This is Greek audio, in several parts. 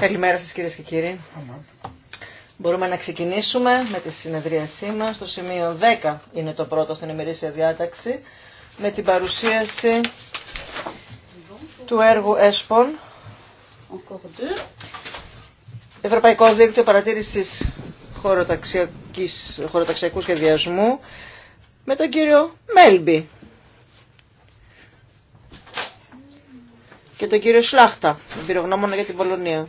Καλημέρα σας κυρίες και κύριοι. Μπορούμε να ξεκινήσουμε με τη συνεδρίασή μας. Το σημείο 10 είναι το πρώτο στην ημερήσια διάταξη με την παρουσίαση του έργου ΕΣΠΟΝ Ευρωπαϊκό Δίκτυο Παρατήρησης Χωροταξιακού Σχεδιασμού με τον κύριο Μέλμπι και τον κύριο Σλάχτα, εμπειρογνώμονα για την Πολωνία.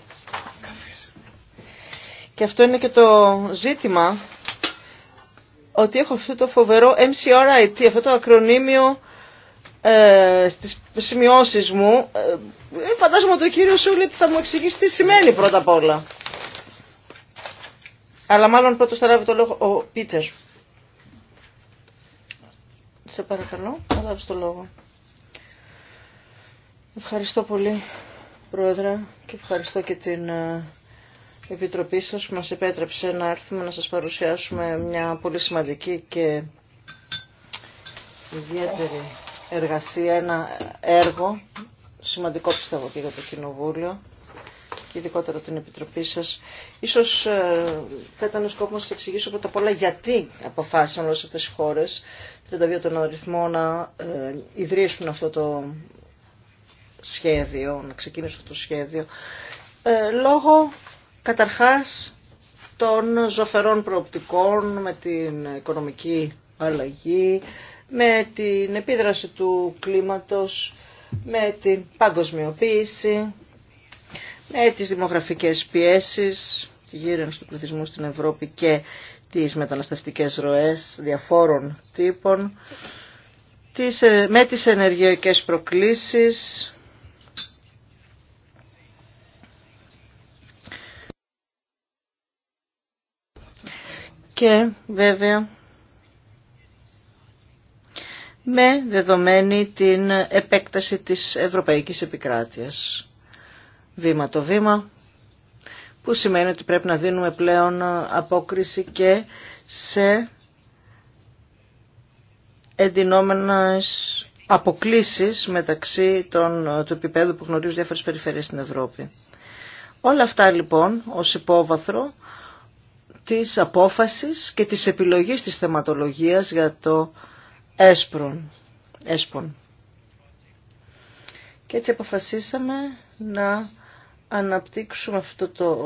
Και αυτό είναι και το ζήτημα ότι έχω αυτό το φοβερό MCRIT, αυτό το ακρονίμιο ε, στις σημειώσεις μου. Ε, ε φαντάζομαι ότι ο κύριος Σούλη θα μου εξηγήσει τι σημαίνει πρώτα απ' όλα. Αλλά μάλλον πρώτος θα λάβει το λόγο ο Πίτερ. Σε παρακαλώ, θα λάβεις το λόγο. Ευχαριστώ πολύ, Πρόεδρε, και ευχαριστώ και την ε, Επιτροπή σας που μας επέτρεψε να έρθουμε να σας παρουσιάσουμε μια πολύ σημαντική και ιδιαίτερη εργασία, ένα έργο σημαντικό πιστεύω και για το Κοινοβούλιο και ειδικότερα την Επιτροπή σας. Ίσως ε, θα ήταν ο σκόπος να σας εξηγήσω πρώτα απ' όλα γιατί αποφάσισαν όλες αυτές οι χώρες, 32 τον αριθμό, να ε, ιδρύσουν αυτό το σχέδιο, να ξεκινήσω αυτό το σχέδιο, ε, λόγω καταρχάς των ζωφερών προοπτικών με την οικονομική αλλαγή, με την επίδραση του κλίματος, με την παγκοσμιοποίηση, με τις δημογραφικές πιέσεις, τη γύρενση του πληθυσμού στην Ευρώπη και τις μεταναστευτικές ροές διαφόρων τύπων, ε, με τις ενεργειακές προκλήσεις, και βέβαια με δεδομένη την επέκταση της ευρωπαϊκής επικράτειας. Βήμα το βήμα, που σημαίνει ότι πρέπει να δίνουμε πλέον απόκριση και σε εντυνόμενες αποκλίσεις μεταξύ των, του επίπεδου που γνωρίζουν διάφορες περιφέρειες στην Ευρώπη. Όλα αυτά λοιπόν ως υπόβαθρο της απόφασης και της επιλογής της θεματολογίας για το έσπρον. έσπον. Και έτσι αποφασίσαμε να αναπτύξουμε αυτό το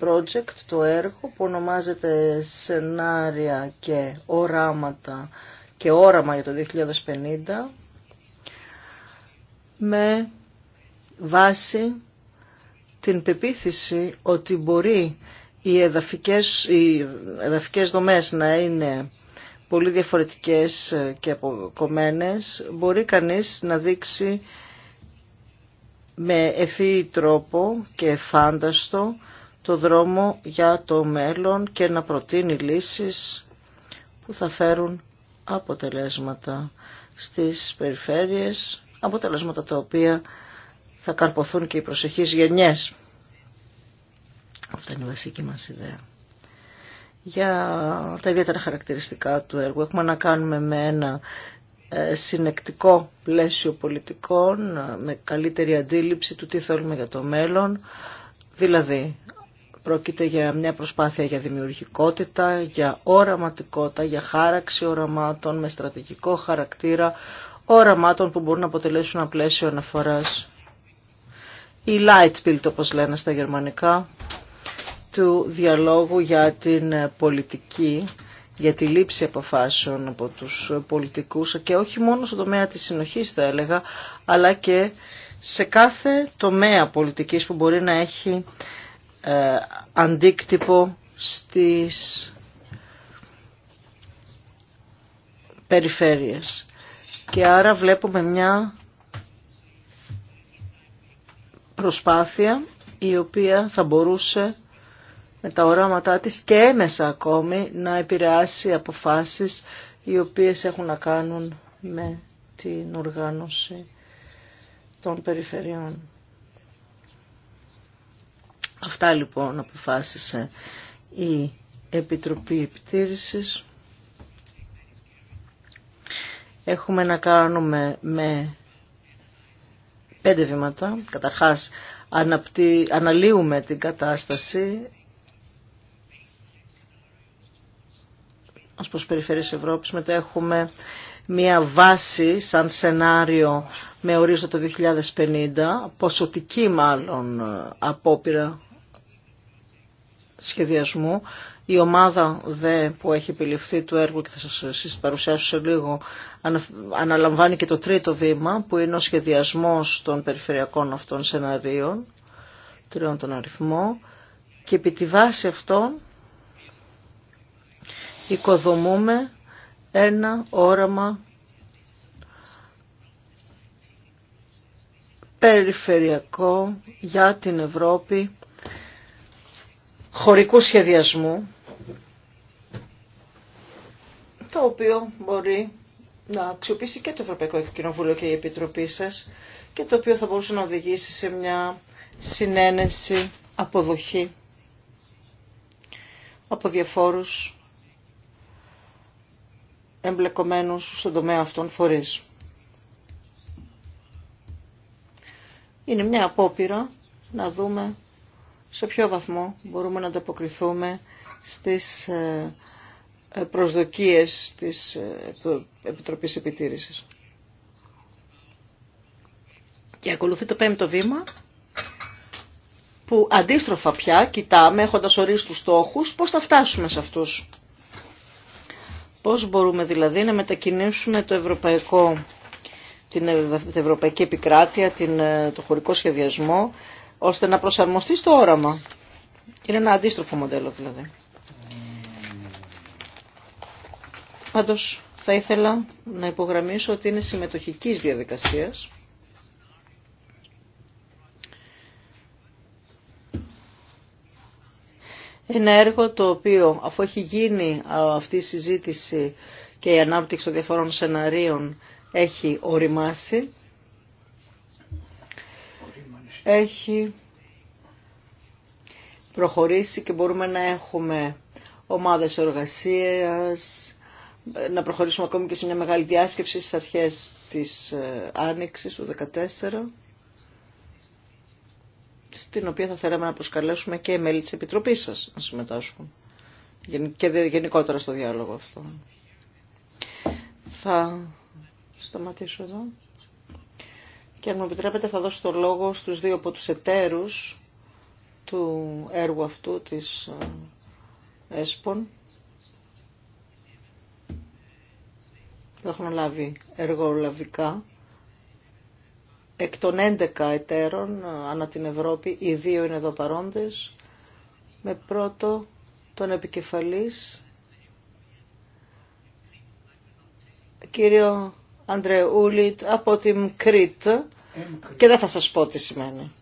project, το έργο που ονομάζεται σενάρια και οράματα και όραμα για το 2050 με βάση την πεποίθηση ότι μπορεί οι εδαφικές, οι εδαφικές δομές να είναι πολύ διαφορετικές και αποκομμένες, μπορεί κανείς να δείξει με ευφύ τρόπο και φάνταστο το δρόμο για το μέλλον και να προτείνει λύσεις που θα φέρουν αποτελέσματα στις περιφέρειες, αποτελέσματα τα οποία θα καρποθούν και οι προσεχείς γενιές. Αυτή είναι η βασική μας ιδέα. Για τα ιδιαίτερα χαρακτηριστικά του έργου έχουμε να κάνουμε με ένα ε, συνεκτικό πλαίσιο πολιτικών, ε, με καλύτερη αντίληψη του τι θέλουμε για το μέλλον. Δηλαδή, πρόκειται για μια προσπάθεια για δημιουργικότητα, για οραματικότητα, για χάραξη οραμάτων με στρατηγικό χαρακτήρα, οραμάτων που μπορούν να αποτελέσουν ένα πλαίσιο αναφοράς. Η light build όπως λένε στα γερμανικά, του διαλόγου για την πολιτική, για τη λήψη αποφάσεων από τους πολιτικούς και όχι μόνο στο τομέα της συνοχής θα έλεγα, αλλά και σε κάθε τομέα πολιτικής που μπορεί να έχει ε, αντίκτυπο στις περιφέρειες. Και άρα βλέπουμε μια προσπάθεια η οποία θα μπορούσε με τα οράματά της και έμεσα ακόμη να επηρεάσει αποφάσεις οι οποίες έχουν να κάνουν με την οργάνωση των περιφερειών. Αυτά λοιπόν αποφάσισε η Επιτροπή Επιτήρησης. Έχουμε να κάνουμε με πέντε βήματα. Καταρχάς αναπτύ... αναλύουμε την κατάσταση, ως προς περιφέρειες Ευρώπης. Μετά έχουμε μία βάση σαν σενάριο με ορίζοντα το 2050, ποσοτική μάλλον ε, απόπειρα σχεδιασμού. Η ομάδα δε που έχει επιληφθεί του έργου και θα σας παρουσιάσω σε λίγο αναλαμβάνει και το τρίτο βήμα που είναι ο σχεδιασμός των περιφερειακών αυτών σεναρίων, τριών τον αριθμό και επί τη βάση αυτών οικοδομούμε ένα όραμα περιφερειακό για την Ευρώπη χωρικού σχεδιασμού το οποίο μπορεί να αξιοποιήσει και το Ευρωπαϊκό Κοινοβούλιο και η Επιτροπή σας και το οποίο θα μπορούσε να οδηγήσει σε μια συνένεση, αποδοχή από διαφόρους εμπλεκομένους στον τομέα αυτών φορείς. Είναι μια απόπειρα να δούμε σε ποιο βαθμό μπορούμε να ανταποκριθούμε στις ε, ε, προσδοκίες της ε, Επιτροπής Επιτήρησης. Και ακολουθεί το πέμπτο βήμα που αντίστροφα πια κοιτάμε έχοντας ορίσει τους στόχους πώς θα φτάσουμε σε αυτούς. Πώς μπορούμε δηλαδή να μετακινήσουμε το ευρωπαϊκό, την ευρωπαϊκή επικράτεια, την, ε, το χωρικό σχεδιασμό, ώστε να προσαρμοστεί στο όραμα. Είναι ένα αντίστροφο μοντέλο δηλαδή. Πάντως θα ήθελα να υπογραμμίσω ότι είναι συμμετοχικής διαδικασίας Ένα έργο το οποίο αφού έχει γίνει αυτή η συζήτηση και η ανάπτυξη των διαφορών σεναρίων έχει οριμάσει, έχει προχωρήσει και μπορούμε να έχουμε ομάδες εργασίας, να προχωρήσουμε ακόμη και σε μια μεγάλη διάσκεψη στις αρχές της ε, Άνοιξης του 2014. Την οποία θα θέλαμε να προσκαλέσουμε και μέλη της Επιτροπής σας να συμμετάσχουν και γενικότερα στο διάλογο αυτό. Θα σταματήσω εδώ. Και αν μου επιτρέπετε θα δώσω το λόγο στους δύο από τους εταίρους του έργου αυτού της ε, ΕΣΠΟΝ. Δεν έχουν λάβει εργολαβικά εκ των 11 εταίρων ε, ανά την Ευρώπη, οι δύο είναι εδώ παρόντες, με πρώτο τον επικεφαλής, κύριο Ούλιτ από την Κρήτ και δεν θα σας πω τι σημαίνει.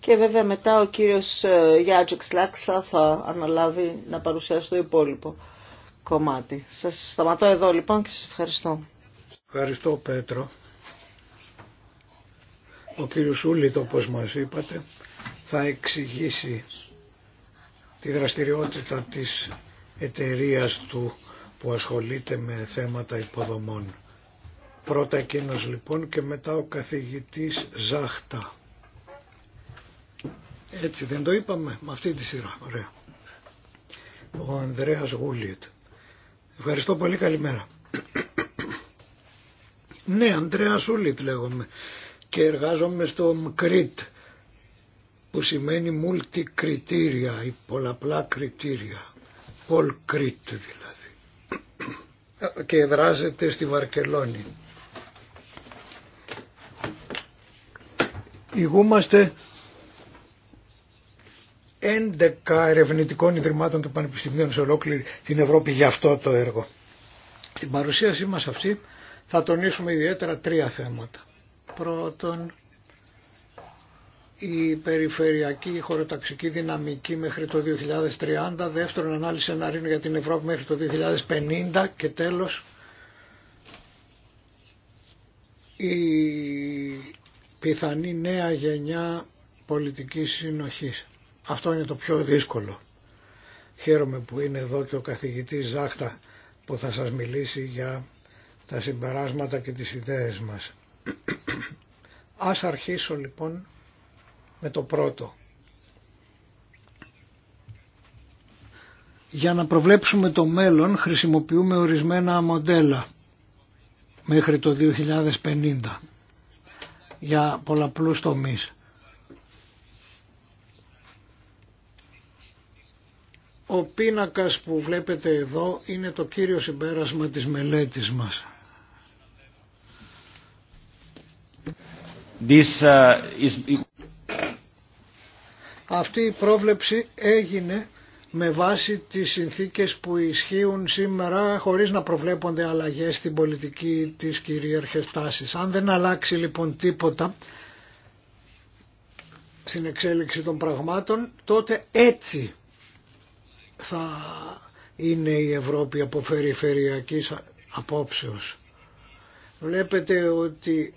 Και βέβαια μετά ο κύριος ε, Γιάτζεξ Λάξα θα αναλάβει να παρουσιάσει το υπόλοιπο κομμάτι. Σας σταματώ εδώ λοιπόν και σας ευχαριστώ. Ευχαριστώ Πέτρο. Ο κύριος Ούλιτ όπως μας είπατε θα εξηγήσει τη δραστηριότητα της εταιρείας του που ασχολείται με θέματα υποδομών. Πρώτα εκείνος λοιπόν και μετά ο καθηγητής Ζάχτα. Έτσι δεν το είπαμε με αυτή τη σειρά. Ωραία. Ο Ανδρέας Γούλιτ. Ευχαριστώ πολύ, καλημέρα. ναι, Αντρέα Σούλιτ λέγομαι και εργάζομαι στο ΜΚΡΙΤ που σημαίνει κριτήρια ή πολλαπλά κριτήρια. Κρίτ δηλαδή. και δράζεται στη Βαρκελόνη. Υγούμαστε 11 ερευνητικών ιδρυμάτων και πανεπιστημίων σε ολόκληρη την Ευρώπη για αυτό το έργο. Στην παρουσίασή μας αυτή θα τονίσουμε ιδιαίτερα τρία θέματα. Πρώτον, η περιφερειακή χωροταξική δυναμική μέχρι το 2030, δεύτερον ανάλυση εναρίνου για την Ευρώπη μέχρι το 2050 και τέλος η πιθανή νέα γενιά πολιτικής συνοχής. Αυτό είναι το πιο δύσκολο. Χαίρομαι που είναι εδώ και ο καθηγητής Ζάχτα που θα σας μιλήσει για τα συμπεράσματα και τις ιδέες μας. Ας αρχίσω λοιπόν με το πρώτο. Για να προβλέψουμε το μέλλον χρησιμοποιούμε ορισμένα μοντέλα μέχρι το 2050 για πολλαπλούς τομείς. Ο πίνακας που βλέπετε εδώ είναι το κύριο συμπέρασμα της μελέτης μας. This, uh, Αυτή η πρόβλεψη έγινε με βάση τις συνθήκες που ισχύουν σήμερα χωρίς να προβλέπονται αλλαγές στην πολιτική της κυρίαρχης τάσης. Αν δεν αλλάξει λοιπόν τίποτα στην εξέλιξη των πραγμάτων τότε έτσι θα είναι η Ευρώπη από περιφερειακής απόψεως. Βλέπετε ότι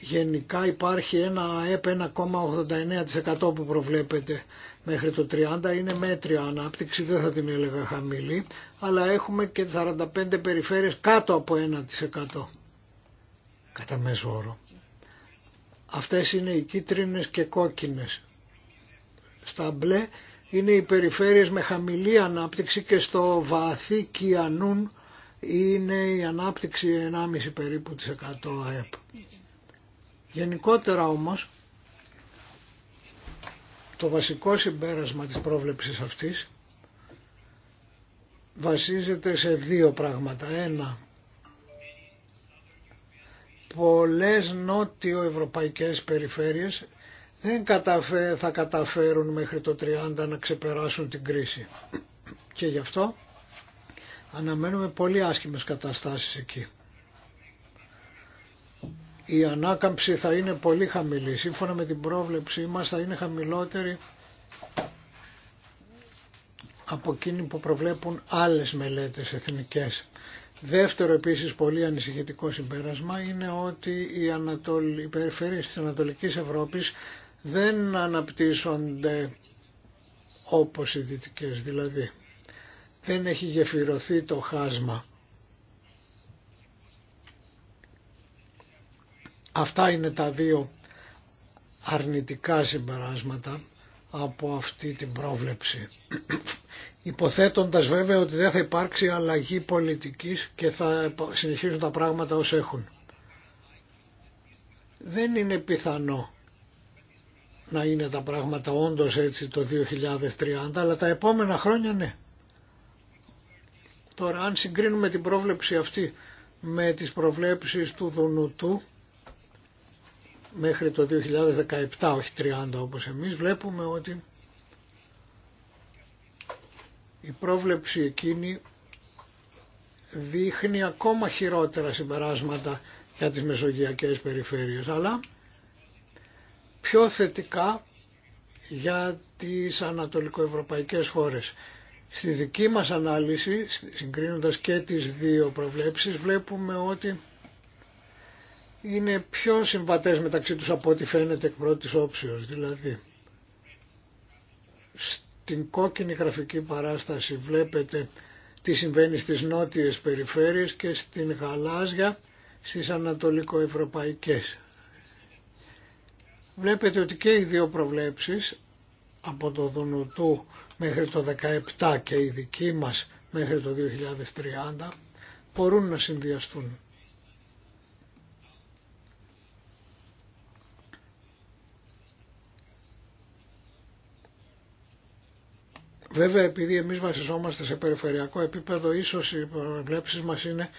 γενικά υπάρχει ένα ΑΕΠ 1,89% που προβλέπεται μέχρι το 30 είναι μέτρια ανάπτυξη, δεν θα την έλεγα χαμηλή, αλλά έχουμε και 45 περιφέρειες κάτω από 1% κατά μέσο όρο. Αυτές είναι οι κίτρινες και κόκκινες. Στα μπλε είναι οι περιφέρειες με χαμηλή ανάπτυξη και στο βαθύ Κιανούν είναι η ανάπτυξη 1,5 περίπου της 100 ΑΕΠ. Γενικότερα όμως το βασικό συμπέρασμα της πρόβλεψης αυτής βασίζεται σε δύο πράγματα. Ένα, πολλές νότιο-ευρωπαϊκές περιφέρειες δεν θα καταφέρουν μέχρι το 30 να ξεπεράσουν την κρίση. Και γι' αυτό αναμένουμε πολύ άσχημες καταστάσεις εκεί. Η ανάκαμψη θα είναι πολύ χαμηλή. Σύμφωνα με την πρόβλεψή μας θα είναι χαμηλότερη από εκείνη που προβλέπουν άλλες μελέτες εθνικές. Δεύτερο επίσης πολύ ανησυχητικό συμπέρασμα είναι ότι οι, Ανατολ... οι περιφέρειες της Ανατολικής Ευρώπης δεν αναπτύσσονται όπως οι δυτικές δηλαδή. Δεν έχει γεφυρωθεί το χάσμα. Αυτά είναι τα δύο αρνητικά συμπεράσματα από αυτή την πρόβλεψη. Υποθέτοντας βέβαια ότι δεν θα υπάρξει αλλαγή πολιτικής και θα συνεχίσουν τα πράγματα ως έχουν. Δεν είναι πιθανό να είναι τα πράγματα όντως έτσι το 2030, αλλά τα επόμενα χρόνια ναι. Τώρα αν συγκρίνουμε την πρόβλεψη αυτή με τις προβλέψεις του Δουνουτού μέχρι το 2017, όχι 30 όπως εμείς, βλέπουμε ότι η πρόβλεψη εκείνη δείχνει ακόμα χειρότερα συμπεράσματα για τις μεσογειακές περιφέρειες, αλλά πιο θετικά για τις ανατολικοευρωπαϊκές χώρες. Στη δική μας ανάλυση, συγκρίνοντας και τις δύο προβλέψεις, βλέπουμε ότι είναι πιο συμβατές μεταξύ τους από ό,τι φαίνεται εκ πρώτης όψεως. Δηλαδή, στην κόκκινη γραφική παράσταση βλέπετε τι συμβαίνει στις νότιες περιφέρειες και στην γαλάζια στις ανατολικοευρωπαϊκές. Βλέπετε ότι και οι δύο προβλέψεις από το Δουνουτού μέχρι το 17 και η δική μας μέχρι το 2030 μπορούν να συνδυαστούν. Βέβαια επειδή εμείς βασιζόμαστε σε περιφερειακό επίπεδο ίσως οι προβλέψεις μας είναι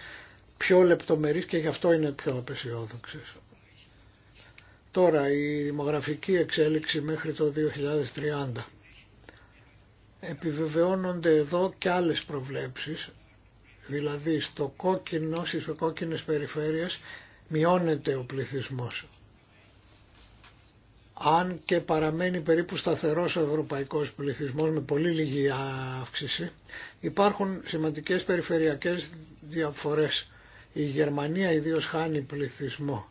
πιο λεπτομερείς και γι' αυτό είναι πιο απεσιόδοξες. Τώρα η δημογραφική εξέλιξη μέχρι το 2030. Επιβεβαιώνονται εδώ και άλλες προβλέψεις, δηλαδή στο κόκκινο, στις κόκκινες περιφέρειες μειώνεται ο πληθυσμός. Αν και παραμένει περίπου σταθερός ο ευρωπαϊκός πληθυσμός με πολύ λίγη αύξηση, υπάρχουν σημαντικές περιφερειακές διαφορές. Η Γερμανία ιδίως χάνει πληθυσμό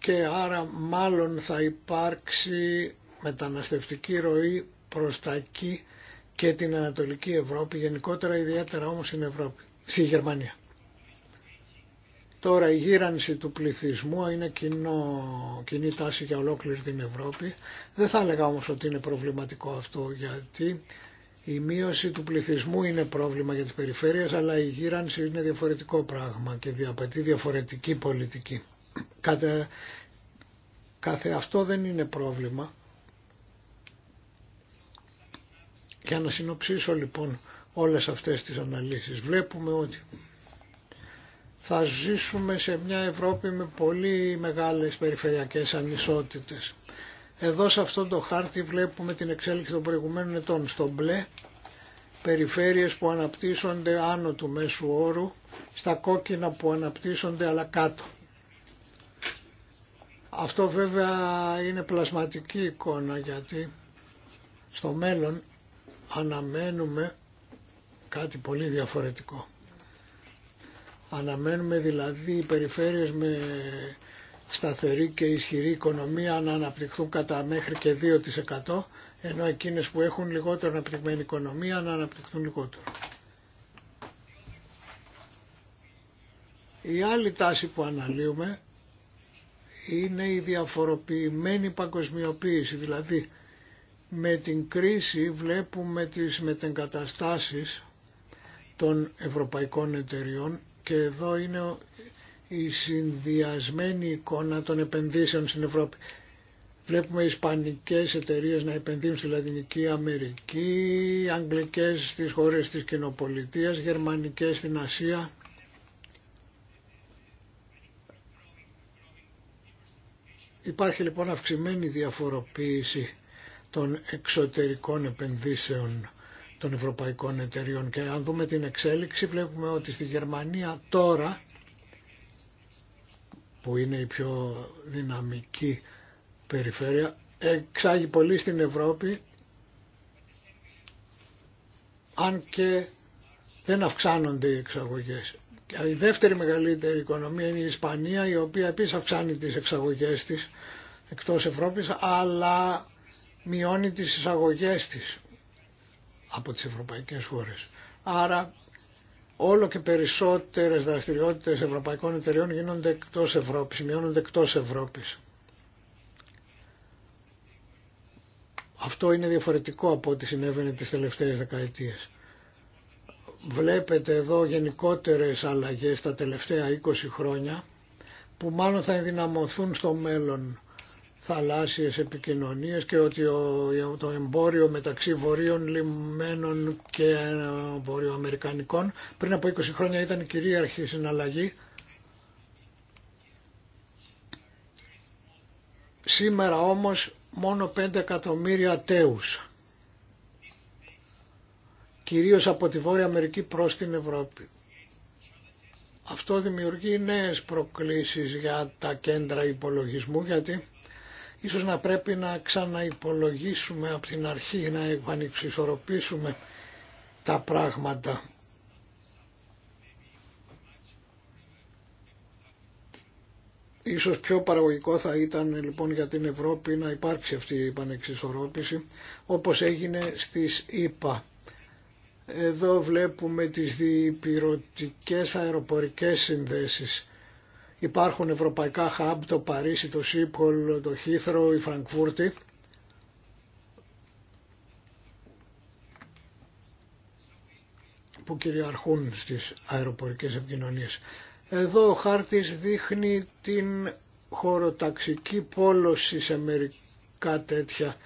και άρα μάλλον θα υπάρξει μεταναστευτική ροή προς τα εκεί και την Ανατολική Ευρώπη, γενικότερα ιδιαίτερα όμως στην Ευρώπη, στη Γερμανία. Τώρα η γύρανση του πληθυσμού είναι κοινό, κοινή τάση για ολόκληρη την Ευρώπη. Δεν θα έλεγα όμως ότι είναι προβληματικό αυτό γιατί η μείωση του πληθυσμού είναι πρόβλημα για τις περιφέρειες αλλά η γύρανση είναι διαφορετικό πράγμα και διαπαιτεί διαφορετική πολιτική κάθε αυτό δεν είναι πρόβλημα. Για να συνοψίσω λοιπόν όλες αυτές τις αναλύσεις. Βλέπουμε ότι θα ζήσουμε σε μια Ευρώπη με πολύ μεγάλες περιφερειακές ανισότητες. Εδώ σε αυτό το χάρτη βλέπουμε την εξέλιξη των προηγουμένων ετών. Στο μπλε περιφέρειες που αναπτύσσονται άνω του μέσου όρου, στα κόκκινα που αναπτύσσονται αλλά κάτω. Αυτό βέβαια είναι πλασματική εικόνα γιατί στο μέλλον αναμένουμε κάτι πολύ διαφορετικό. Αναμένουμε δηλαδή οι περιφέρειες με σταθερή και ισχυρή οικονομία να αναπτυχθούν κατά μέχρι και 2% ενώ εκείνες που έχουν λιγότερο αναπτυγμένη οικονομία να αναπτυχθούν λιγότερο. Η άλλη τάση που αναλύουμε είναι η διαφοροποιημένη παγκοσμιοποίηση. Δηλαδή με την κρίση βλέπουμε τις μετεγκαταστάσεις των ευρωπαϊκών εταιριών και εδώ είναι η συνδυασμένη εικόνα των επενδύσεων στην Ευρώπη. Βλέπουμε ισπανικές εταιρείες να επενδύουν στη Λατινική Αμερική, αγγλικές στις χώρες της κοινοπολιτείας, γερμανικές στην Ασία Υπάρχει λοιπόν αυξημένη διαφοροποίηση των εξωτερικών επενδύσεων των ευρωπαϊκών εταιριών και αν δούμε την εξέλιξη βλέπουμε ότι στη Γερμανία τώρα που είναι η πιο δυναμική περιφέρεια εξάγει πολύ στην Ευρώπη αν και δεν αυξάνονται οι εξαγωγές. Η δεύτερη μεγαλύτερη οικονομία είναι η Ισπανία η οποία επίσης αυξάνει τις εξαγωγές της εκτός Ευρώπης αλλά μειώνει τις εισαγωγές της από τις ευρωπαϊκές χώρες. Άρα όλο και περισσότερες δραστηριότητες ευρωπαϊκών εταιριών γίνονται εκτός Ευρώπης, μειώνονται εκτός Ευρώπης. Αυτό είναι διαφορετικό από ό,τι συνέβαινε τις τελευταίες δεκαετίες βλέπετε εδώ γενικότερες αλλαγές τα τελευταία 20 χρόνια που μάλλον θα ενδυναμωθούν στο μέλλον θαλάσσιες επικοινωνίες και ότι το εμπόριο μεταξύ βορείων λιμένων και ε, βορειοαμερικανικών πριν από 20 χρόνια ήταν κυρίαρχη συναλλαγή. Σήμερα όμως μόνο 5 εκατομμύρια τέους κυρίως από τη Βόρεια Αμερική προς την Ευρώπη. Αυτό δημιουργεί νέες προκλήσεις για τα κέντρα υπολογισμού γιατί ίσως να πρέπει να ξαναυπολογίσουμε από την αρχή, να επανεξισορροπήσουμε τα πράγματα. Ίσως πιο παραγωγικό θα ήταν λοιπόν για την Ευρώπη να υπάρξει αυτή η επανεξισορρόπηση όπως έγινε στις ΗΠΑ. Εδώ βλέπουμε τις διπυρωτικές αεροπορικές συνδέσεις. Υπάρχουν ευρωπαϊκά hub, το Παρίσι, το Σίπολ, το Χίθρο η Φραγκφούρτη. που κυριαρχούν στις αεροπορικές επικοινωνίες. Εδώ ο χάρτης δείχνει την χωροταξική πόλωση σε μερικά τέτοια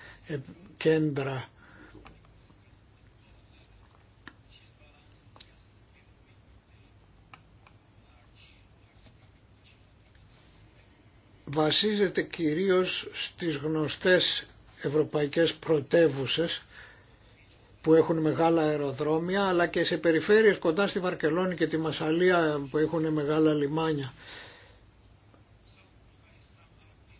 κέντρα βασίζεται κυρίως στις γνωστές ευρωπαϊκές πρωτεύουσες που έχουν μεγάλα αεροδρόμια αλλά και σε περιφέρειες κοντά στη Βαρκελόνη και τη Μασαλία που έχουν μεγάλα λιμάνια.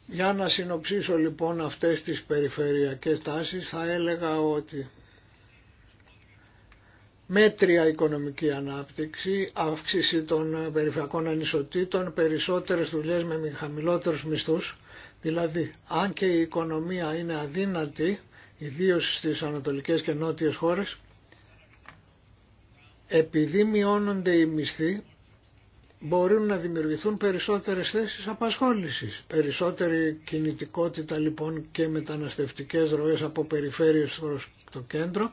Για να συνοψίσω λοιπόν αυτές τις περιφερειακές τάσεις θα έλεγα ότι μέτρια οικονομική ανάπτυξη, αύξηση των περιφερειακών ανισοτήτων, περισσότερες δουλειές με χαμηλότερους μισθούς. Δηλαδή, αν και η οικονομία είναι αδύνατη, ιδίως στις ανατολικές και νότιες χώρες, επειδή μειώνονται οι μισθοί, μπορούν να δημιουργηθούν περισσότερες θέσεις απασχόλησης. Περισσότερη κινητικότητα λοιπόν και μεταναστευτικές ροές από περιφέρειες προς το κέντρο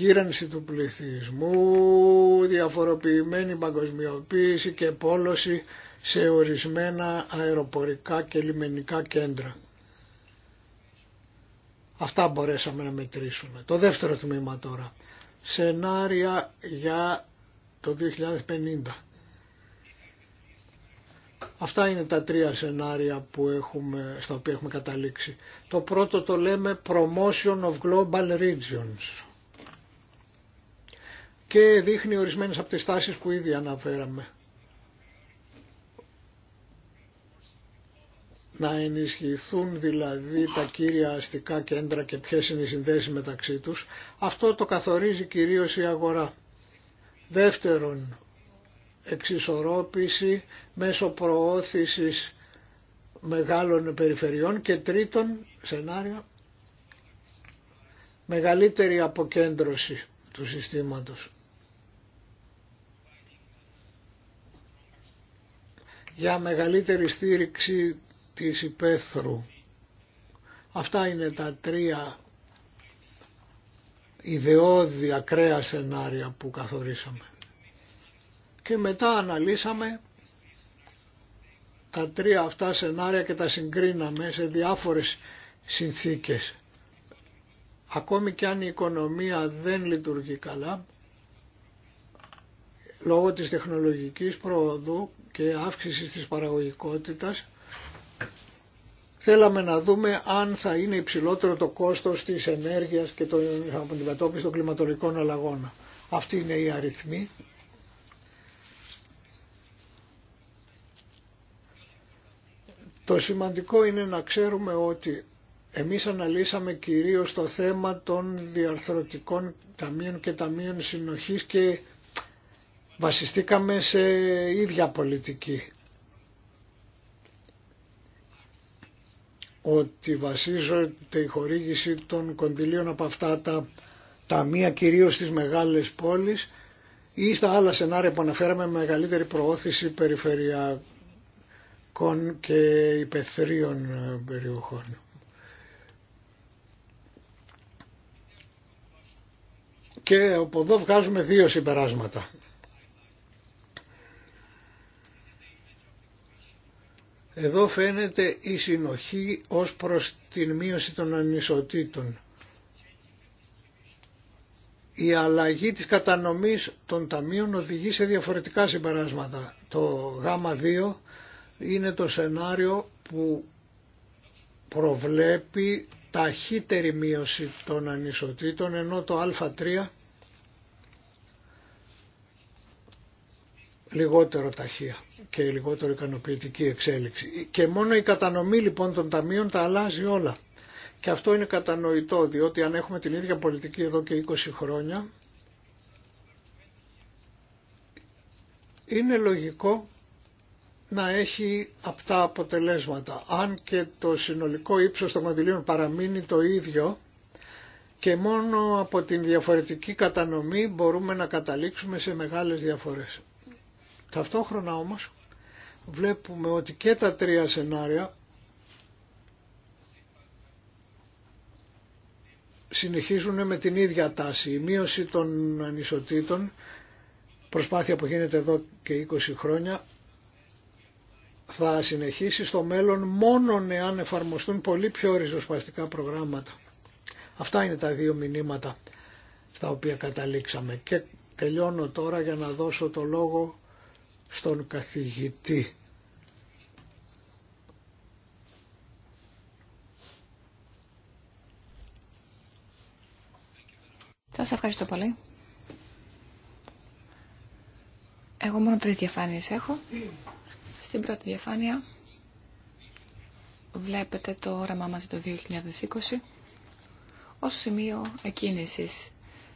γύρανση του πληθυσμού, διαφοροποιημένη παγκοσμιοποίηση και πόλωση σε ορισμένα αεροπορικά και λιμενικά κέντρα. Αυτά μπορέσαμε να μετρήσουμε. Το δεύτερο τμήμα τώρα. Σενάρια για το 2050. Αυτά είναι τα τρία σενάρια που έχουμε, στα οποία έχουμε καταλήξει. Το πρώτο το λέμε Promotion of Global Regions και δείχνει ορισμένες από τις τάσεις που ήδη αναφέραμε. Να ενισχυθούν δηλαδή τα κύρια αστικά κέντρα και ποιες είναι οι συνδέσεις μεταξύ τους. Αυτό το καθορίζει κυρίως η αγορά. Δεύτερον, εξισορρόπηση μέσω προώθησης μεγάλων περιφερειών και τρίτον σενάριο μεγαλύτερη αποκέντρωση του συστήματος. για μεγαλύτερη στήριξη της υπαίθρου. Αυτά είναι τα τρία ιδεώδη ακραία σενάρια που καθορίσαμε. Και μετά αναλύσαμε τα τρία αυτά σενάρια και τα συγκρίναμε σε διάφορες συνθήκες. Ακόμη και αν η οικονομία δεν λειτουργεί καλά, λόγω της τεχνολογικής προοδού και αύξησης της παραγωγικότητας θέλαμε να δούμε αν θα είναι υψηλότερο το κόστος της ενέργειας και των αντιμετώπιση των κλιματολογικών αλλαγών. Αυτή είναι η αριθμή. Το σημαντικό είναι να ξέρουμε ότι εμείς αναλύσαμε κυρίως το θέμα των διαρθρωτικών ταμείων και ταμείων συνοχής και βασιστήκαμε σε ίδια πολιτική. Ότι βασίζονται η χορήγηση των κονδυλίων από αυτά τα ταμεία κυρίως στις μεγάλες πόλεις ή στα άλλα σενάρια που αναφέραμε μεγαλύτερη προώθηση περιφερειακών και υπεθρίων περιοχών. Και από εδώ βγάζουμε δύο συμπεράσματα. Εδώ φαίνεται η συνοχή ως προς την μείωση των ανισοτήτων. Η αλλαγή της κατανομής των ταμείων οδηγεί σε διαφορετικά συμπεράσματα. Το γάμα 2 είναι το σενάριο που προβλέπει ταχύτερη μείωση των ανισοτήτων, ενώ το α3 λιγότερο ταχεία και λιγότερο ικανοποιητική εξέλιξη. Και μόνο η κατανομή λοιπόν των ταμείων τα αλλάζει όλα. Και αυτό είναι κατανοητό διότι αν έχουμε την ίδια πολιτική εδώ και 20 χρόνια είναι λογικό να έχει αυτά αποτελέσματα. Αν και το συνολικό ύψος των μαντιλίων παραμείνει το ίδιο και μόνο από την διαφορετική κατανομή μπορούμε να καταλήξουμε σε μεγάλες διαφορές. Ταυτόχρονα όμως βλέπουμε ότι και τα τρία σενάρια συνεχίζουν με την ίδια τάση. Η μείωση των ανισοτήτων, προσπάθεια που γίνεται εδώ και 20 χρόνια, θα συνεχίσει στο μέλλον μόνον εάν εφαρμοστούν πολύ πιο ριζοσπαστικά προγράμματα. Αυτά είναι τα δύο μηνύματα στα οποία καταλήξαμε. Και τελειώνω τώρα για να δώσω το λόγο στον καθηγητή. Σας ευχαριστώ πολύ. Εγώ μόνο τρεις διαφάνειες έχω. Στην πρώτη διαφάνεια βλέπετε το όραμά μας το 2020 ως σημείο εκκίνησης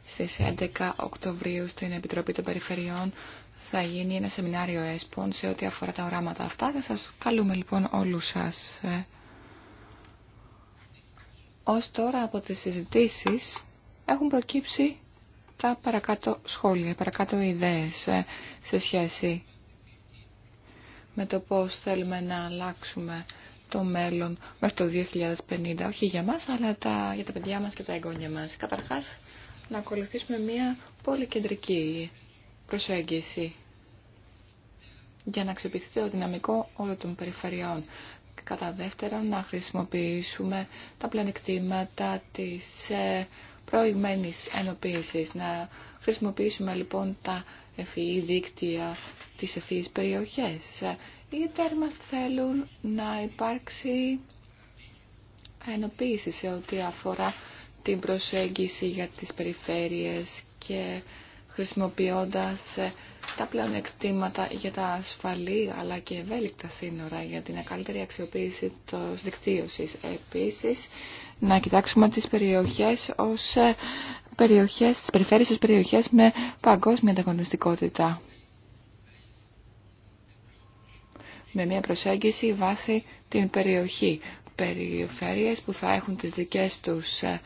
στις 11 Οκτωβρίου στην Επιτροπή των Περιφερειών θα γίνει ένα σεμινάριο ΕΣΠΟΝ σε ό,τι αφορά τα οράματα αυτά. Θα σας καλούμε λοιπόν όλους σας. Ε. Ως τώρα από τις συζητήσει έχουν προκύψει τα παρακάτω σχόλια, παρακάτω ιδέες ε, σε σχέση με το πώς θέλουμε να αλλάξουμε το μέλλον μέχρι το 2050, όχι για μας, αλλά τα, για τα παιδιά μας και τα εγγόνια μας. Καταρχάς, να ακολουθήσουμε μια πολυκεντρική προσέγγιση για να αξιοποιηθεί το δυναμικό όλων των περιφερειών. Κατά δεύτερον, να χρησιμοποιήσουμε τα πλανεκτήματα της ε, προηγμένης ενοποίησης. Να χρησιμοποιήσουμε λοιπόν τα ευφυή δίκτυα, τις ευφυής περιοχές. Οι εταίροι μας θέλουν να υπάρξει ενοποίηση σε ό,τι αφορά την προσέγγιση για τις περιφέρειες και χρησιμοποιώντας ε, τα εκτίματα για τα ασφαλή αλλά και ευέλικτα σύνορα για την καλύτερη αξιοποίηση της δικτύωσης. Επίσης, να κοιτάξουμε τις περιοχές ως ε, περιοχές, τις περιφέρειες ως περιοχές με παγκόσμια ανταγωνιστικότητα. Με μια προσέγγιση βάσει την περιοχή. Περιφέρειες που θα έχουν τις δικές τους ε,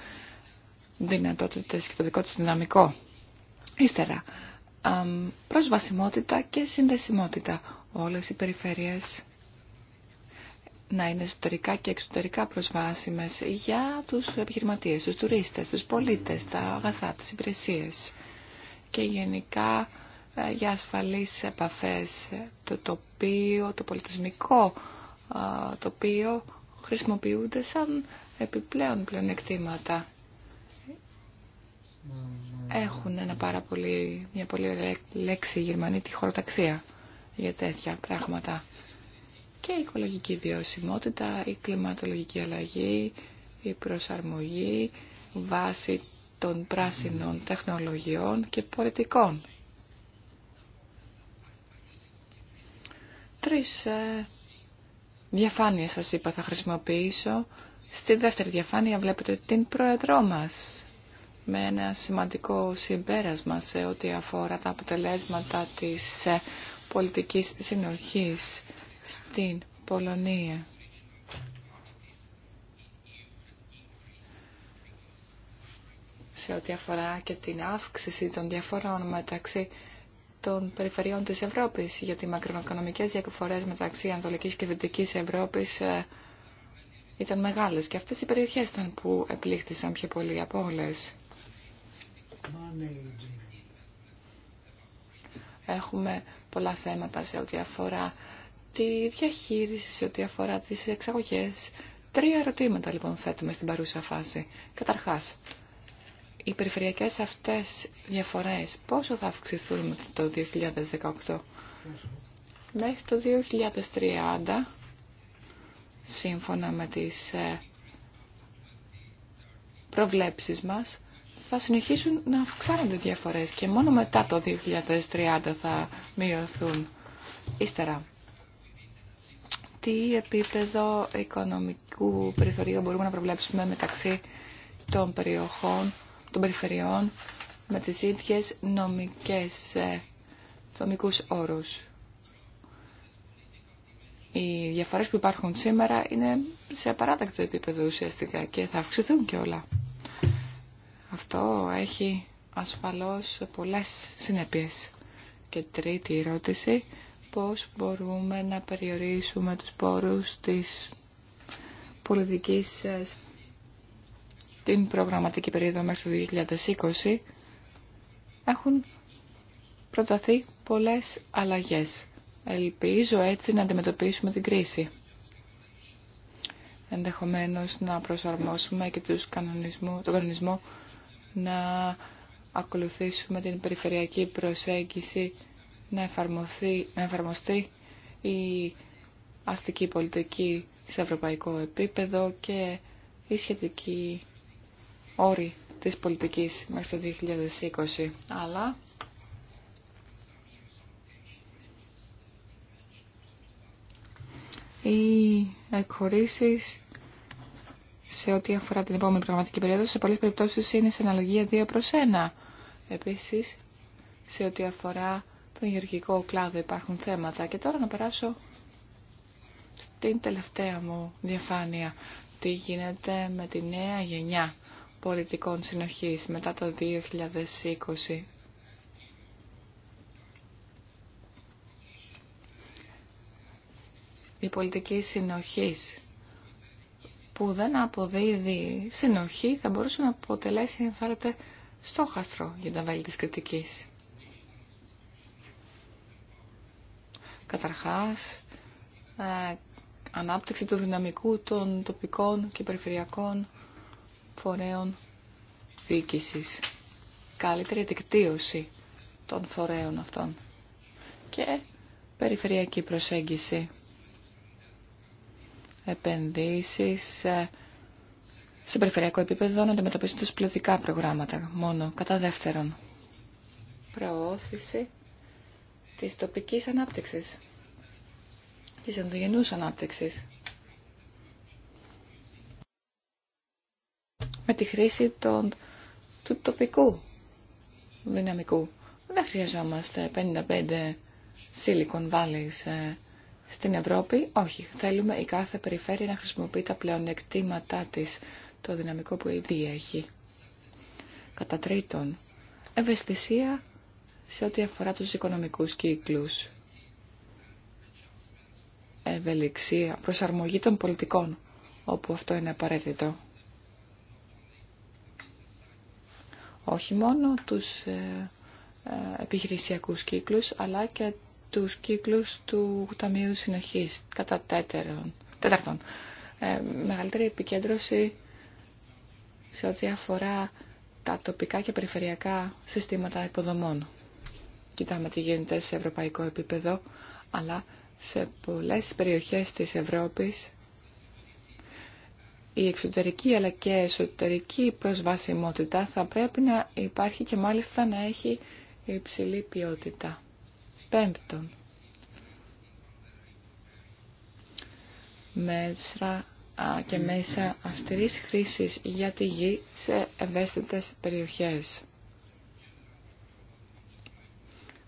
δυνατότητες και το δικό τους δυναμικό. Ύστερα, προσβασιμότητα και συνδεσιμότητα. Όλες οι περιφέρειες να είναι εσωτερικά και εξωτερικά προσβάσιμες για τους επιχειρηματίες, τους τουρίστες, τους πολίτες, τα αγαθά, τις υπηρεσίες και γενικά ε, για ασφαλείς επαφές το τοπίο, το πολιτισμικό τοπίο χρησιμοποιούνται σαν επιπλέον πλεονεκτήματα έχουν ένα πάρα πολύ, μια πολύ λέξη οι Γερμανοί, τη χωροταξία για τέτοια πράγματα. Και η οικολογική βιωσιμότητα, η κλιματολογική αλλαγή, η προσαρμογή βάσει των πράσινων τεχνολογιών και πολιτικών. Τρεις ε, διαφάνειες σας είπα θα χρησιμοποιήσω. Στη δεύτερη διαφάνεια βλέπετε την πρόεδρό με ένα σημαντικό συμπέρασμα σε ό,τι αφορά τα αποτελέσματα της ε, πολιτικής συνοχής στην Πολωνία. σε ό,τι αφορά και την αύξηση των διαφορών μεταξύ των περιφερειών της Ευρώπης, γιατί οι μακροοικονομικές διαφορές μεταξύ Ανατολικής και Δυτικής Ευρώπης ε, ήταν μεγάλες και αυτές οι περιοχές ήταν που επλήχθησαν πιο πολύ από όλες. Έχουμε πολλά θέματα σε ό,τι αφορά τη διαχείριση, σε ό,τι αφορά τις εξαγωγές. Τρία ερωτήματα λοιπόν θέτουμε στην παρούσα φάση. Καταρχάς, οι περιφερειακές αυτές διαφορές πόσο θα αυξηθούν το 2018 μέχρι το 2030 σύμφωνα με τις ε, προβλέψεις μας θα συνεχίσουν να αυξάνονται οι διαφορές και μόνο μετά το 2030 θα μειωθούν. Ύστερα, τι επίπεδο οικονομικού περιθωρίου μπορούμε να προβλέψουμε μεταξύ των περιοχών, των περιφερειών με τις ίδιες νομικές, ε, νομικούς όρους. Οι διαφορές που υπάρχουν σήμερα είναι σε απαράδεκτο επίπεδο ουσιαστικά και θα αυξηθούν και όλα. Αυτό έχει ασφαλώς πολλές συνέπειες. Και τρίτη ερώτηση, πώς μπορούμε να περιορίσουμε τους πόρους της πολιτικής ε, την προγραμματική περίοδο μέχρι το 2020 έχουν προταθεί πολλές αλλαγές. Ελπίζω έτσι να αντιμετωπίσουμε την κρίση. Ενδεχομένως να προσαρμόσουμε και τους τον κανονισμό να ακολουθήσουμε την περιφερειακή προσέγγιση να, να εφαρμοστεί η αστική πολιτική σε ευρωπαϊκό επίπεδο και η σχετική όρη της πολιτικής μέχρι το 2020. Αλλά οι εκχωρήσεις σε ό,τι αφορά την επόμενη πραγματική περίοδο, σε πολλές περιπτώσεις είναι σε αναλογία 2 προς 1. Επίσης, σε ό,τι αφορά τον γεωργικό κλάδο υπάρχουν θέματα. Και τώρα να περάσω στην τελευταία μου διαφάνεια. Τι γίνεται με τη νέα γενιά πολιτικών συνοχής μετά το 2020. Η πολιτική συνοχής που δεν αποδίδει συνοχή θα μπορούσε να αποτελέσει, αν θέλετε, στόχαστρο για τα βέλη της κριτικής. Καταρχάς, ε, ανάπτυξη του δυναμικού των τοπικών και περιφερειακών φορέων διοίκησης. Καλύτερη δικτύωση των φορέων αυτών. Και περιφερειακή προσέγγιση επενδύσεις ε, σε περιφερειακό επίπεδο να αντιμετωπίσουν τους πλειοτικά προγράμματα μόνο. Κατά δεύτερον, προώθηση της τοπικής ανάπτυξης, της ενδογενούς ανάπτυξης. Με τη χρήση των, του τοπικού δυναμικού. Δεν χρειαζόμαστε 55 Silicon Valley στην Ευρώπη, όχι. Θέλουμε η κάθε περιφέρεια να χρησιμοποιεί τα πλεονεκτήματά της, το δυναμικό που ήδη έχει. Κατά τρίτον, ευαισθησία σε ό,τι αφορά τους οικονομικούς κύκλους. Ευελιξία, προσαρμογή των πολιτικών, όπου αυτό είναι απαραίτητο. Όχι μόνο τους ε, ε, επιχειρησιακούς κύκλους, αλλά και τους κύκλους του Ταμείου Συνοχής κατά τέταρτον. Ε, μεγαλύτερη επικέντρωση σε ό,τι αφορά τα τοπικά και περιφερειακά συστήματα υποδομών. Κοιτάμε τι γίνεται σε ευρωπαϊκό επίπεδο, αλλά σε πολλές περιοχές της Ευρώπης η εξωτερική αλλά και εσωτερική προσβασιμότητα θα πρέπει να υπάρχει και μάλιστα να έχει υψηλή ποιότητα. Πέμπτον, μέτρα και mm. μέσα αυστηρής χρήσης για τη γη σε ευαίσθητες περιοχές.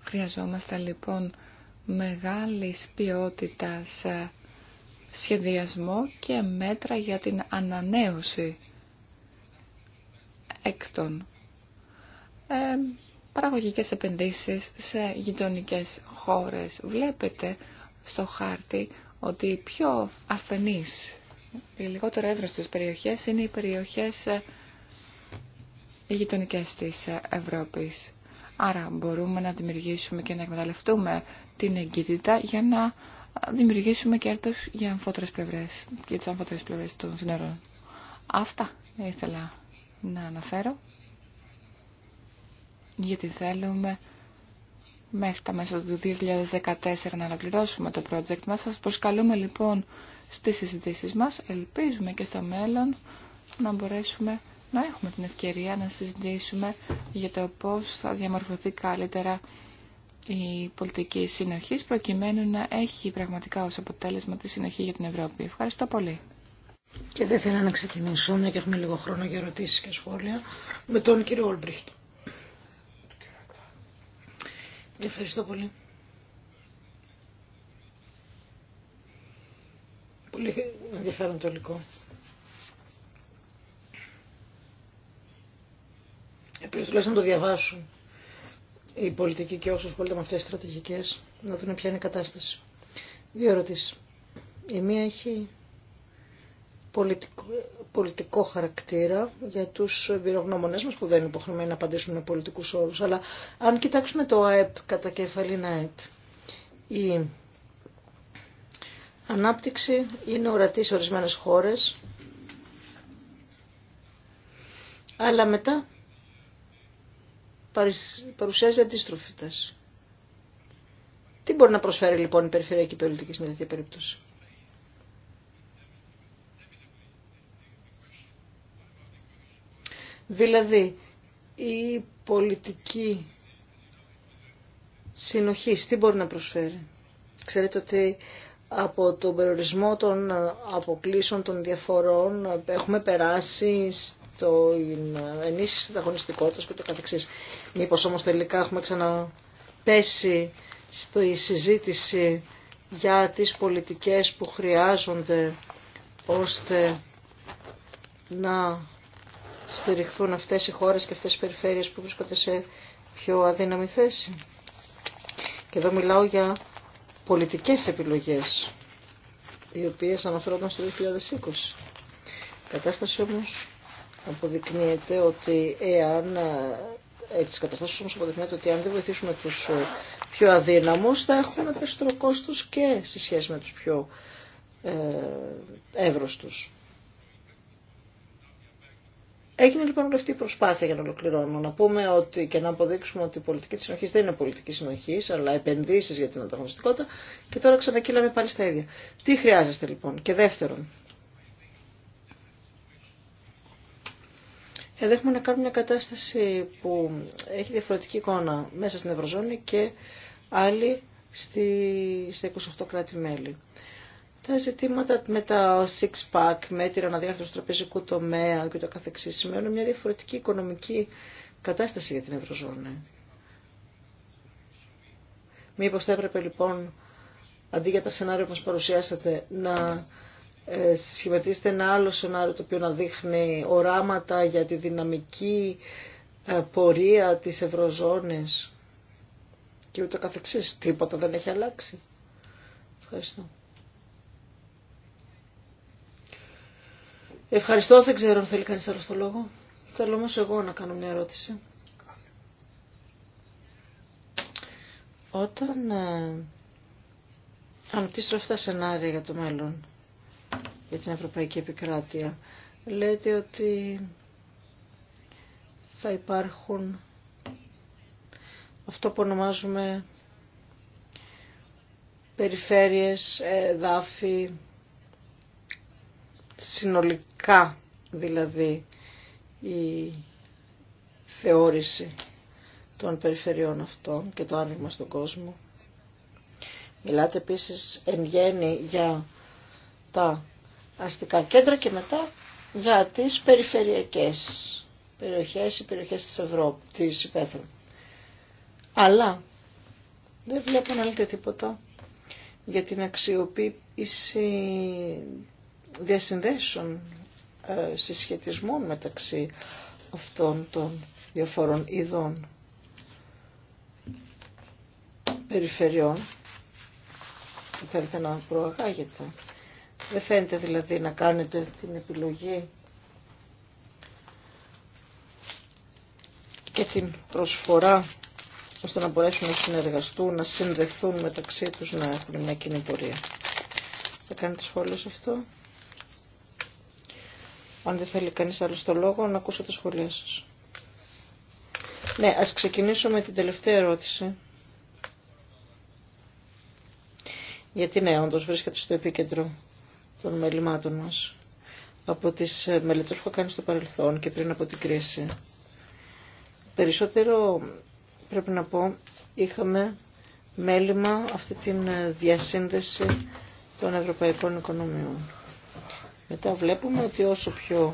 Χρειαζόμαστε λοιπόν μεγάλης ποιότητας ε, σχεδιασμό και μέτρα για την ανανέωση έκτον. Ε, παραγωγικές επενδύσεις σε γειτονικές χώρες. Βλέπετε στο χάρτη ότι οι πιο ασθενείς, οι λιγότερο εύρωστες περιοχές είναι οι περιοχές ε, οι γειτονικές της ε, Ευρώπης. Άρα μπορούμε να δημιουργήσουμε και να εκμεταλλευτούμε την εγκύτητα για να ε, δημιουργήσουμε κέρδος για, αμφότερες πλευρές, και τις αμφότερες πλευρές των συνερών. Αυτά ήθελα να αναφέρω γιατί θέλουμε μέχρι τα μέσα του 2014 να ολοκληρώσουμε το project μας. Σας προσκαλούμε λοιπόν στις συζητήσεις μας. Ελπίζουμε και στο μέλλον να μπορέσουμε να έχουμε την ευκαιρία να συζητήσουμε για το πώς θα διαμορφωθεί καλύτερα η πολιτική συνοχή προκειμένου να έχει πραγματικά ως αποτέλεσμα τη συνοχή για την Ευρώπη. Ευχαριστώ πολύ. Και δεν θέλω να ξεκινήσω, μια και έχουμε λίγο χρόνο για ερωτήσεις και σχόλια, με τον κύριο Ολμπριχτ. Ευχαριστώ πολύ. Πολύ ενδιαφέρον το υλικό. Επίσης, τουλάχιστον να το διαβάσουν οι πολιτικοί και όσοι ασχολούνται με αυτές τις στρατηγικέ, να δουν ποια είναι η κατάσταση. Δύο ερωτήσεις. Η μία έχει πολιτικό, πολιτικό χαρακτήρα για τους εμπειρογνώμονές μας που δεν είναι υποχρεωμένοι να απαντήσουν με πολιτικούς όρους. Αλλά αν κοιτάξουμε το ΑΕΠ, κατά κεφαλήν ΑΕΠ, η ανάπτυξη είναι ορατή σε ορισμένες χώρες, αλλά μετά παρουσιάζει αντίστροφη Τι μπορεί να προσφέρει λοιπόν η περιφερειακή πολιτική με τέτοια περίπτωση. Δηλαδή, η πολιτική συνοχή τι μπορεί να προσφέρει. Ξέρετε ότι από τον περιορισμό των αποκλήσεων των διαφορών έχουμε περάσει στο ενίσχυση της ανταγωνιστικότητας και το καθεξής. Μήπως όμως τελικά έχουμε ξαναπέσει στη συζήτηση για τις πολιτικές που χρειάζονται ώστε να στηριχθούν αυτές οι χώρες και αυτές οι περιφέρειες που βρίσκονται σε πιο αδύναμη θέση. Και εδώ μιλάω για πολιτικές επιλογές, οι οποίες αναφέρονταν στο 2020. Η κατάσταση όμως αποδεικνύεται ότι εάν έτσι ε, ε, καταστάσεις όμως αποδεικνύεται ότι αν δεν βοηθήσουμε τους ε, πιο αδύναμους θα έχουμε περισσότερο κόστο και σε σχέση με τους πιο ε, Έγινε λοιπόν όλη αυτή η προσπάθεια για να ολοκληρώνω. Να πούμε ότι και να αποδείξουμε ότι η πολιτική τη συνοχή δεν είναι πολιτική συνοχή, αλλά επενδύσει για την ανταγωνιστικότητα. Και τώρα ξανακύλαμε πάλι στα ίδια. Τι χρειάζεστε λοιπόν. Και δεύτερον, Εδώ έχουμε να κάνουμε μια κατάσταση που έχει διαφορετική εικόνα μέσα στην Ευρωζώνη και άλλη στα 28 κράτη-μέλη τα ζητήματα με τα six-pack, με την αναδιάρθρωση του τραπεζικού τομέα και το καθεξής σημαίνουν μια διαφορετική οικονομική κατάσταση για την Ευρωζώνη. Μήπως θα έπρεπε λοιπόν, αντί για τα σενάρια που μας παρουσιάσατε, να ε, σχηματίσετε ένα άλλο σενάριο το οποίο να δείχνει οράματα για τη δυναμική ε, πορεία της Ευρωζώνης και ούτω καθεξής. Τίποτα δεν έχει αλλάξει. Ευχαριστώ. Ευχαριστώ, δεν ξέρω αν θέλει κανείς άλλο στο λόγο. Θέλω όμως εγώ να κάνω μια ερώτηση. Όταν ε, αναπτύσσω αυτά σενάρια για το μέλλον, για την Ευρωπαϊκή Επικράτεια, λέτε ότι θα υπάρχουν αυτό που ονομάζουμε περιφέρειες, ε, δάφη, συνολικά δηλαδή η θεώρηση των περιφερειών αυτών και το άνοιγμα στον κόσμο. Μιλάτε επίσης εν γέννη για τα αστικά κέντρα και μετά για τις περιφερειακές περιοχές, η περιοχές της Ευρώπης, της Υπέθρου. Αλλά δεν βλέπω να λέτε τίποτα για την αξιοποίηση διασυνδέσεων, συσχετισμών μεταξύ αυτών των διαφόρων ειδών περιφερειών που θέλετε να προαγάγετε. Δεν φαίνεται δηλαδή να κάνετε την επιλογή και την προσφορά ώστε να μπορέσουν να συνεργαστούν, να συνδεθούν μεταξύ τους, να έχουν μια κοινή πορεία. Θα κάνετε σχόλια σε αυτό. Αν δεν θέλει κανείς άλλο το λόγο, να ακούσω τα σχολεία σας. Ναι, ας ξεκινήσω με την τελευταία ερώτηση. Γιατί ναι, όντως βρίσκεται στο επίκεντρο των μελημάτων μας. Από τις ε, μελέτες που έχω κάνει στο παρελθόν και πριν από την κρίση. Περισσότερο, πρέπει να πω, είχαμε μέλημα αυτή την ε, διασύνδεση των ευρωπαϊκών οικονομιών βλέπουμε ότι όσο πιο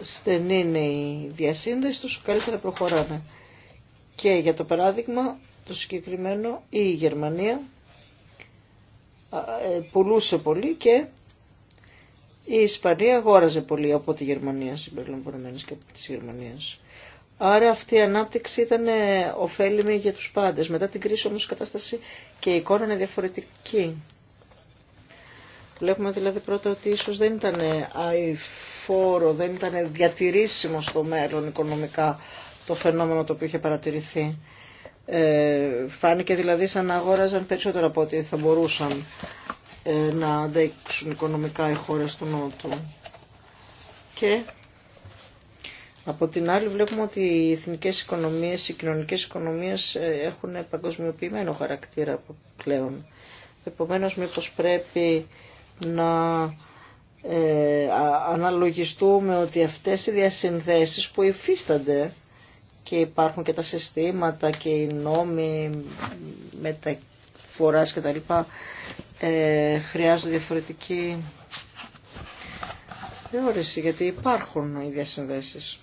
στενή είναι η διασύνδεση, τόσο καλύτερα προχωράμε. Και για το παράδειγμα, το συγκεκριμένο, η Γερμανία ε, πουλούσε πολύ και η Ισπανία αγόραζε πολύ από τη Γερμανία, συμπεριλαμβανομένης και από της Γερμανίας. Άρα αυτή η ανάπτυξη ήταν ε, ωφέλιμη για τους πάντες. Μετά την κρίση όμως κατάσταση και η εικόνα είναι διαφορετική. Βλέπουμε δηλαδή πρώτα ότι ίσως δεν ήταν αηφόρο, δεν ήταν διατηρήσιμο στο μέλλον οικονομικά το φαινόμενο το οποίο είχε παρατηρηθεί. Ε, φάνηκε δηλαδή σαν να αγόραζαν περισσότερο από ό,τι θα μπορούσαν ε, να αντέξουν οικονομικά οι χώρες του Νότου. Και από την άλλη βλέπουμε ότι οι εθνικές οικονομίες, οι κοινωνικές οικονομίες ε, έχουν παγκοσμιοποιημένο χαρακτήρα πλέον. Επομένως μήπως πρέπει να ε, αναλογιστούμε ότι αυτές οι διασυνδέσεις που υφίστανται και υπάρχουν και τα συστήματα και οι νόμοι μεταφοράς και τα λοιπά ε, χρειάζονται διαφορετική θεώρηση γιατί υπάρχουν οι διασυνδέσεις.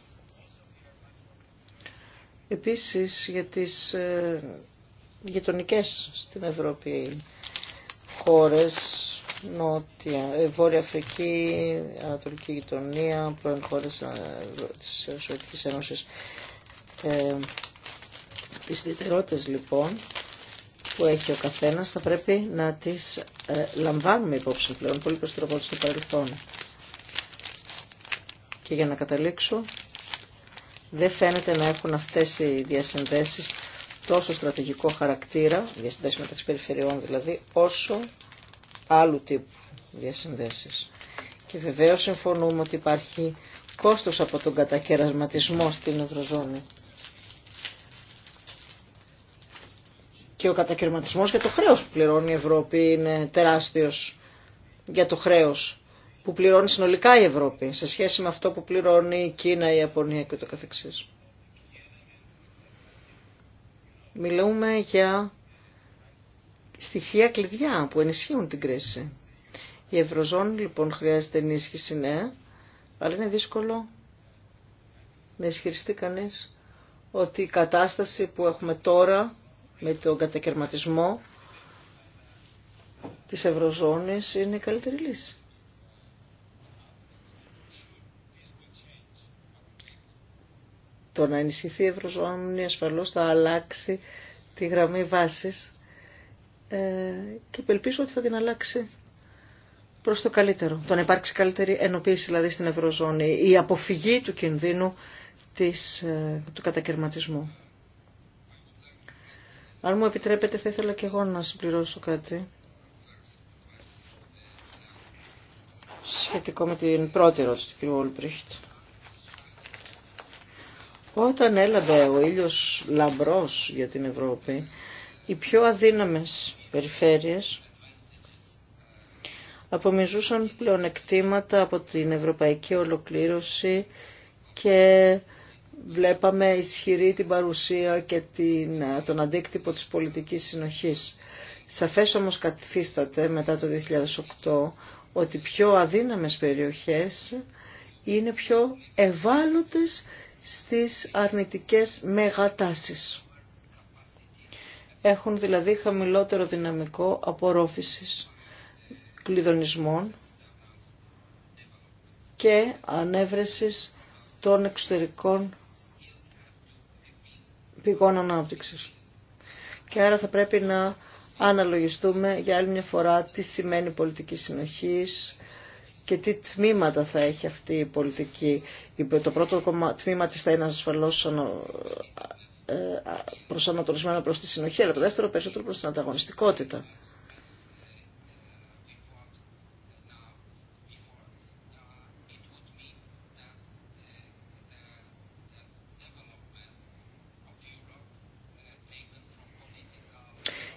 Επίσης για τις ε, γειτονικές στην Ευρώπη χώρες Νότια, ε, Βόρεια Αφρική, Ανατολική Γειτονία, πρώην χώρες ε, της Σοβιετικής Ένωσης. Ε, τις λοιπόν που έχει ο καθένας θα πρέπει να τις ε, λαμβάνουμε υπόψη πλέον πολύ περισσότερο από στο παρελθόν. Και για να καταλήξω, δεν φαίνεται να έχουν αυτές οι διασυνδέσεις τόσο στρατηγικό χαρακτήρα, διασυνδέσεις μεταξύ περιφερειών δηλαδή, όσο άλλου τύπου διασυνδέσεις. Και βεβαίω συμφωνούμε ότι υπάρχει κόστος από τον κατακερασματισμό στην Ευρωζώνη. Και ο κατακερματισμός για το χρέος που πληρώνει η Ευρώπη είναι τεράστιος για το χρέος που πληρώνει συνολικά η Ευρώπη σε σχέση με αυτό που πληρώνει η Κίνα, η Ιαπωνία και το καθεξής. Μιλούμε για στοιχεία κλειδιά που ενισχύουν την κρίση. Η Ευρωζώνη λοιπόν χρειάζεται ενίσχυση νέα, αλλά είναι δύσκολο να ισχυριστεί κανείς ότι η κατάσταση που έχουμε τώρα με τον κατακαιρματισμό της Ευρωζώνης είναι η καλύτερη λύση. Το να ενισχυθεί η Ευρωζώνη ασφαλώς θα αλλάξει τη γραμμή βάσης ε, και ελπίζω ότι θα την αλλάξει προς το καλύτερο. Το να υπάρξει καλύτερη ενοποίηση δηλαδή στην Ευρωζώνη, η αποφυγή του κινδύνου της, ε, του κατακαιρματισμού. Αν μου επιτρέπετε θα ήθελα και εγώ να συμπληρώσω κάτι σχετικό με την πρώτη ερώτηση του κ. Ολπριχτ. Όταν έλαβε ο ήλιος λαμπρός για την Ευρώπη, οι πιο αδύναμες περιφέρειες απομυζούσαν πλεονεκτήματα από την ευρωπαϊκή ολοκλήρωση και βλέπαμε ισχυρή την παρουσία και την, τον αντίκτυπο της πολιτικής συνοχής. Σαφές όμως καθίσταται μετά το 2008 ότι πιο αδύναμες περιοχές είναι πιο ευάλωτες στις αρνητικές μεγατάσεις έχουν δηλαδή χαμηλότερο δυναμικό απορρόφησης κλειδονισμών και ανέβρεσης των εξωτερικών πηγών ανάπτυξης. Και άρα θα πρέπει να αναλογιστούμε για άλλη μια φορά τι σημαίνει πολιτική συνοχής, και τι τμήματα θα έχει αυτή η πολιτική. Το πρώτο τμήμα της θα είναι ασφαλώς ε, προσανατολισμένο προς τη συνοχή, αλλά το δεύτερο περισσότερο προς την ανταγωνιστικότητα.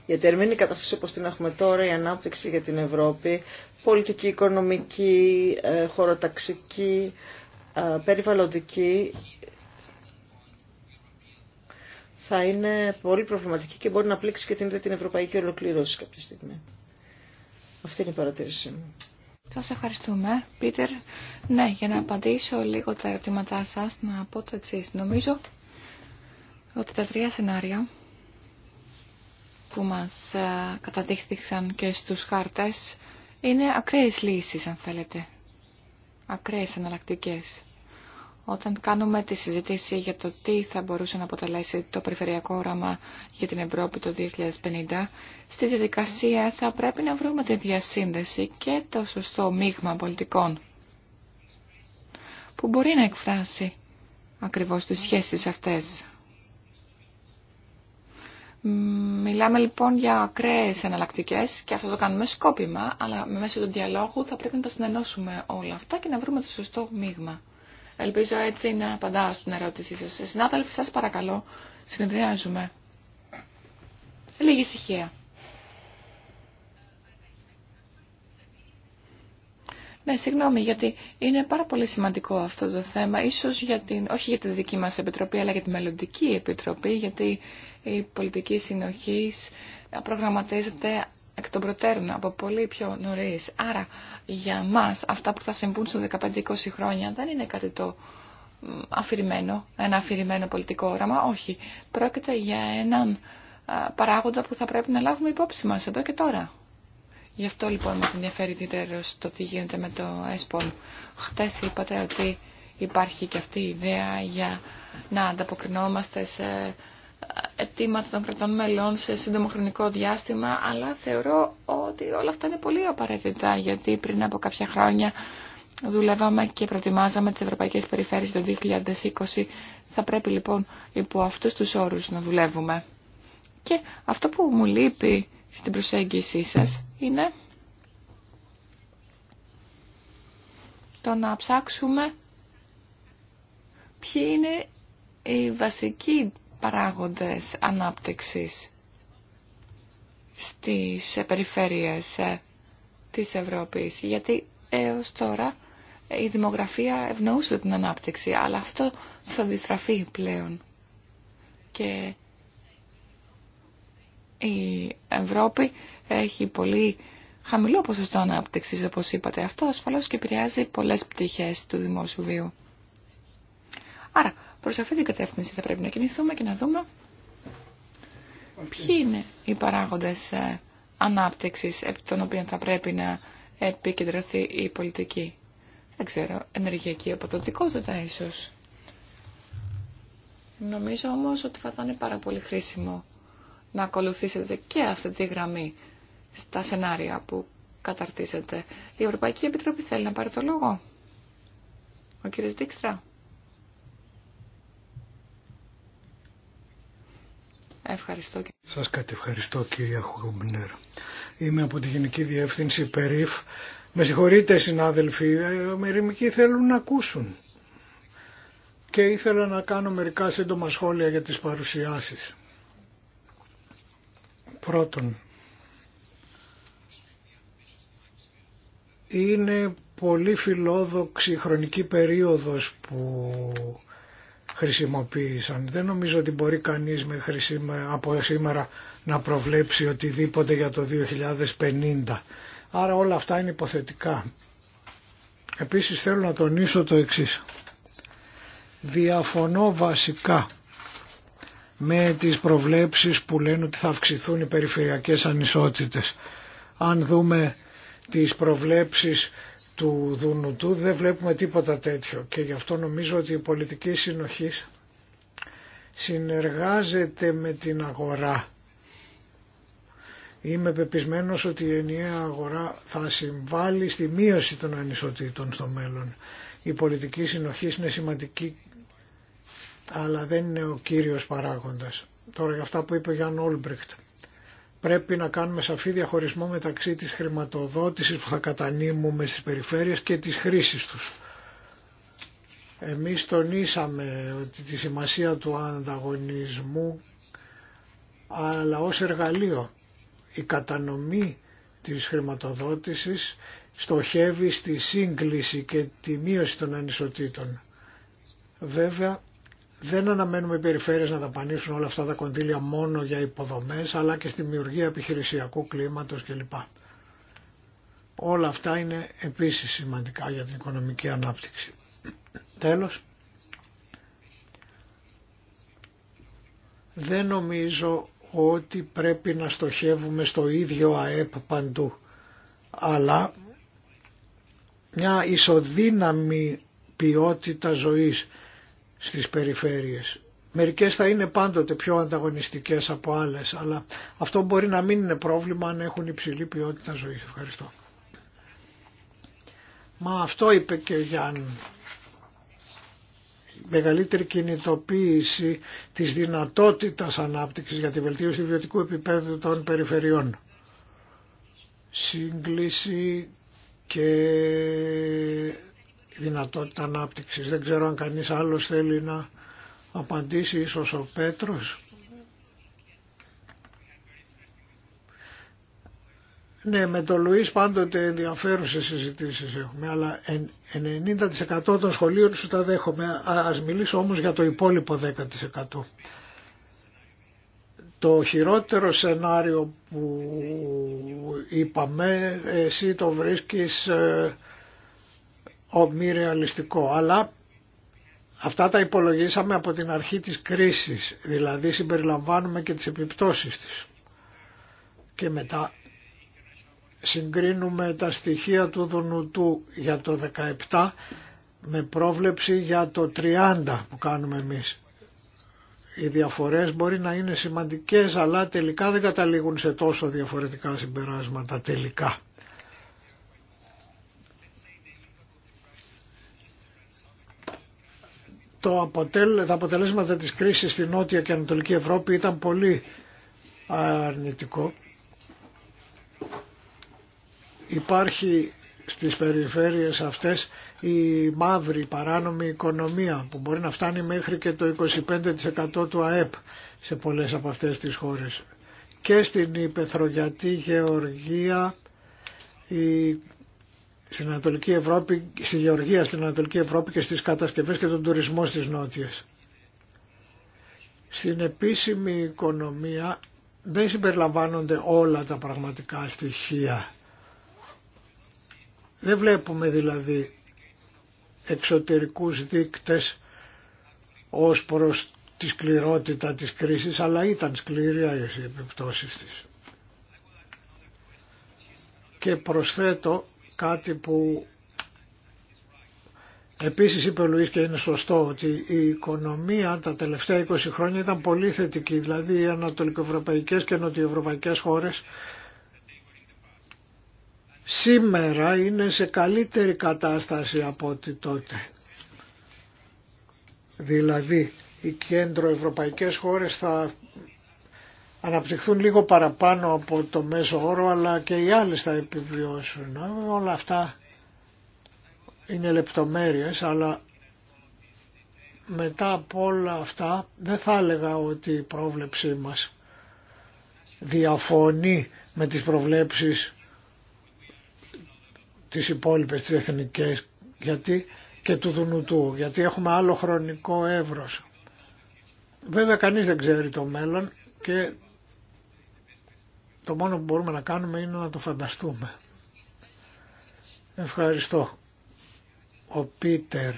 Γιατί αν η κατάσταση όπως την έχουμε τώρα, η ανάπτυξη για την Ευρώπη, πολιτική, οικονομική, ε, χωροταξική, ε, περιβαλλοντική, θα είναι πολύ προβληματική και μπορεί να πλήξει και την, την ευρωπαϊκή ολοκλήρωση κάποια στιγμή. Αυτή είναι η παρατήρησή μου. Σα ευχαριστούμε, Πίτερ. Ναι, για να απαντήσω λίγο τα ερωτήματά σας, να πω το εξή. Νομίζω ότι τα τρία σενάρια που μας ε, καταδείχθηκαν και στους χάρτες είναι ακραίες λύσεις, αν θέλετε. Ακραίες εναλλακτικές όταν κάνουμε τη συζήτηση για το τι θα μπορούσε να αποτελέσει το περιφερειακό όραμα για την Ευρώπη το 2050, στη διαδικασία θα πρέπει να βρούμε τη διασύνδεση και το σωστό μείγμα πολιτικών που μπορεί να εκφράσει ακριβώς τις σχέσεις αυτές. Μιλάμε λοιπόν για ακραίες εναλλακτικέ και αυτό το κάνουμε σκόπιμα, αλλά μέσω του διαλόγου θα πρέπει να τα συνενώσουμε όλα αυτά και να βρούμε το σωστό μείγμα. Ελπίζω έτσι να απαντάω στην ερώτησή σας. Συνάδελφοι, σας παρακαλώ, συνεδριάζουμε. Λίγη ησυχία. Ναι, συγγνώμη, γιατί είναι πάρα πολύ σημαντικό αυτό το θέμα, ίσως για όχι για τη δική μας Επιτροπή, αλλά για τη Μελλοντική Επιτροπή, γιατί η πολιτική συνοχής προγραμματίζεται εκ των προτέρων από πολύ πιο νωρί. Άρα για μα αυτά που θα συμβούν σε 15-20 χρόνια δεν είναι κάτι το αφηρημένο, ένα αφηρημένο πολιτικό όραμα. Όχι, πρόκειται για έναν παράγοντα που θα πρέπει να λάβουμε υπόψη μα εδώ και τώρα. Γι' αυτό λοιπόν μας ενδιαφέρει το τι γίνεται με το ΕΣΠΟΛ. Χτες είπατε ότι υπάρχει και αυτή η ιδέα για να ανταποκρινόμαστε σε αιτήματα των κρατών μελών σε σύντομο χρονικό διάστημα, αλλά θεωρώ ότι όλα αυτά είναι πολύ απαραίτητα, γιατί πριν από κάποια χρόνια δουλεύαμε και προετοιμάζαμε τις Ευρωπαϊκές Περιφέρειες το 2020. Θα πρέπει λοιπόν υπό αυτούς τους όρους να δουλεύουμε. Και αυτό που μου λείπει στην προσέγγιση σας είναι το να ψάξουμε ποιοι είναι οι βασικοί παράγοντες ανάπτυξης στις περιφέρειες ε, της Ευρώπης. Γιατί έως τώρα η δημογραφία ευνοούσε την ανάπτυξη, αλλά αυτό θα διστραφεί πλέον. Και η Ευρώπη έχει πολύ χαμηλό ποσοστό ανάπτυξης, όπως είπατε. Αυτό ασφαλώς και επηρεάζει πολλές πτυχές του δημόσιου βίου. Άρα, Προς αυτή την κατεύθυνση θα πρέπει να κινηθούμε και να δούμε ποιοι είναι οι παράγοντες ε, ανάπτυξης επί των οποίων θα πρέπει να επικεντρωθεί η πολιτική. Δεν ξέρω, ενεργειακή αποδοτικότητα ίσως. Νομίζω όμως ότι θα ήταν πάρα πολύ χρήσιμο να ακολουθήσετε και αυτή τη γραμμή στα σενάρια που καταρτίζετε. Η Ευρωπαϊκή Επιτροπή θέλει να πάρει το λόγο. Ο κύριος Δίξτρα. Ευχαριστώ. Σας κατευχαριστώ κυρία Χουμπνερ. Είμαι από τη Γενική Διεύθυνση Περίφ. Με συγχωρείτε συνάδελφοι, ε, μερικοί θέλουν να ακούσουν. Και ήθελα να κάνω μερικά σύντομα σχόλια για τις παρουσιάσεις. Πρώτον, είναι πολύ φιλόδοξη χρονική περίοδος που χρησιμοποίησαν. Δεν νομίζω ότι μπορεί κανείς με από σήμερα να προβλέψει οτιδήποτε για το 2050. Άρα όλα αυτά είναι υποθετικά. Επίσης θέλω να τονίσω το εξής. Διαφωνώ βασικά με τις προβλέψεις που λένε ότι θα αυξηθούν οι περιφερειακές ανισότητες. Αν δούμε τις προβλέψεις του Δουνουτού δεν βλέπουμε τίποτα τέτοιο και γι' αυτό νομίζω ότι η πολιτική συνοχή συνεργάζεται με την αγορά. Είμαι πεπισμένος ότι η ενιαία αγορά θα συμβάλλει στη μείωση των ανισοτήτων στο μέλλον. Η πολιτική συνοχή είναι σημαντική αλλά δεν είναι ο κύριος παράγοντας. Τώρα για αυτά που είπε ο Γιάνν Όλμπρεχτ πρέπει να κάνουμε σαφή διαχωρισμό μεταξύ της χρηματοδότησης που θα κατανείμουμε στις περιφέρειες και της χρήσης τους. Εμείς τονίσαμε ότι τη σημασία του ανταγωνισμού αλλά ως εργαλείο η κατανομή της χρηματοδότησης στοχεύει στη σύγκληση και τη μείωση των ανισοτήτων. Βέβαια δεν αναμένουμε οι περιφέρειες να δαπανίσουν όλα αυτά τα κονδύλια μόνο για υποδομές αλλά και στη δημιουργία επιχειρησιακού κλίματος κλπ. Όλα αυτά είναι επίσης σημαντικά για την οικονομική ανάπτυξη. Τέλος, δεν νομίζω ότι πρέπει να στοχεύουμε στο ίδιο ΑΕΠ παντού, αλλά μια ισοδύναμη ποιότητα ζωής στις περιφέρειες. Μερικές θα είναι πάντοτε πιο ανταγωνιστικές από άλλες, αλλά αυτό μπορεί να μην είναι πρόβλημα αν έχουν υψηλή ποιότητα ζωής. Ευχαριστώ. Μα αυτό είπε και ο Γιάννη. Μεγαλύτερη κινητοποίηση της δυνατότητας ανάπτυξης για τη βελτίωση του ιδιωτικού επίπεδου των περιφερειών. Σύγκληση και δυνατότητα ανάπτυξης. Δεν ξέρω αν κανείς άλλος θέλει να απαντήσει, ίσως ο Πέτρος. Ναι, με τον Λουίς πάντοτε ενδιαφέρουσε συζητήσεις έχουμε, αλλά 90% των σχολείων σου τα δέχομαι. Ας μιλήσω όμως για το υπόλοιπο 10%. Το χειρότερο σενάριο που είπαμε, εσύ το βρίσκεις ε, ο μη ρεαλιστικό, αλλά αυτά τα υπολογίσαμε από την αρχή της κρίσης, δηλαδή συμπεριλαμβάνουμε και τις επιπτώσεις της. Και μετά συγκρίνουμε τα στοιχεία του Δουνουτού για το 17 με πρόβλεψη για το 30 που κάνουμε εμείς. Οι διαφορές μπορεί να είναι σημαντικές αλλά τελικά δεν καταλήγουν σε τόσο διαφορετικά συμπεράσματα τελικά. το αποτελ, τα αποτελέσματα της κρίσης στην Νότια και Ανατολική Ευρώπη ήταν πολύ αρνητικό. Υπάρχει στις περιφέρειες αυτές η μαύρη παράνομη οικονομία που μπορεί να φτάνει μέχρι και το 25% του ΑΕΠ σε πολλές από αυτές τις χώρες. Και στην Υπεθρογιατή Γεωργία η στην Ανατολική Ευρώπη, στη Γεωργία στην Ανατολική Ευρώπη και στις κατασκευές και τον τουρισμό στις νότιες. Στην επίσημη οικονομία δεν συμπεριλαμβάνονται όλα τα πραγματικά στοιχεία. Δεν βλέπουμε δηλαδή εξωτερικούς δείκτες ως προς τη σκληρότητα της κρίσης, αλλά ήταν σκληρία οι επιπτώσεις της. Και προσθέτω Κάτι που Επίσης είπε ο Λουίς και είναι σωστό ότι η οικονομία τα τελευταία 20 χρόνια ήταν πολύ θετική. Δηλαδή οι ανατολικοευρωπαϊκές και νοτιοευρωπαϊκές χώρες σήμερα είναι σε καλύτερη κατάσταση από ό,τι τότε. Δηλαδή οι Ευρωπαϊκές χώρες θα αναπτυχθούν λίγο παραπάνω από το μέσο όρο αλλά και οι άλλες θα επιβιώσουν. Όλα αυτά είναι λεπτομέρειες αλλά μετά από όλα αυτά δεν θα έλεγα ότι η πρόβλεψή μας διαφωνεί με τις προβλέψεις τις υπόλοιπες τις εθνικές γιατί, και του Δουνουτού γιατί έχουμε άλλο χρονικό εύρος. Βέβαια κανείς δεν ξέρει το μέλλον και το μόνο που μπορούμε να κάνουμε είναι να το φανταστούμε. Ευχαριστώ. Ο Πίτερ.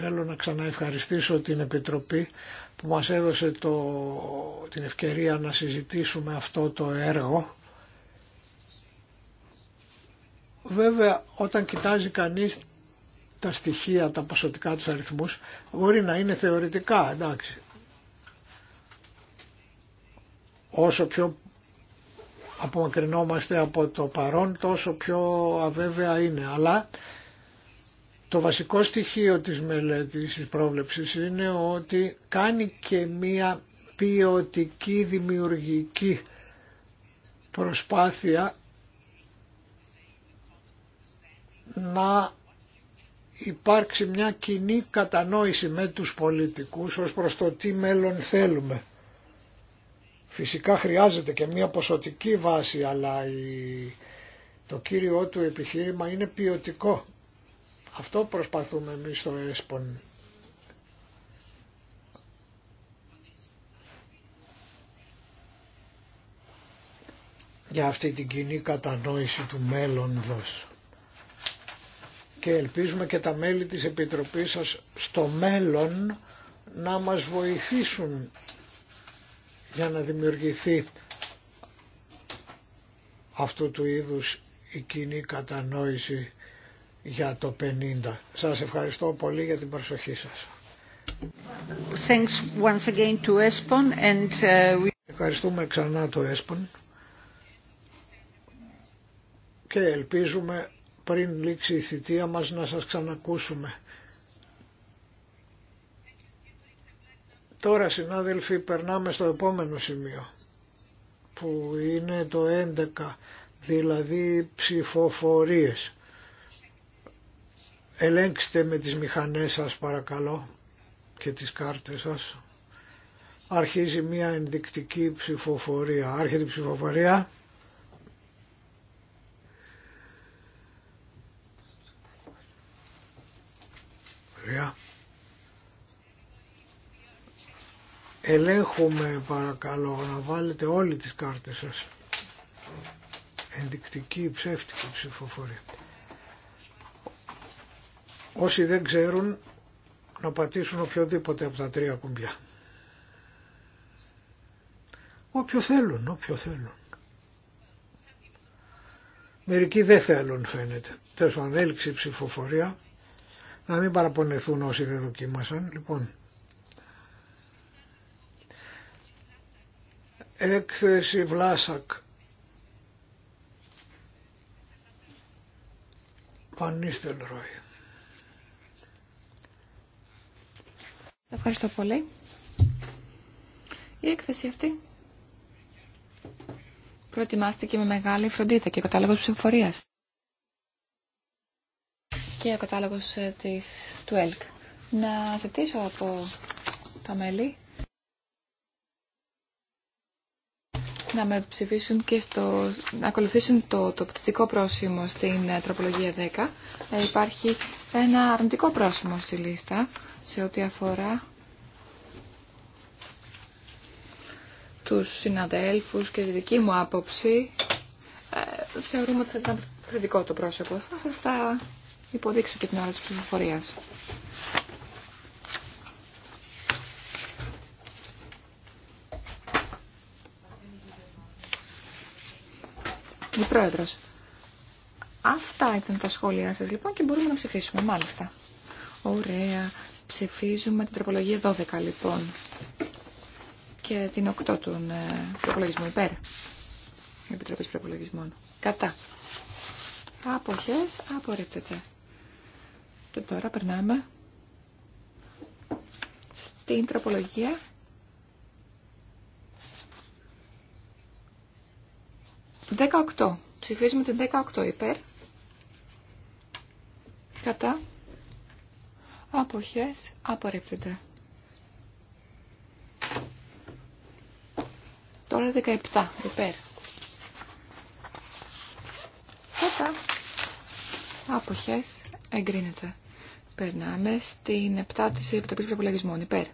Θέλω να ξαναευχαριστήσω την Επιτροπή που μας έδωσε το, την ευκαιρία να συζητήσουμε αυτό το έργο. Βέβαια όταν κοιτάζει κανείς τα στοιχεία, τα ποσοτικά τους αριθμούς, μπορεί να είναι θεωρητικά, εντάξει. Όσο πιο απομακρυνόμαστε από το παρόν τόσο πιο αβέβαια είναι. Αλλά το βασικό στοιχείο της μελέτης της πρόβλεψης είναι ότι κάνει και μία ποιοτική δημιουργική προσπάθεια να υπάρξει μια κοινή κατανόηση με τους πολιτικούς ως προς το τι μέλλον θέλουμε. Φυσικά χρειάζεται και μια ποσοτική βάση, αλλά το κύριο του επιχείρημα είναι ποιοτικό. Αυτό προσπαθούμε εμείς στο ΕΣΠΟΝ. για αυτή την κοινή κατανόηση του μέλλοντος. Και ελπίζουμε και τα μέλη της Επιτροπής σας στο μέλλον να μας βοηθήσουν για να δημιουργηθεί αυτού του είδους η κοινή κατανόηση για το 50. Σας ευχαριστώ πολύ για την προσοχή σας. Uh, Ευχαριστούμε ξανά το ΕΣΠΟΝ και ελπίζουμε πριν λήξει η θητεία μας να σας ξανακούσουμε Τώρα συνάδελφοι περνάμε στο επόμενο σημείο που είναι το 11 δηλαδή ψηφοφορίες. Ελέγξτε με τις μηχανές σας παρακαλώ και τις κάρτες σας. Αρχίζει μια ενδεικτική ψηφοφορία. Άρχεται η ψηφοφορία. Ελέγχουμε παρακαλώ να βάλετε όλοι τις κάρτες σας. Ενδεικτική ψεύτικη ψηφοφορία. Όσοι δεν ξέρουν να πατήσουν οποιοδήποτε από τα τρία κουμπιά. Όποιο θέλουν, όποιο θέλουν. Μερικοί δεν θέλουν φαίνεται. Τέλος πάντων έλξη ψηφοφορία. Να μην παραπονεθούν όσοι δεν δοκίμασαν. Λοιπόν, έκθεση Βλάσακ. Ρόι Ευχαριστώ πολύ. Η έκθεση αυτή προετοιμάστηκε με μεγάλη φροντίδα και κατάλογο ψηφοφορία. Και ο κατάλογο ε, του ΕΛΚ. Να ζητήσω από τα μέλη να με ψηφίσουν και να ακολουθήσουν το, το πτυτικό πρόσημο στην ε, τροπολογία 10. Ε, υπάρχει ένα αρνητικό πρόσημο στη λίστα σε ό,τι αφορά τους συναδέλφους και τη δική μου άποψη. Ε, θεωρούμε ότι θα ήταν θετικό το πρόσωπο. Θα σας τα υποδείξω και την ώρα της πληροφορίας. πρόεδρο. Αυτά ήταν τα σχόλιά σα λοιπόν και μπορούμε να ψηφίσουμε μάλιστα. Ωραία. Ψηφίζουμε την τροπολογία 12 λοιπόν και την 8 των ε, προπολογισμού υπέρ. Επιτροπή προπολογισμών. Κατά. Αποχέ, απορρίπτεται. Και τώρα περνάμε στην τροπολογία 18. Ψηφίζουμε την 18 υπέρ. Κατά. Αποχές απορρίπτεται. Τώρα 17 υπέρ. Κατά. Αποχές εγκρίνεται. Περνάμε στην 7 της Επιτροπής Προπολογισμών υπέρ.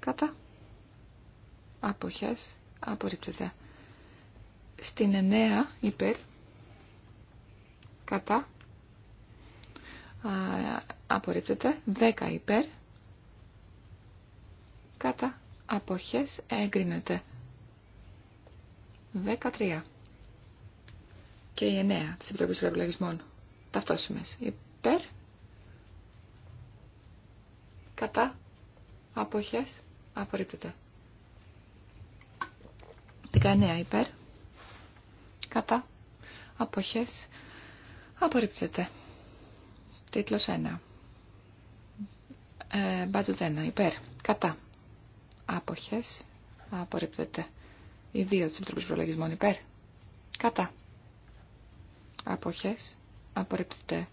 Κατά. Αποχές απορρίπτεται. Στην 9 υπέρ κατά απορρίπτεται 10 υπέρ κατά αποχές έγκρινεται 13 και η 9 της Επιτροπής Προεπιλογισμών ταυτόσιμες υπέρ κατά αποχές απορρίπτεται 19 υπέρ Κατά. Αποχές. Απορρίπτεται. Τίτλος 1. Ε, budget 1. Υπέρ. Κατά. Αποχές. Απορρίπτεται. Οι δύο της Επιτροπής Προλογισμών υπέρ. Κατά. Αποχές. Απορρίπτεται.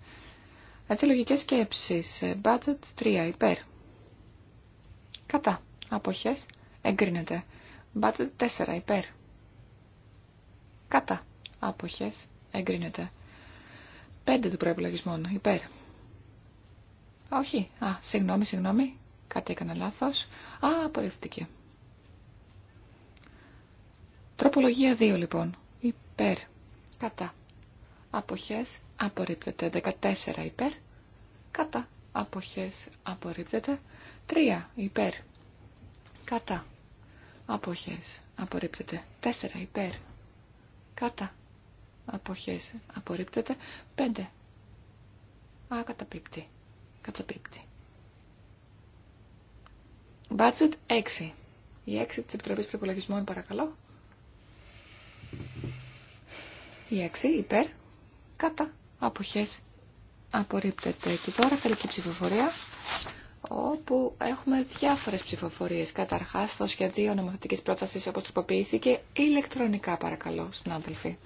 λογικές σκέψεις. Ε, budget 3. Υπέρ. Κατά. Αποχές. Εγκρίνεται. Budget 4. Υπέρ. Κατά. Αποχές. Εγκρίνεται. πέντε του προεπιλογισμού. Υπέρ. όχι. Α, συγγνώμη, συγγνώμη. Κάτι έκανα λάθος. Α, απορρίφθηκε. Τροπολογία 2 λοιπόν. Υπέρ. Κατά. Αποχές απορρίπτεται. 14 υπέρ. Κατά. Αποχές απορρίπτεται. 3 υπέρ. Κατά. Αποχές απορρίπτεται. 4 υπέρ. Κατά αποχές απορρίπτεται 5 α καταπίπτει καταπίπτει budget 6 η 6 της Επιτροπής Προπολογισμών παρακαλώ η 6 υπέρ κατά αποχές απορρίπτεται και τώρα τελική ψηφοφορία όπου έχουμε διάφορες ψηφοφορίες. Καταρχάς, το σχεδίο νομοθετικής πρότασης όπως τροποποιήθηκε ηλεκτρονικά παρακαλώ, συνάδελφοι.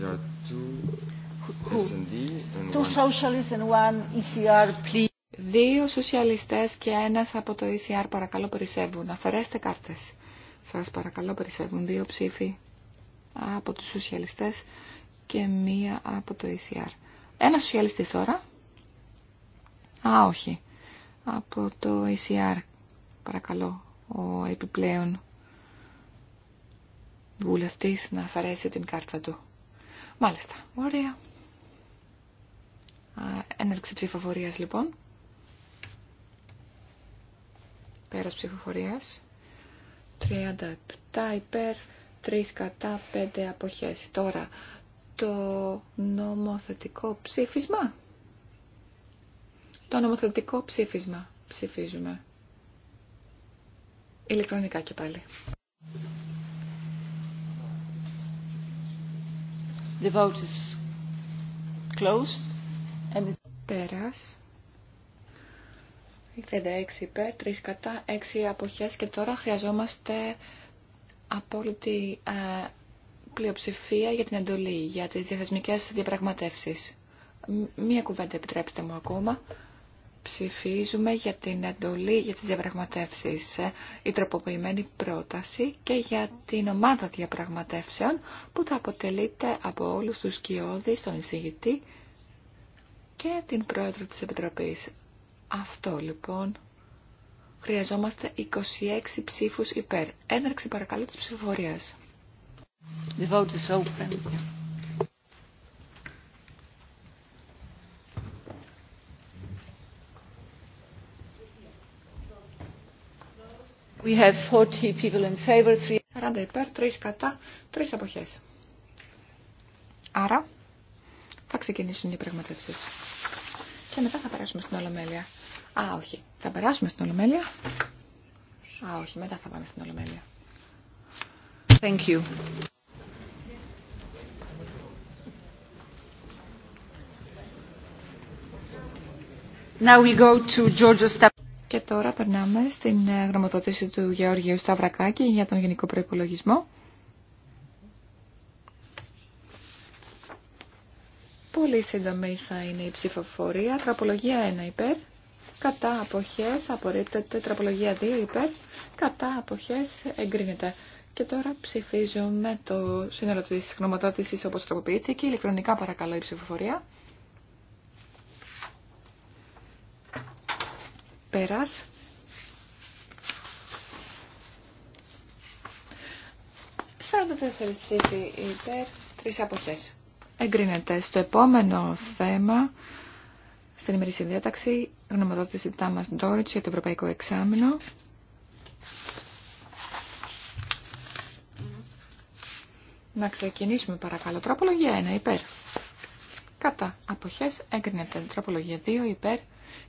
There are two Δύο σοσιαλιστές και ένας από το ECR παρακαλώ περισσεύουν. Αφαιρέστε κάρτες. Σας παρακαλώ περισσεύουν δύο ψήφοι από τους σοσιαλιστές και μία από το ECR. Ένα σοσιαλιστής τώρα. Α, όχι. Από το ECR. Παρακαλώ, ο επιπλέον βουλευτής να αφαιρέσει την κάρτα του. Μάλιστα. Ωραία. Έναρξη ψηφοφορίας λοιπόν. Πέρας ψηφοφορίας. 37 υπέρ, 3 κατά, 5 αποχές. Τώρα το νομοθετικό ψήφισμα. Το νομοθετικό ψήφισμα ψηφίζουμε. Ηλεκτρονικά και πάλι. The vote is closed. And... Πέρας. 36 υπέρ, 3 κατά, 6 αποχές και τώρα χρειαζόμαστε απόλυτη ε, πλειοψηφία για την εντολή, για τις διαθεσμικές διαπραγματεύσεις. Μία κουβέντα επιτρέψτε μου ακόμα ψηφίζουμε για την εντολή για τις διαπραγματεύσεις, ε, η τροποποιημένη πρόταση και για την ομάδα διαπραγματεύσεων που θα αποτελείται από όλους τους κοιόδης, τον εισηγητή και την πρόεδρο της Επιτροπής. Αυτό λοιπόν χρειαζόμαστε 26 ψήφους υπέρ. Έναρξη παρακαλώ της ψηφοφορίας. The vote We have 40 people in favor, υπέρ, 3 κατά, 3 αποχές. Άρα θα ξεκινήσουν οι πραγματεύσεις. Και μετά θα περάσουμε στην Ολομέλεια. Α, όχι. Θα περάσουμε στην Ολομέλεια. Α, όχι. Μετά θα πάμε στην Ολομέλεια. Thank you. Now we go to Georgia και τώρα περνάμε στην ε, γνωμοδότηση του Γεώργιου Σταυρακάκη για τον Γενικό Προϋπολογισμό. Πολύ σύντομη θα είναι η ψηφοφορία. Τραπολογία 1 υπέρ. Κατά αποχές απορρίπτεται. Τραπολογία 2 υπέρ. Κατά αποχές εγκρίνεται. Και τώρα ψηφίζουμε το σύνολο της γνωμοδότησης όπως τροποποιήθηκε. Ηλεκτρονικά παρακαλώ η ψηφοφορία. Πέρας. Σαν τέσσερις ψήφοι υπέρ, τρεις αποχές. Εγκρίνεται. Στο επόμενο θέμα, στην ημερήσια διάταξη, γνωμοδότηση Τάμας Ντόιτς για το Ευρωπαϊκό Εξάμεινο. Να ξεκινήσουμε παρακαλώ. Τροπολογία 1 υπέρ κατά αποχές εγκρίνεται. Τροπολογία 2 υπέρ,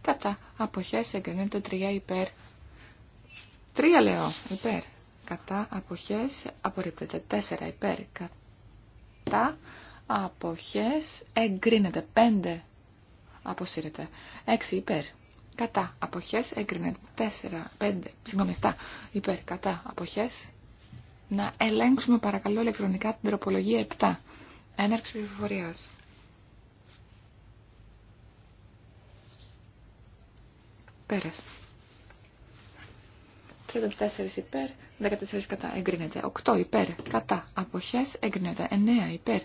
κατά αποχές εγκρίνεται. 3 υπέρ, 3 λέω υπέρ, κατά αποχές απορρίπτεται. 4 υπέρ, κατά αποχές εγκρίνεται. 5 αποσύρεται. 6 υπέρ, κατά αποχές εγκρίνεται. 4, 5, συγγνώμη 7 υπέρ, κατά αποχές να ελέγξουμε παρακαλώ ηλεκτρονικά την τροπολογία 7. Έναρξη πληροφορία. 34 υπέρ, 14 κατά εγκρίνεται. 8 υπέρ, κατά αποχές εγκρίνεται. 9 υπέρ,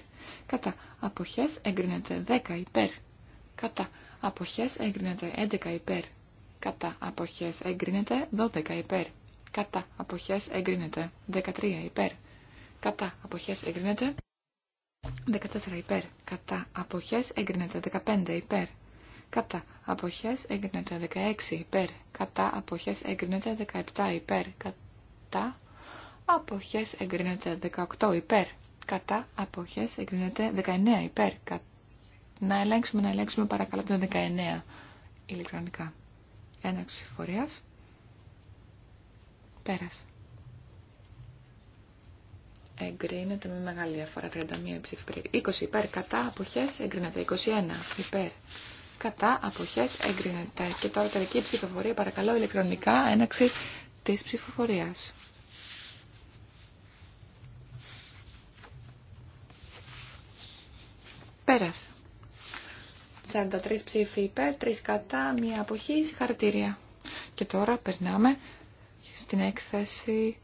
κατά αποχές εγκρίνεται. 10 υπέρ, κατά αποχές εγκρίνεται. 11 υπέρ, κατά αποχές εγκρίνεται. 12 υπέρ, κατά αποχές εγκρίνεται. 13 υπέρ, κατά αποχές εγκρίνεται. 14 υπέρ, κατά αποχές εγκρίνεται. 15 υπέρ, κατά αποχές εγκρίνεται 16 υπέρ, κατά αποχές εγκρίνεται 17 υπέρ, κατά αποχές εγκρίνεται 18 υπέρ, κατά αποχές εγκρίνεται 19 υπέρ, να ελέγξουμε, να ελέγξουμε παρακαλώ την 19 ηλεκτρονικά. Ένα ψηφοφορίας. Πέρασε. Εγκρίνεται με μεγάλη διαφορά. 31 20 υπέρ κατά αποχές. Εγκρίνεται 21 υπέρ κατά αποχές εγκρίνεται. Και τώρα τελική ψηφοφορία παρακαλώ ηλεκτρονικά έναξη της ψηφοφορίας. Πέρασε. 43 ψήφοι υπέρ, 3 κατά, μία αποχή, συγχαρητήρια. Και τώρα περνάμε στην έκθεση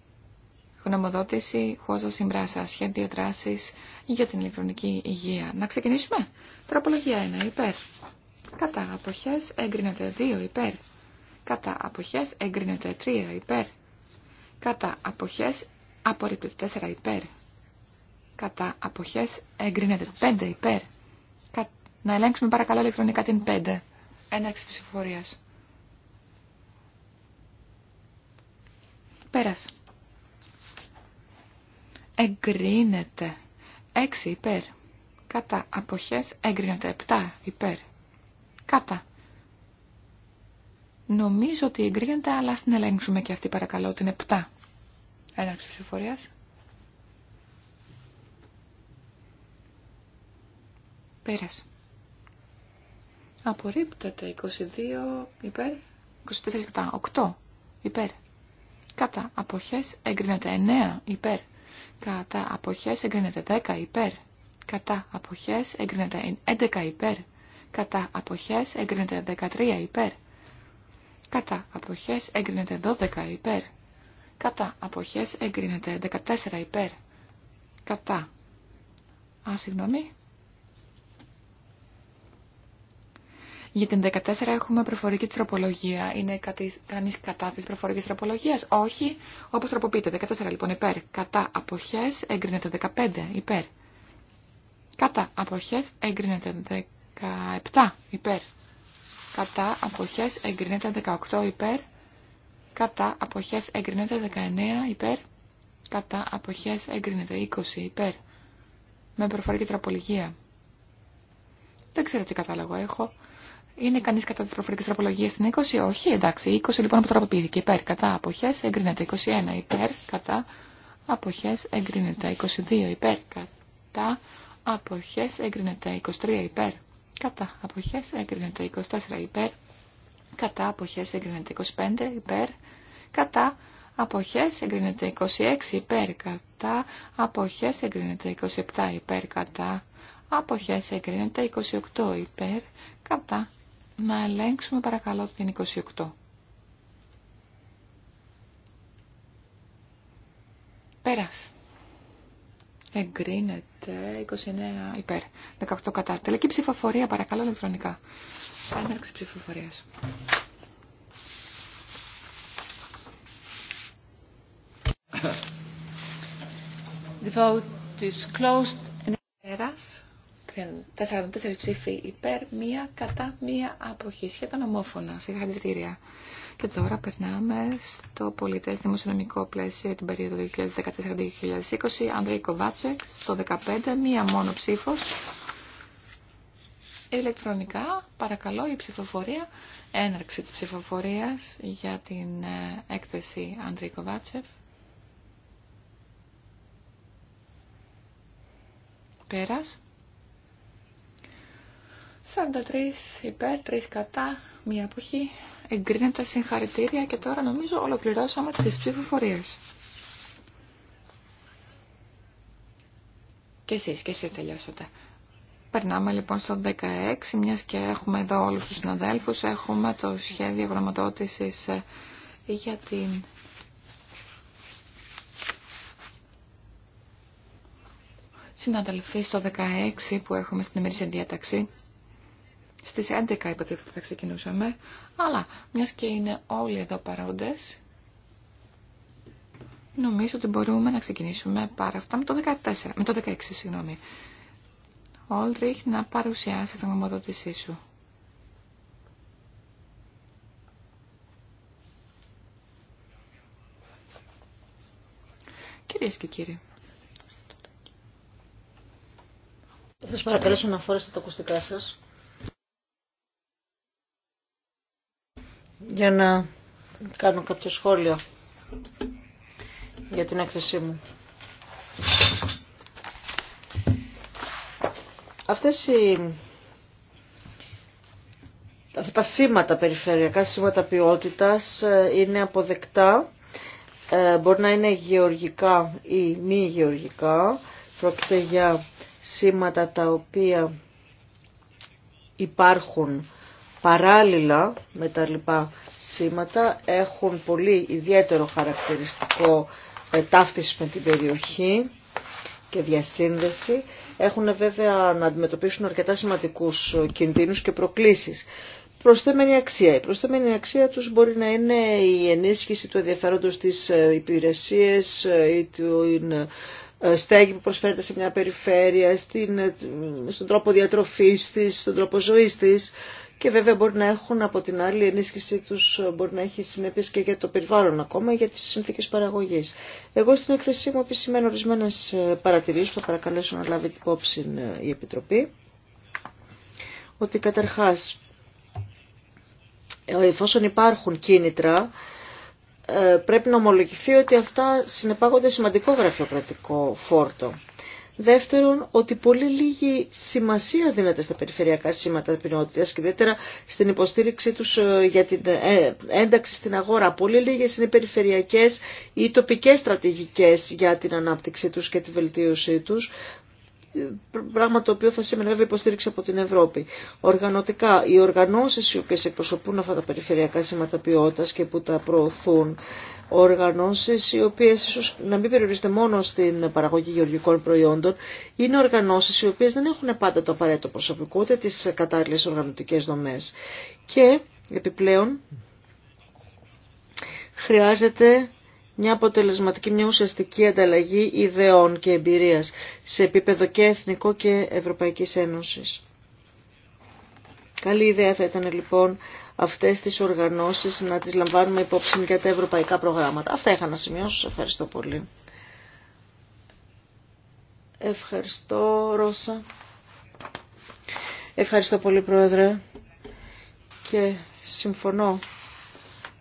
γνωμοδότηση χώζα συμπράσα, σχέδιο δράση για την ηλεκτρονική υγεία. Να ξεκινήσουμε. Τροπολογία 1. Υπέρ κατά αποχές εγκρίνεται 2 υπέρ, κατά αποχές εγκρίνεται 3 υπέρ, κατά αποχές απορρίπτεται 4 υπέρ, κατά αποχές εγκρίνεται 5 υπέρ. Να ελέγξουμε παρακαλώ ηλεκτρονικά την 5. Έναρξη ψηφοφορίας. Πέρασε. Εγκρίνεται 6 υπέρ. Κατά αποχές εγκρίνεται 7 υπέρ Κατά. Νομίζω ότι εγκρίνεται, αλλά στην ελέγξουμε και αυτή παρακαλώ την 7. Έναρξη ψηφοφορία. Πέρασε. Απορρίπτεται 22 υπέρ, 24 κατά, 8 υπέρ. Κατά αποχές εγκρίνεται 9 υπέρ. Κατά αποχές εγκρίνεται 10 υπέρ. Κατά αποχές εγκρίνεται 11 υπέρ κατά αποχές έγκρινεται 13 υπέρ, κατά αποχές έγκρινεται 12 υπέρ, κατά αποχές έγκρινεται 14 υπέρ, κατά, α, συγγνώμη, Για την 14 έχουμε προφορική τροπολογία. Είναι κάτι, κανείς κατά της προφορικής τροπολογίας. Όχι, όπως τροποποιείται. 14 λοιπόν υπέρ. Κατά αποχές έγκρινεται 15 υπέρ. Κατά αποχές έγκρινεται 17 υπέρ. Κατά αποχές εγκρίνεται 18 υπέρ. Κατά αποχές εγκρίνεται 19 υπέρ. Κατά αποχές εγκρίνεται 20 υπέρ. Με προφορική τραπολογία. Δεν ξέρω τι κατάλογο έχω. Είναι κανεί κατά της προφορικής τροπολογία στην 20, όχι, εντάξει. 20 λοιπόν αποτραποποιήθηκε. Υπέρ, κατά, αποχέ, εγκρίνεται. 21, υπέρ, κατά, αποχέ, εγκρίνεται. 22, υπέρ, κατά, αποχέ, εγκρίνεται. 23, υπέρ, κατά αποχές εγκρίνεται 24 υπέρ, κατά αποχές εγκρίνεται 25 υπέρ, κατά αποχές εγκρίνεται 26 υπέρ, κατά αποχές εγκρίνεται 27 υπέρ, κατά αποχές εγκρίνεται 28 υπέρ, κατά να ελέγξουμε παρακαλώ την 28. Πέρασε. Εγκρίνεται 29 υπέρ, 18 κατά. Τελική ψηφοφορία, παρακαλώ ηλεκτρονικά. Έναρξη ψηφοφορία. The vote is closed. 44 ψήφοι υπέρ, μία κατά, μία αποχή. Σχεδόν ομόφωνα. Συγχαρητήρια. Και τώρα περνάμε στο πολιτές δημοσιονομικό πλαίσιο την περίοδο 2014-2020. Ανδρέη Κοβάτσεκ, στο 15, μία μόνο ψήφος. Ηλεκτρονικά, παρακαλώ, η ψηφοφορία, έναρξη της ψηφοφορίας για την ε, έκθεση Ανδρέη Κοβάτσεκ. Πέρας. 43 υπέρ, 3 κατά, μία αποχή. Εγκρίνεται συγχαρητήρια και τώρα νομίζω ολοκληρώσαμε τις ψηφοφορίες. Και εσείς, και εσείς τελειώσατε. Περνάμε λοιπόν στο 16, μιας και έχουμε εδώ όλους τους συναδέλφους, έχουμε το σχέδιο γραμματότησης ε, για την... συναδελφή στο 16 που έχουμε στην ημερήσια διάταξη. Στις 11 είπατε ότι θα ξεκινούσαμε, αλλά μιας και είναι όλοι εδώ παρόντες, νομίζω ότι μπορούμε να ξεκινήσουμε πάρα αυτά με το 14, με το 16, συγγνώμη. Όλτριχ, να παρουσιάσει την ομοδότησή σου. Κυρίες και κύριοι. Θα σας παρακαλέσω να φορέσετε τα ακουστικά σας. για να κάνω κάποια σχόλια για την έκθεσή μου. Αυτές οι αυτά τα σήματα περιφερειακά, σήματα ποιότητας ε, είναι αποδεκτά, ε, μπορεί να είναι γεωργικά ή μη γεωργικά, πρόκειται για σήματα τα οποία υπάρχουν παράλληλα με τα λοιπά σήματα έχουν πολύ ιδιαίτερο χαρακτηριστικό ε, ταύτιση με την περιοχή και διασύνδεση. Έχουν βέβαια να αντιμετωπίσουν αρκετά σημαντικούς ε, κινδύνους και προκλήσεις. Προσθέμενη αξία. Η προσθέμενη αξία τους μπορεί να είναι η ενίσχυση του ενδιαφέροντος της ε, υπηρεσίες ή του στέγη που προσφέρεται σε μια περιφέρεια, στον τρόπο διατροφής της, στον τρόπο ζωής της και βέβαια μπορεί να έχουν από την άλλη ενίσχυσή τους ε, μπορεί να έχει συνέπειες και για το περιβάλλον ακόμα για τις συνθήκες παραγωγής. Εγώ στην εκθεσή μου επισημαίνω ορισμένε ε, παρατηρήσεις που θα παρακαλέσω να λάβει την υπόψη ε, η Επιτροπή ότι καταρχάς εφόσον υπάρχουν κίνητρα πρέπει να ομολογηθεί ότι αυτά συνεπάγονται σημαντικό γραφειοκρατικό φόρτο. Δεύτερον, ότι πολύ λίγη σημασία δίνεται στα περιφερειακά σήματα ποινότητα και ιδιαίτερα στην υποστήριξή του ε, για την ε, ένταξη στην αγορά. Πολύ λίγε είναι περιφερειακέ ή τοπικέ στρατηγικέ για την ανάπτυξή του και τη βελτίωσή του. Ε, πράγμα το οποίο θα σήμαινε βέβαια υποστήριξη από την Ευρώπη. Οργανωτικά, οι οργανώσεις οι οποίες εκπροσωπούν αυτά τα περιφερειακά σήματα ποιότητας και που τα προωθούν, οργανώσεις οι οποίες ίσως να μην περιορίζεται μόνο στην παραγωγή γεωργικών προϊόντων, είναι οργανώσεις οι οποίες δεν έχουν πάντα το απαραίτητο προσωπικό, ούτε τις κατάλληλες οργανωτικές δομές. Και επιπλέον χρειάζεται μια αποτελεσματική, μια ουσιαστική ανταλλαγή ιδεών και εμπειρίας σε επίπεδο και εθνικό και Ευρωπαϊκής Ένωσης. Καλή ιδέα θα ήταν λοιπόν αυτές τις οργανώσεις να τις λαμβάνουμε υπόψη για τα ευρωπαϊκά προγράμματα. Αυτά είχα να σημειώσω. ευχαριστώ πολύ. Ευχαριστώ Ρώσα. Ευχαριστώ πολύ Πρόεδρε και συμφωνώ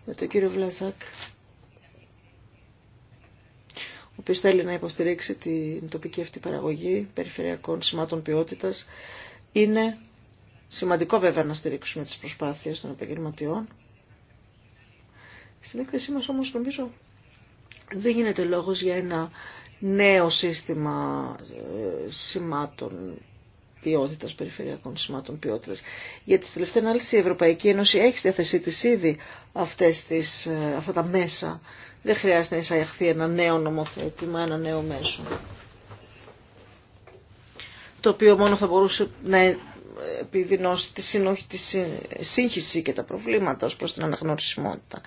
με τον κύριο Βλαζάκ οποίος θέλει να υποστηρίξει την τοπική αυτή παραγωγή περιφερειακών σημάτων ποιότητας. Είναι σημαντικό βέβαια να στηρίξουμε τις προσπάθειες των επαγγελματιών. Στην έκθεσή μας όμως νομίζω δεν γίνεται λόγος για ένα νέο σύστημα ε, σημάτων ποιότητα, περιφερειακών σημάτων ποιότητα. Γιατί στη τελευταία ανάλυση η Ευρωπαϊκή Ένωση έχει στη θέση τη ήδη αυτές τις, ε, αυτά τα μέσα δεν χρειάζεται να εισαγιαχθεί ένα νέο νομοθέτημα, ένα νέο μέσο το οποίο μόνο θα μπορούσε να επιδεινώσει τη, συνοχή, τη σύγχυση και τα προβλήματα ως προς την αναγνωρισιμότητα.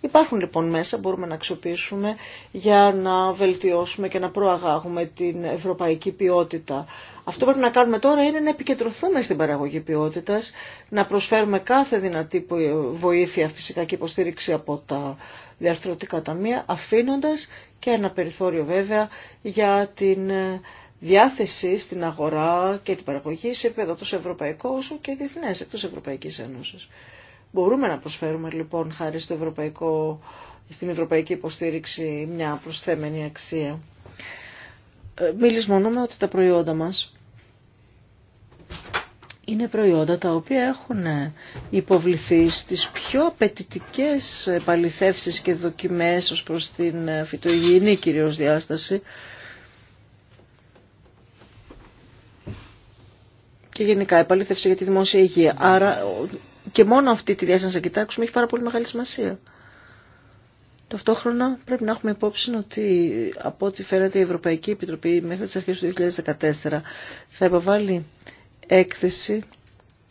Υπάρχουν λοιπόν μέσα, μπορούμε να αξιοποιήσουμε για να βελτιώσουμε και να προαγάγουμε την ευρωπαϊκή ποιότητα. Αυτό που πρέπει να κάνουμε τώρα είναι να επικεντρωθούμε στην παραγωγή ποιότητας, να προσφέρουμε κάθε δυνατή βοήθεια φυσικά και υποστήριξη από τα διαρθρωτικά ταμεία, αφήνοντας και ένα περιθώριο βέβαια για την ε, διάθεση στην αγορά και την παραγωγή σε επίπεδο τόσο ευρωπαϊκό όσο και διεθνέ εκτό Ευρωπαϊκή Ένωση. Μπορούμε να προσφέρουμε λοιπόν χάρη στο ευρωπαϊκό, στην ευρωπαϊκή υποστήριξη μια προσθέμενη αξία. Ε, μιλισμονούμε ότι τα προϊόντα μας είναι προϊόντα τα οποία έχουν υποβληθεί στις πιο απαιτητικέ παληθεύσεις και δοκιμές ως προς την φυτογενή κυρίως διάσταση και γενικά επαλήθευση για τη δημόσια υγεία. Άρα και μόνο αυτή τη διάσταση να κοιτάξουμε έχει πάρα πολύ μεγάλη σημασία. Ταυτόχρονα πρέπει να έχουμε υπόψη ότι από ό,τι φαίνεται η Ευρωπαϊκή Επιτροπή μέχρι τις αρχές του 2014 θα επαβάλει έκθεση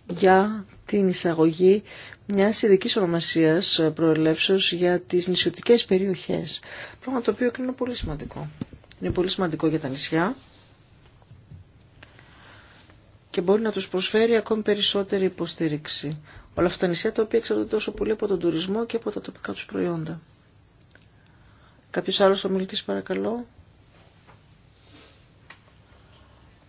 για την εισαγωγή μια ειδική ονομασία ε, προελεύσεω για τι νησιωτικέ περιοχέ, Πράγμα το οποίο είναι πολύ σημαντικό. Είναι πολύ σημαντικό για τα νησιά και μπορεί να τους προσφέρει ακόμη περισσότερη υποστήριξη. Όλα αυτά τα νησιά τα οποία εξαρτώνται τόσο πολύ από τον τουρισμό και από τα τοπικά τους προϊόντα. Κάποιος άλλος ομιλητής παρακαλώ.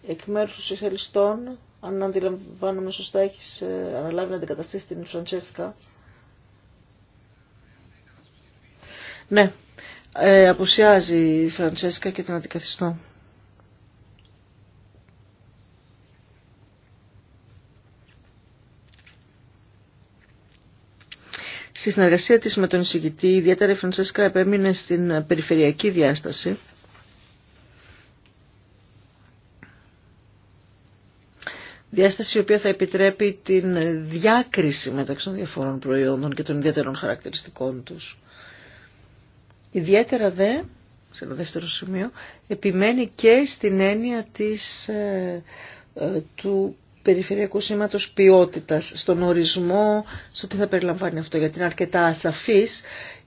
Εκ μέρου του Σιχελιστών, αν αντιλαμβάνομαι σωστά, έχεις ε, αναλάβει να αντικαταστήσει την Φραντσέσκα. Ναι, ε, η Φραντσέσκα και την αντικαθιστώ. Στη συνεργασία της με τον εισηγητή, ιδιαίτερα η Φρανσέσκα επέμεινε στην περιφερειακή διάσταση. Διάσταση η οποία θα επιτρέπει την διάκριση μεταξύ των διαφορών προϊόντων και των ιδιαίτερων χαρακτηριστικών τους. Ιδιαίτερα δε, σε ένα δεύτερο σημείο, επιμένει και στην έννοια της, ε, ε, του περιφερειακού σήματος ποιότητας, στον ορισμό, στο τι θα περιλαμβάνει αυτό, γιατί είναι αρκετά ασαφής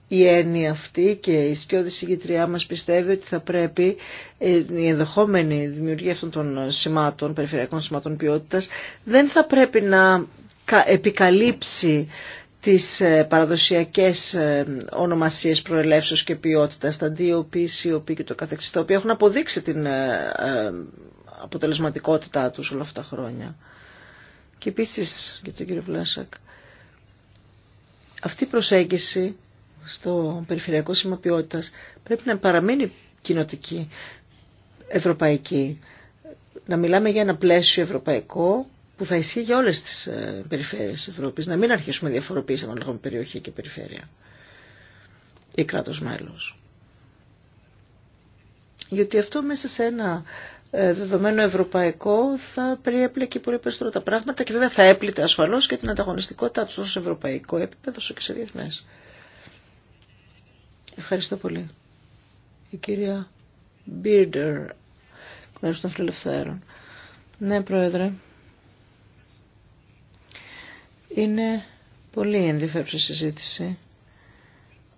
η έννοια αυτή και η σκιώδη συγκητριά μας πιστεύει ότι θα πρέπει ε, η ενδεχόμενη δημιουργία αυτών των σημάτων, περιφερειακών σημάτων ποιότητας, δεν θα πρέπει να επικαλύψει τις ε, παραδοσιακές ε, ονομασίες προελεύσεως και ποιότητας, τα DOP, COP και το καθεξής, τα οποία έχουν αποδείξει την αποτελεσματικότητά τους όλα αυτά τα χρόνια. Και επίσης, για τον κύριο Βλάσακ, αυτή η προσέγγιση στο περιφερειακό σήμα πρέπει να παραμείνει κοινοτική, ευρωπαϊκή. Να μιλάμε για ένα πλαίσιο ευρωπαϊκό που θα ισχύει για όλες τις ε, περιφέρειες της Ευρώπης. Να μην αρχίσουμε διαφοροποίηση ανάλογα με περιοχή και περιφέρεια ή κράτος μέλος. Γιατί αυτό μέσα σε ένα ε, δεδομένο ευρωπαϊκό θα περιέπλεκε πολύ περισσότερο τα πράγματα και βέβαια θα έπλητε ασφαλώς και την ανταγωνιστικότητά του ως ευρωπαϊκό επίπεδο και σε διεθνές. Ευχαριστώ πολύ. Η κυρία Μπίρντερ, μέρος των Φιλελευθέρων. Ναι, Πρόεδρε. Είναι πολύ ενδιαφέρουσα συζήτηση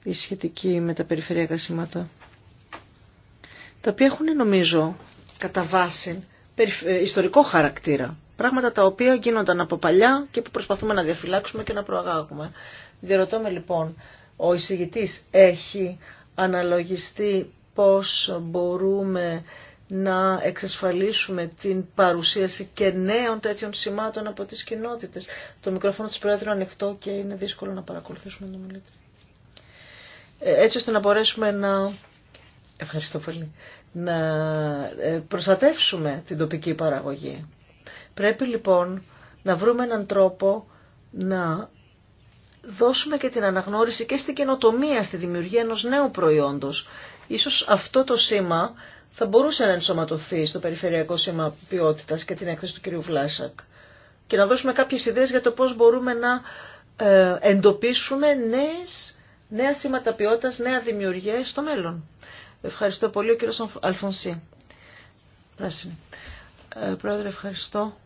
η σχετική με τα περιφερειακά σήματα τα οποία έχουν νομίζω κατά βάση ε, ιστορικό χαρακτήρα. Πράγματα τα οποία γίνονταν από παλιά και που προσπαθούμε να διαφυλάξουμε και να προαγάγουμε. Διερωτώ με λοιπόν, ο εισηγητής έχει αναλογιστεί πώς μπορούμε να εξασφαλίσουμε την παρουσίαση και νέων τέτοιων σημάτων από τις κοινότητες. Το μικρόφωνο της Πρόεδρου ανοιχτό και είναι δύσκολο να παρακολουθήσουμε τον μιλήτη. Ε, έτσι ώστε να μπορέσουμε να Ευχαριστώ πολύ. Να ε, προστατεύσουμε την τοπική παραγωγή. Πρέπει λοιπόν να βρούμε έναν τρόπο να δώσουμε και την αναγνώριση και στην καινοτομία, στη δημιουργία ενός νέου προϊόντος. Ίσως αυτό το σήμα θα μπορούσε να ενσωματωθεί στο περιφερειακό σήμα ποιότητας και την έκθεση του κυρίου Βλάσακ και να δώσουμε κάποιες ιδέες για το πώς μπορούμε να ε, εντοπίσουμε νέες, νέα σήματα ποιότητας, νέα δημιουργία στο μέλλον. Ευχαριστώ πολύ ο κύριος Αλφονσί. Πράσινη. Ε, πρόεδρε, ευχαριστώ.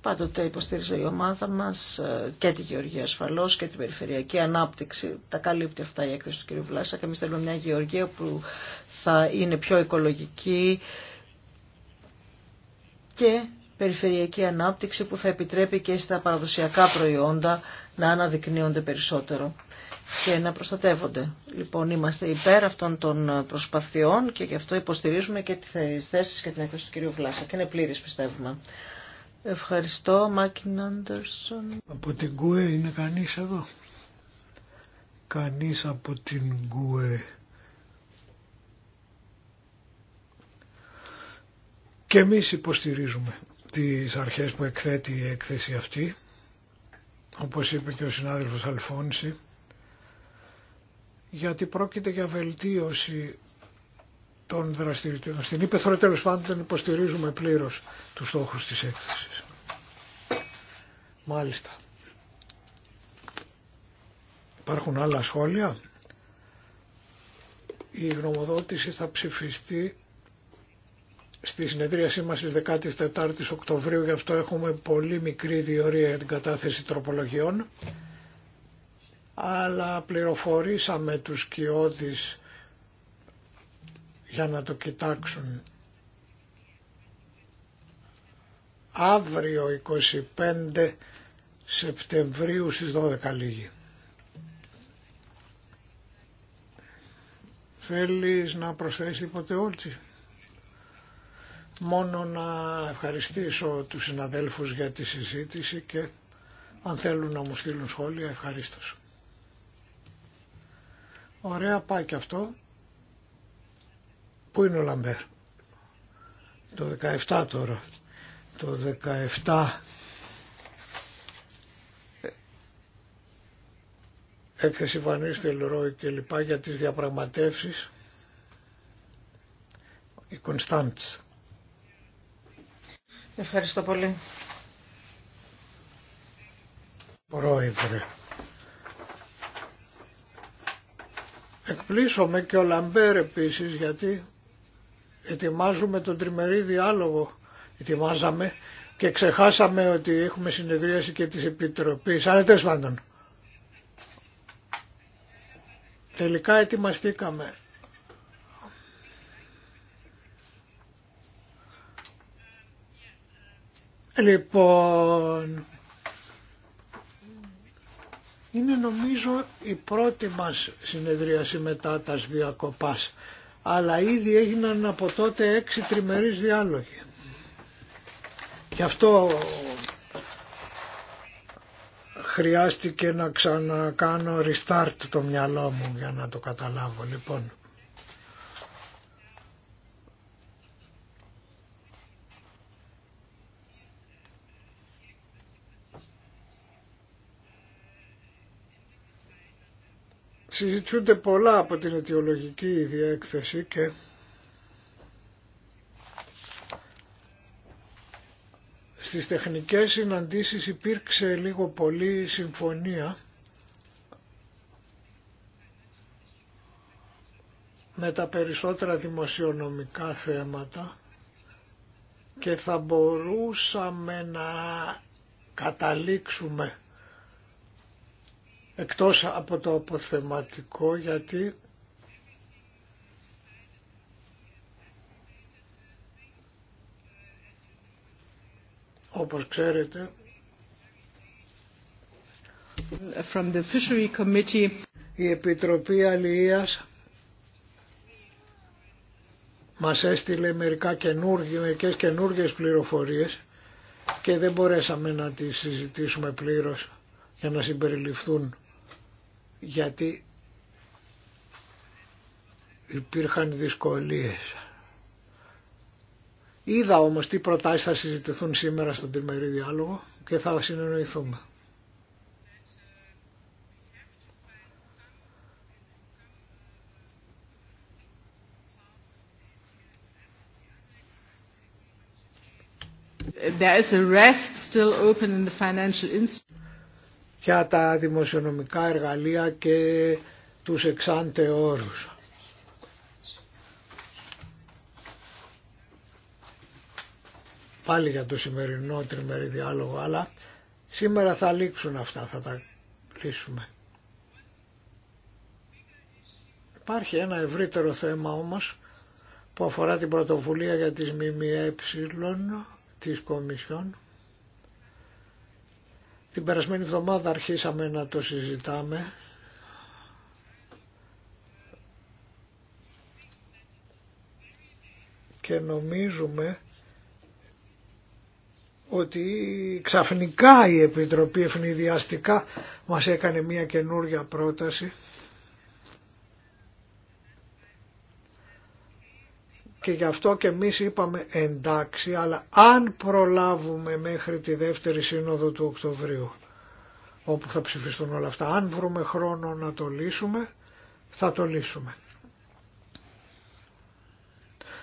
Πάντοτε υποστήριζε η ομάδα μας ε, και τη γεωργία ασφαλώ και την περιφερειακή ανάπτυξη. Τα καλύπτει αυτά η έκθεση του κύριου Βλάσσα και εμείς θέλουμε μια γεωργία που θα είναι πιο οικολογική και περιφερειακή ανάπτυξη που θα επιτρέπει και στα παραδοσιακά προϊόντα να αναδεικνύονται περισσότερο και να προστατεύονται. Λοιπόν, είμαστε υπέρ αυτών των προσπαθειών και γι' αυτό υποστηρίζουμε και τις θέσεις και την έκθεση του κυρίου Βλάσσα και είναι πλήρης πιστεύουμε. Ευχαριστώ, Μάκιν Άντερσον. Από την ΚΟΕ είναι κανείς εδώ. Κανείς από την ΚΟΕ. Και εμείς υποστηρίζουμε τις αρχές που εκθέτει η έκθεση αυτή. Όπως είπε και ο συνάδελφος Αλφόνση, γιατί πρόκειται για βελτίωση των δραστηριοτήτων. Στην Ήπεθρο τέλο πάντων υποστηρίζουμε πλήρως τους στόχους τη έκθεση. Μάλιστα. Υπάρχουν άλλα σχόλια. Η γνωμοδότηση θα ψηφιστεί στη συνεδρία μας στις 14 Οκτωβρίου, γι' αυτό έχουμε πολύ μικρή διορία για την κατάθεση τροπολογιών αλλά πληροφορήσαμε τους κοιόδης για να το κοιτάξουν. Αύριο 25 Σεπτεμβρίου στις 12 λίγη. Θέλεις να προσθέσεις τίποτε όλτσι. Μόνο να ευχαριστήσω τους συναδέλφους για τη συζήτηση και αν θέλουν να μου στείλουν σχόλια ευχαριστώ Ωραία πάει και αυτό. Πού είναι ο Λαμπέρ. Το 17 τώρα. Το 17 έκθεση Βανής Τελρόη και λοιπά για τις διαπραγματεύσεις η Κωνσταντς. Ευχαριστώ πολύ. Πρόεδρε. Εκπλήσωμε και ο Λαμπέρ επίσης γιατί ετοιμάζουμε τον τριμερή διάλογο, ετοιμάζαμε και ξεχάσαμε ότι έχουμε συνεδρίαση και της Επιτροπής, αλλά πάντων. Τελικά ετοιμαστήκαμε. Λοιπόν, είναι νομίζω η πρώτη μας συνεδρίαση μετά τας διακοπάς, αλλά ήδη έγιναν από τότε έξι τριμερείς διάλογοι. Γι' αυτό χρειάστηκε να ξανακάνω restart το μυαλό μου για να το καταλάβω. Λοιπόν, συζητούνται πολλά από την αιτιολογική διέκθεση και στις τεχνικές συναντήσεις υπήρξε λίγο πολύ συμφωνία με τα περισσότερα δημοσιονομικά θέματα και θα μπορούσαμε να καταλήξουμε εκτός από το αποθεματικό γιατί όπως ξέρετε From the Fishery Committee. η Επιτροπή Αλληλείας μας έστειλε μερικά καινούργια, μερικές καινούργιες πληροφορίες και δεν μπορέσαμε να τις συζητήσουμε πλήρως για να συμπεριληφθούν γιατί υπήρχαν δυσκολίες. Είδα όμως τι προτάσεις θα συζητηθούν σήμερα στον τριμερή διάλογο και θα συνεννοηθούμε. There is a rest still open in the financial instrument για τα δημοσιονομικά εργαλεία και τους εξάντε όρους. Πάλι για το σημερινό τριμερή διάλογο, αλλά σήμερα θα λήξουν αυτά, θα τα κλείσουμε. Υπάρχει ένα ευρύτερο θέμα όμως που αφορά την πρωτοβουλία για τις ΜΜΕ της Κομισιόν την περασμένη εβδομάδα αρχίσαμε να το συζητάμε. Και νομίζουμε ότι ξαφνικά η Επιτροπή ευνηδιαστικά μας έκανε μια καινούργια πρόταση και γι' αυτό και εμείς είπαμε εντάξει, αλλά αν προλάβουμε μέχρι τη δεύτερη σύνοδο του Οκτωβρίου, όπου θα ψηφιστούν όλα αυτά, αν βρούμε χρόνο να το λύσουμε, θα το λύσουμε.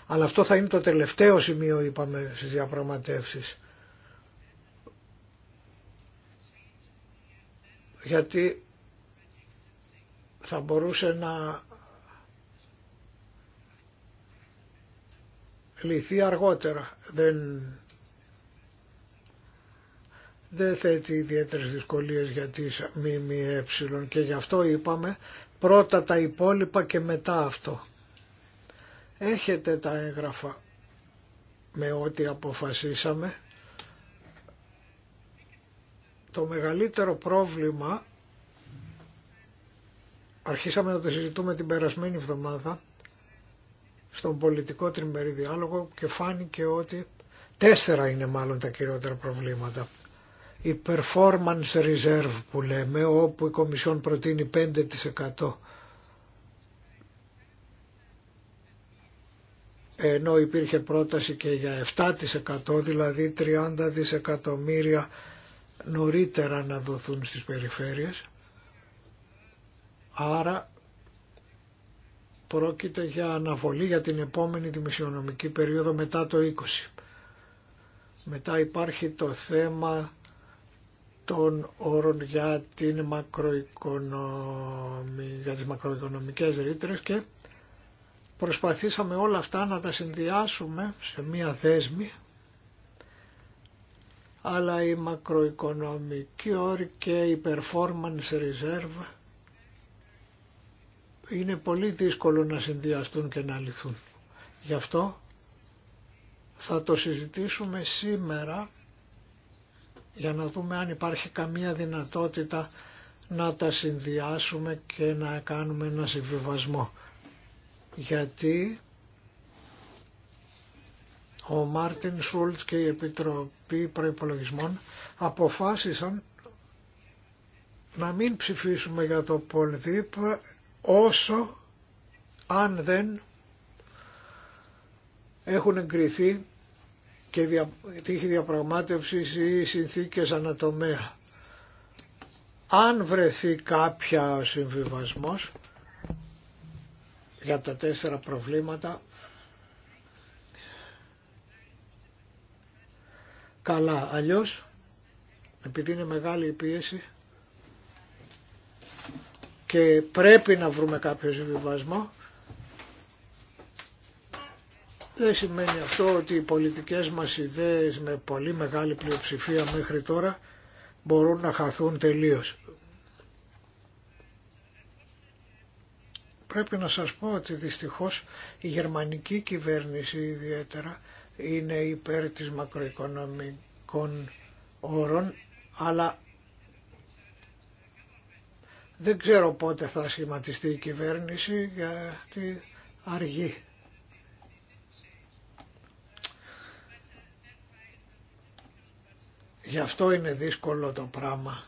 Αλλά αυτό θα είναι το τελευταίο σημείο, είπαμε, στις διαπραγματεύσεις. Γιατί θα μπορούσε να λυθεί αργότερα. Δεν, δεν θέτει ιδιαίτερε δυσκολίες για τις ΜΜΕ και γι' αυτό είπαμε πρώτα τα υπόλοιπα και μετά αυτό. Έχετε τα έγγραφα με ό,τι αποφασίσαμε. Το μεγαλύτερο πρόβλημα αρχίσαμε να το συζητούμε την περασμένη εβδομάδα στον πολιτικό τριμερή διάλογο και φάνηκε ότι τέσσερα είναι μάλλον τα κυριότερα προβλήματα. Η performance reserve που λέμε, όπου η Κομισιόν προτείνει 5% ενώ υπήρχε πρόταση και για 7% δηλαδή 30 δισεκατομμύρια νωρίτερα να δοθούν στις περιφέρειες. Άρα πρόκειται για αναβολή για την επόμενη δημοσιονομική περίοδο μετά το 20. Μετά υπάρχει το θέμα των όρων για, την μακροοικονομη... για τις μακροοικονομικές ρήτρες και προσπαθήσαμε όλα αυτά να τα συνδυάσουμε σε μία δέσμη αλλά η μακροοικονομική όρη και η performance reserve είναι πολύ δύσκολο να συνδυαστούν και να λυθούν. Γι' αυτό θα το συζητήσουμε σήμερα για να δούμε αν υπάρχει καμία δυνατότητα να τα συνδυάσουμε και να κάνουμε ένα συμβιβασμό. Γιατί ο Μάρτιν Σούλτ και η Επιτροπή Προϋπολογισμών αποφάσισαν να μην ψηφίσουμε για το Πολδίπ όσο αν δεν έχουν εγκριθεί και δια, τύχη διαπραγμάτευση ή συνθήκες ανατομέα. Αν βρεθεί κάποια συμβιβασμός για τα τέσσερα προβλήματα, καλά, αλλιώς επειδή είναι μεγάλη η πίεση, και πρέπει να βρούμε κάποιο συμβιβασμό. Δεν σημαίνει αυτό ότι οι πολιτικές μας ιδέες με πολύ μεγάλη πλειοψηφία μέχρι τώρα μπορούν να χαθούν τελείως. Πρέπει να σας πω ότι δυστυχώς η γερμανική κυβέρνηση ιδιαίτερα είναι υπέρ της μακροοικονομικών όρων αλλά δεν ξέρω πότε θα σχηματιστεί η κυβέρνηση γιατί αργεί. Γι' αυτό είναι δύσκολο το πράγμα.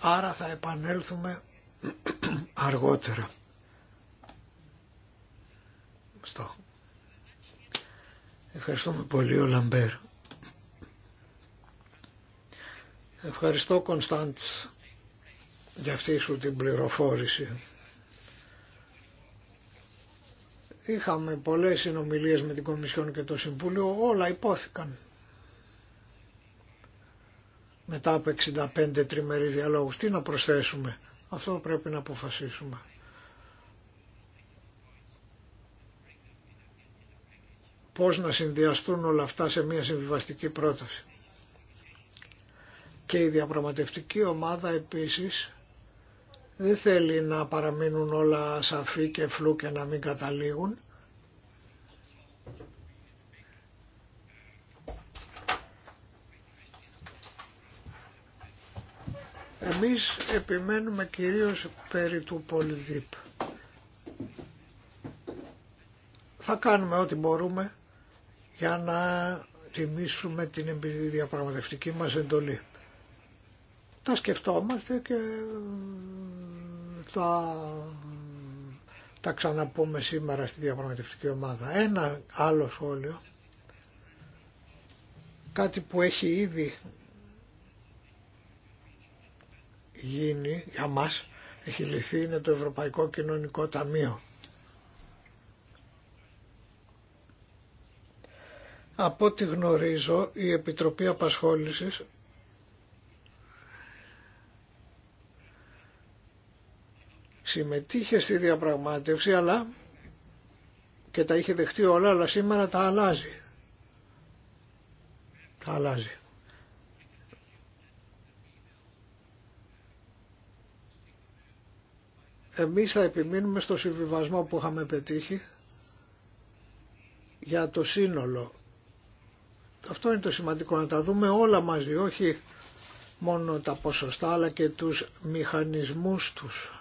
Άρα θα επανέλθουμε αργότερα. Ευχαριστούμε πολύ ο Λαμπέρ. Ευχαριστώ Κωνσταντ για αυτή σου την πληροφόρηση. Είχαμε πολλές συνομιλίες με την Κομισιόν και το Συμβούλιο, όλα υπόθηκαν. Μετά από 65 τριμερή διαλόγους, τι να προσθέσουμε, αυτό πρέπει να αποφασίσουμε. Πώς να συνδυαστούν όλα αυτά σε μια συμβιβαστική πρόταση. Και η διαπραγματευτική ομάδα επίσης δεν θέλει να παραμείνουν όλα σαφή και φλού και να μην καταλήγουν. Εμείς επιμένουμε κυρίως περί του Πολυδίπ. Θα κάνουμε ό,τι μπορούμε για να τιμήσουμε την διαπραγματευτική μας εντολή τα σκεφτόμαστε και θα τα ξαναπούμε σήμερα στη διαπραγματευτική ομάδα. Ένα άλλο σχόλιο, κάτι που έχει ήδη γίνει για μας, έχει λυθεί, είναι το Ευρωπαϊκό Κοινωνικό Ταμείο. Από ό,τι γνωρίζω, η Επιτροπή Απασχόλησης συμμετείχε στη διαπραγμάτευση αλλά και τα είχε δεχτεί όλα αλλά σήμερα τα αλλάζει. Τα αλλάζει. Εμείς θα επιμείνουμε στο συμβιβασμό που είχαμε πετύχει για το σύνολο. Αυτό είναι το σημαντικό, να τα δούμε όλα μαζί, όχι μόνο τα ποσοστά αλλά και τους μηχανισμούς τους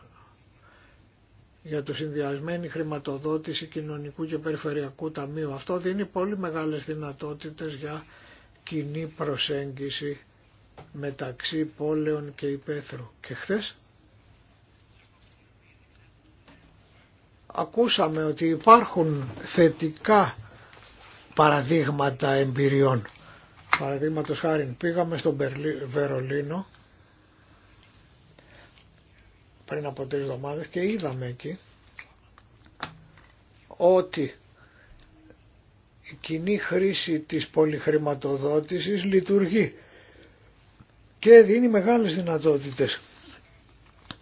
για το συνδυασμένη χρηματοδότηση κοινωνικού και περιφερειακού ταμείου. Αυτό δίνει πολύ μεγάλες δυνατότητες για κοινή προσέγγιση μεταξύ πόλεων και υπαίθρου. Και χθες ακούσαμε ότι υπάρχουν θετικά παραδείγματα εμπειριών. Παραδείγματος χάρη πήγαμε στο Βερολίνο πριν από τρεις εβδομάδες και είδαμε εκεί ότι η κοινή χρήση της πολυχρηματοδότησης λειτουργεί και δίνει μεγάλες δυνατότητες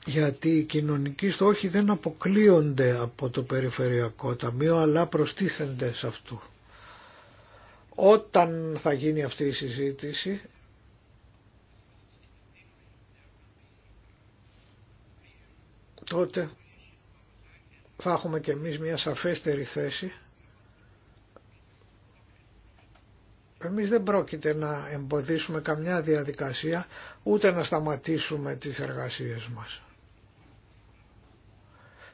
γιατί οι κοινωνικοί στόχοι δεν αποκλείονται από το περιφερειακό ταμείο αλλά προστίθενται σε αυτού. Όταν θα γίνει αυτή η συζήτηση τότε θα έχουμε και εμείς μια σαφέστερη θέση. Εμείς δεν πρόκειται να εμποδίσουμε καμιά διαδικασία, ούτε να σταματήσουμε τις εργασίες μας.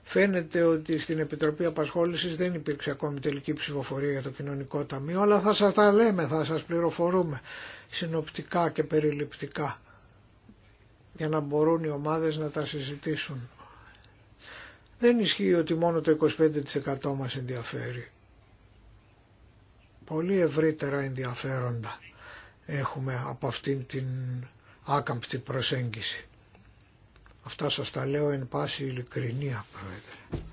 Φαίνεται ότι στην Επιτροπή Απασχόλησης δεν υπήρξε ακόμη τελική ψηφοφορία για το Κοινωνικό Ταμείο, αλλά θα σας τα λέμε, θα σας πληροφορούμε συνοπτικά και περιληπτικά για να μπορούν οι ομάδες να τα συζητήσουν. Δεν ισχύει ότι μόνο το 25% μας ενδιαφέρει. Πολύ ευρύτερα ενδιαφέροντα έχουμε από αυτήν την άκαμπτη προσέγγιση. Αυτά σας τα λέω εν πάση ειλικρινία, Πρόεδρε.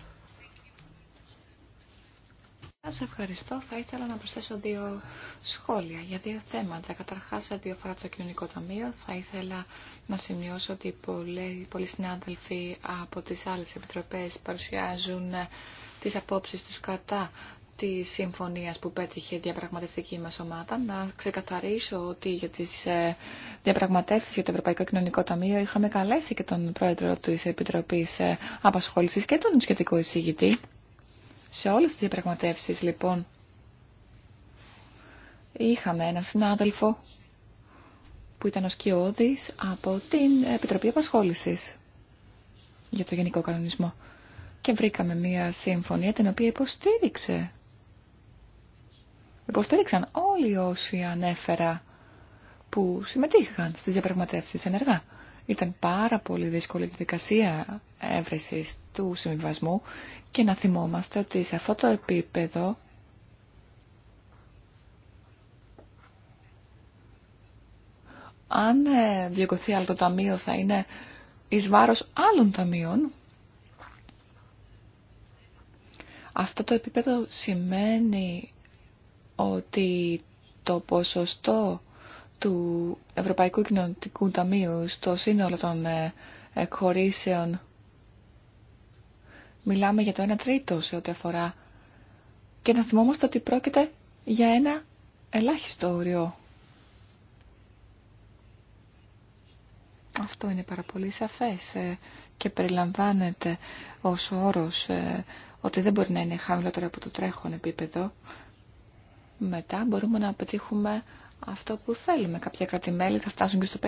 Σας ευχαριστώ. Θα ήθελα να προσθέσω δύο σχόλια για δύο θέματα. Καταρχάς, σε δύο φορά το κοινωνικό ταμείο, θα ήθελα να σημειώσω ότι πολλοί, πολλοί συνάδελφοι από τις άλλες επιτροπές παρουσιάζουν ε, τις απόψεις τους κατά τη συμφωνία που πέτυχε η διαπραγματευτική μα ομάδα. Να ξεκαθαρίσω ότι για τι ε, διαπραγματεύσει για το Ευρωπαϊκό Κοινωνικό Ταμείο είχαμε καλέσει και τον πρόεδρο τη Επιτροπή ε, Απασχόληση και τον σχετικό εισηγητή. Σε όλες τις διαπραγματεύσεις λοιπόν είχαμε έναν συνάδελφο που ήταν ο Σκιώδης από την Επιτροπή Απασχόλησης για το Γενικό Κανονισμό και βρήκαμε μία συμφωνία την οποία υποστήριξε. Υποστήριξαν όλοι όσοι ανέφερα που συμμετείχαν στις διαπραγματεύσεις ενεργά. Ήταν πάρα πολύ δύσκολη η δικασία έβρεσης του συμβιβασμού και να θυμόμαστε ότι σε αυτό το επίπεδο αν ε, διοικωθεί άλλο το ταμείο θα είναι εις βάρος άλλων ταμείων. Αυτό το επίπεδο σημαίνει ότι το ποσοστό του Ευρωπαϊκού Κοινωνικού Ταμείου στο σύνολο των ε, εκχωρήσεων μιλάμε για το 1 τρίτο σε ό,τι αφορά και να θυμόμαστε ότι πρόκειται για ένα ελάχιστο όριο. Αυτό είναι πάρα πολύ σαφές ε, και περιλαμβάνεται ως όρος ε, ότι δεν μπορεί να είναι χαμηλότερο από το τρέχον επίπεδο. Μετά μπορούμε να πετύχουμε αυτό που θέλουμε. Κάποια κρατημέλη θα φτάσουν και στο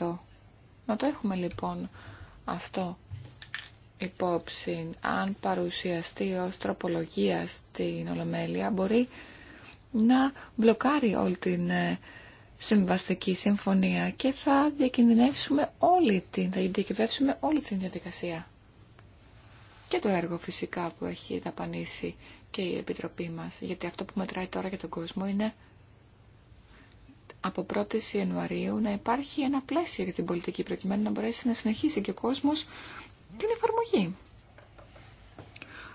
50%. Να το έχουμε λοιπόν αυτό υπόψη. Αν παρουσιαστεί ως τροπολογία στην Ολομέλεια μπορεί να μπλοκάρει όλη την ε, συμβαστική συμφωνία και θα διακινδυνεύσουμε όλη την, θα διακυβεύσουμε όλη την διαδικασία. Και το έργο φυσικά που έχει δαπανίσει και η Επιτροπή μας, γιατί αυτό που μετράει τώρα για τον κόσμο είναι από 1η Ιανουαρίου να υπάρχει ένα πλαίσιο για την πολιτική προκειμένου να μπορέσει να συνεχίσει και ο κόσμος την εφαρμογή.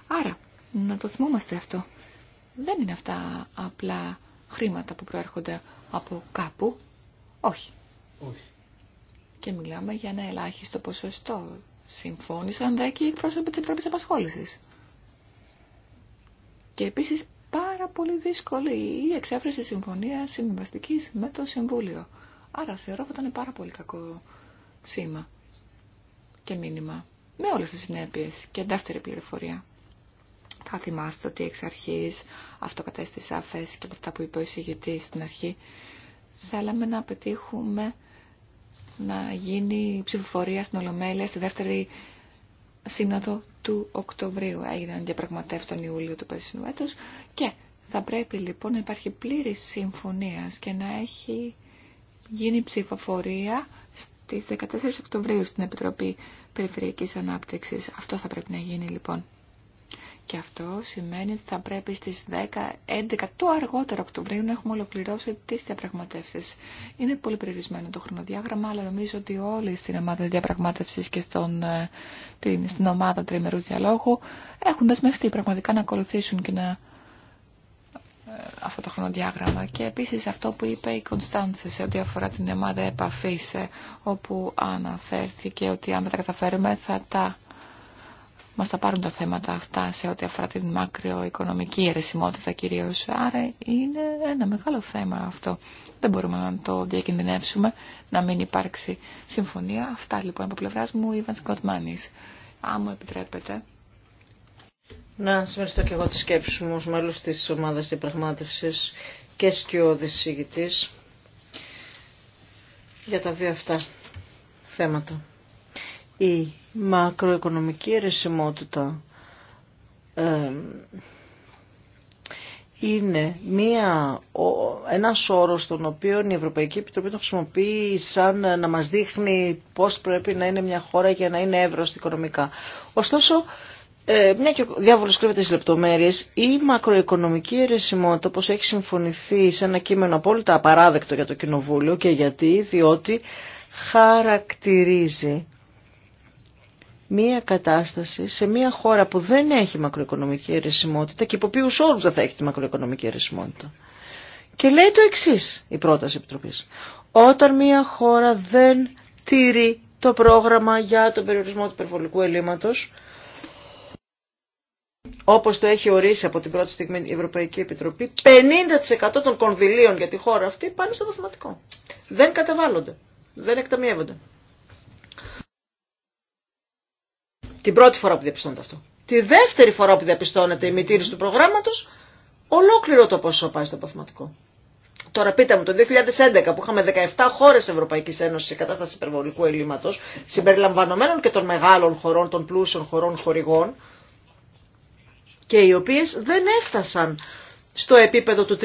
Άρα, να το θυμόμαστε αυτό. Δεν είναι αυτά απλά χρήματα που προέρχονται από κάπου. Όχι. Όχι. Και μιλάμε για ένα ελάχιστο ποσοστό. Συμφώνησαν δε οι πρόσωποι της Επιτροπής Απασχόλησης. Και επίσης πάρα πολύ δύσκολη η εξέφραση συμφωνία συμβιβαστική με το Συμβούλιο. Άρα θεωρώ ότι ήταν πάρα πολύ κακό σήμα και μήνυμα. Με όλες τις συνέπειες και δεύτερη πληροφορία. Θα θυμάστε ότι εξ αρχής αυτό Αφέ και από αυτά που είπε ο εισηγητής στην αρχή θέλαμε να πετύχουμε να γίνει ψηφοφορία στην Ολομέλεια στη δεύτερη σύνοδο του Οκτωβρίου έγιναν διαπραγματεύσει τον Ιούλιο του περσινού και θα πρέπει λοιπόν να υπάρχει πλήρη συμφωνία και να έχει γίνει ψηφοφορία στις 14 Οκτωβρίου στην Επιτροπή Περιφερειακής Ανάπτυξης. Αυτό θα πρέπει να γίνει λοιπόν. Και αυτό σημαίνει ότι θα πρέπει στις 10-11 το αργότερο Οκτωβρίου να έχουμε ολοκληρώσει τις διαπραγματεύσεις. Είναι πολύ περιορισμένο το χρονοδιάγραμμα, αλλά νομίζω ότι όλοι στην ομάδα διαπραγμάτευσης και στον, ε, την, στην ομάδα τριμερού διαλόγου έχουν δεσμευτεί πραγματικά να ακολουθήσουν και να ε, αυτό το χρονοδιάγραμμα. Και επίσης αυτό που είπε η Κωνσταντσε σε ό,τι αφορά την ομάδα επαφής, ε, όπου αναφέρθηκε ότι αν δεν τα καταφέρουμε θα τα μας τα πάρουν τα θέματα αυτά σε ό,τι αφορά την μακροοικονομική αιρεσιμότητα κυρίως. Άρα είναι ένα μεγάλο θέμα αυτό. Δεν μπορούμε να το διακινδυνεύσουμε, να μην υπάρξει συμφωνία. Αυτά λοιπόν από πλευράς μου, Ιβαν Σκοτμάνης. Αν μου επιτρέπετε. Να συμμεριστώ και εγώ τη σκέψη μου ως μέλος της ομάδας διαπραγμάτευσης και σκιώδης συγητής για τα δύο αυτά θέματα η μακροοικονομική αιρεσιμότητα είναι μία, ένας όρος τον οποίο η Ευρωπαϊκή Επιτροπή το χρησιμοποιεί σαν να μας δείχνει πώς πρέπει να είναι μια χώρα για να είναι εύρωστη οικονομικά. Ωστόσο, ε, μια και ο διάβολος κρύβεται στις λεπτομέρειες, η μακροοικονομική αιρεσιμότητα όπως έχει συμφωνηθεί σε ένα κείμενο απόλυτα απαράδεκτο για το Κοινοβούλιο και γιατί, διότι χαρακτηρίζει μία κατάσταση σε μία χώρα που δεν έχει μακροοικονομική αιρεσιμότητα και υπό ποιου όρου δεν θα έχει τη μακροοικονομική αιρεσιμότητα. Και λέει το εξή η πρόταση επιτροπή. Όταν μία χώρα δεν τηρεί το πρόγραμμα για τον περιορισμό του περιβολικού ελλείμματος, όπως το έχει ορίσει από την πρώτη στιγμή η Ευρωπαϊκή Επιτροπή, 50% των κονδυλίων για τη χώρα αυτή πάνε στο δοθηματικό. Δεν καταβάλλονται. Δεν εκταμιεύονται. Την πρώτη φορά που διαπιστώνεται αυτό. Τη δεύτερη φορά που διαπιστώνεται η μητήρηση του προγράμματο, ολόκληρο το ποσό πάει στο Παθηματικό. Τώρα πείτε μου, το 2011 που είχαμε 17 χώρε Ευρωπαϊκή Ένωση σε κατάσταση υπερβολικού ελλείμματο, συμπεριλαμβανομένων και των μεγάλων χωρών, των πλούσιων χωρών χορηγών, και οι οποίε δεν έφτασαν στο επίπεδο του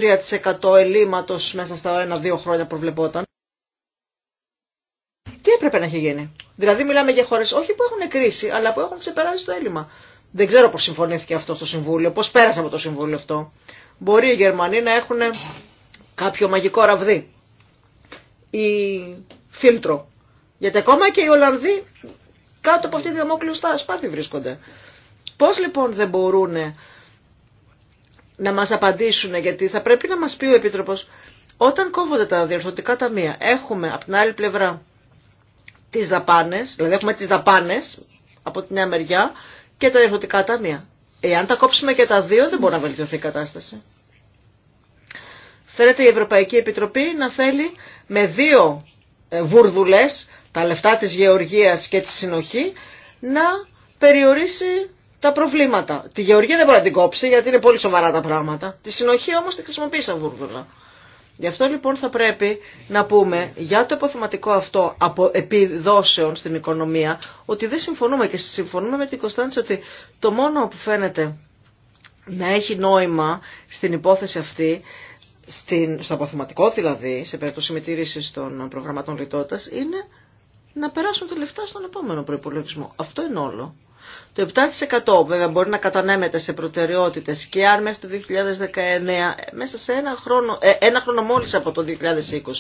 3% ελλείμματο μέσα στα 1-2 χρόνια προβλεπόταν τι έπρεπε να έχει γίνει. Δηλαδή μιλάμε για χώρε όχι που έχουν κρίση, αλλά που έχουν ξεπεράσει το έλλειμμα. Δεν ξέρω πώ συμφωνήθηκε αυτό στο Συμβούλιο, πώ πέρασε από το Συμβούλιο αυτό. Μπορεί οι Γερμανοί να έχουν κάποιο μαγικό ραβδί ή φίλτρο. Γιατί ακόμα και οι Ολλανδοί κάτω από αυτή τη στα σπάθη βρίσκονται. Πώς λοιπόν δεν μπορούν να μας απαντήσουν, γιατί θα πρέπει να μας πει ο Επίτροπος, όταν κόβονται τα διορθωτικά ταμεία, έχουμε από την άλλη πλευρά τις δαπάνες, δηλαδή έχουμε τις δαπάνες από τη Νέα μεριά και τα διαφορετικά ταμεία. Εάν τα κόψουμε και τα δύο δεν μπορεί να βελτιωθεί η κατάσταση. Θέλετε η Ευρωπαϊκή Επιτροπή να θέλει με δύο ε, βούρδουλες τα λεφτά της γεωργίας και τη συνοχή να περιορίσει τα προβλήματα. Τη γεωργία δεν μπορεί να την κόψει γιατί είναι πολύ σοβαρά τα πράγματα. Τη συνοχή όμως τη χρησιμοποίησα βούρδουλα. Γι' αυτό λοιπόν θα πρέπει να πούμε για το αποθεματικό αυτό από επιδόσεων στην οικονομία ότι δεν συμφωνούμε και συμφωνούμε με την Κωνσταντζή ότι το μόνο που φαίνεται να έχει νόημα στην υπόθεση αυτή στο αποθεματικό δηλαδή, σε περίπτωση μετήρηση των προγραμματών λιτότητα, είναι να περάσουν τα λεφτά στον επόμενο προπολογισμό. Αυτό είναι όλο. Το 7% βέβαια μπορεί να κατανέμεται σε προτεραιότητες και αν μέχρι το 2019, ε, μέσα σε ένα χρόνο, ε, ένα χρόνο μόλις από το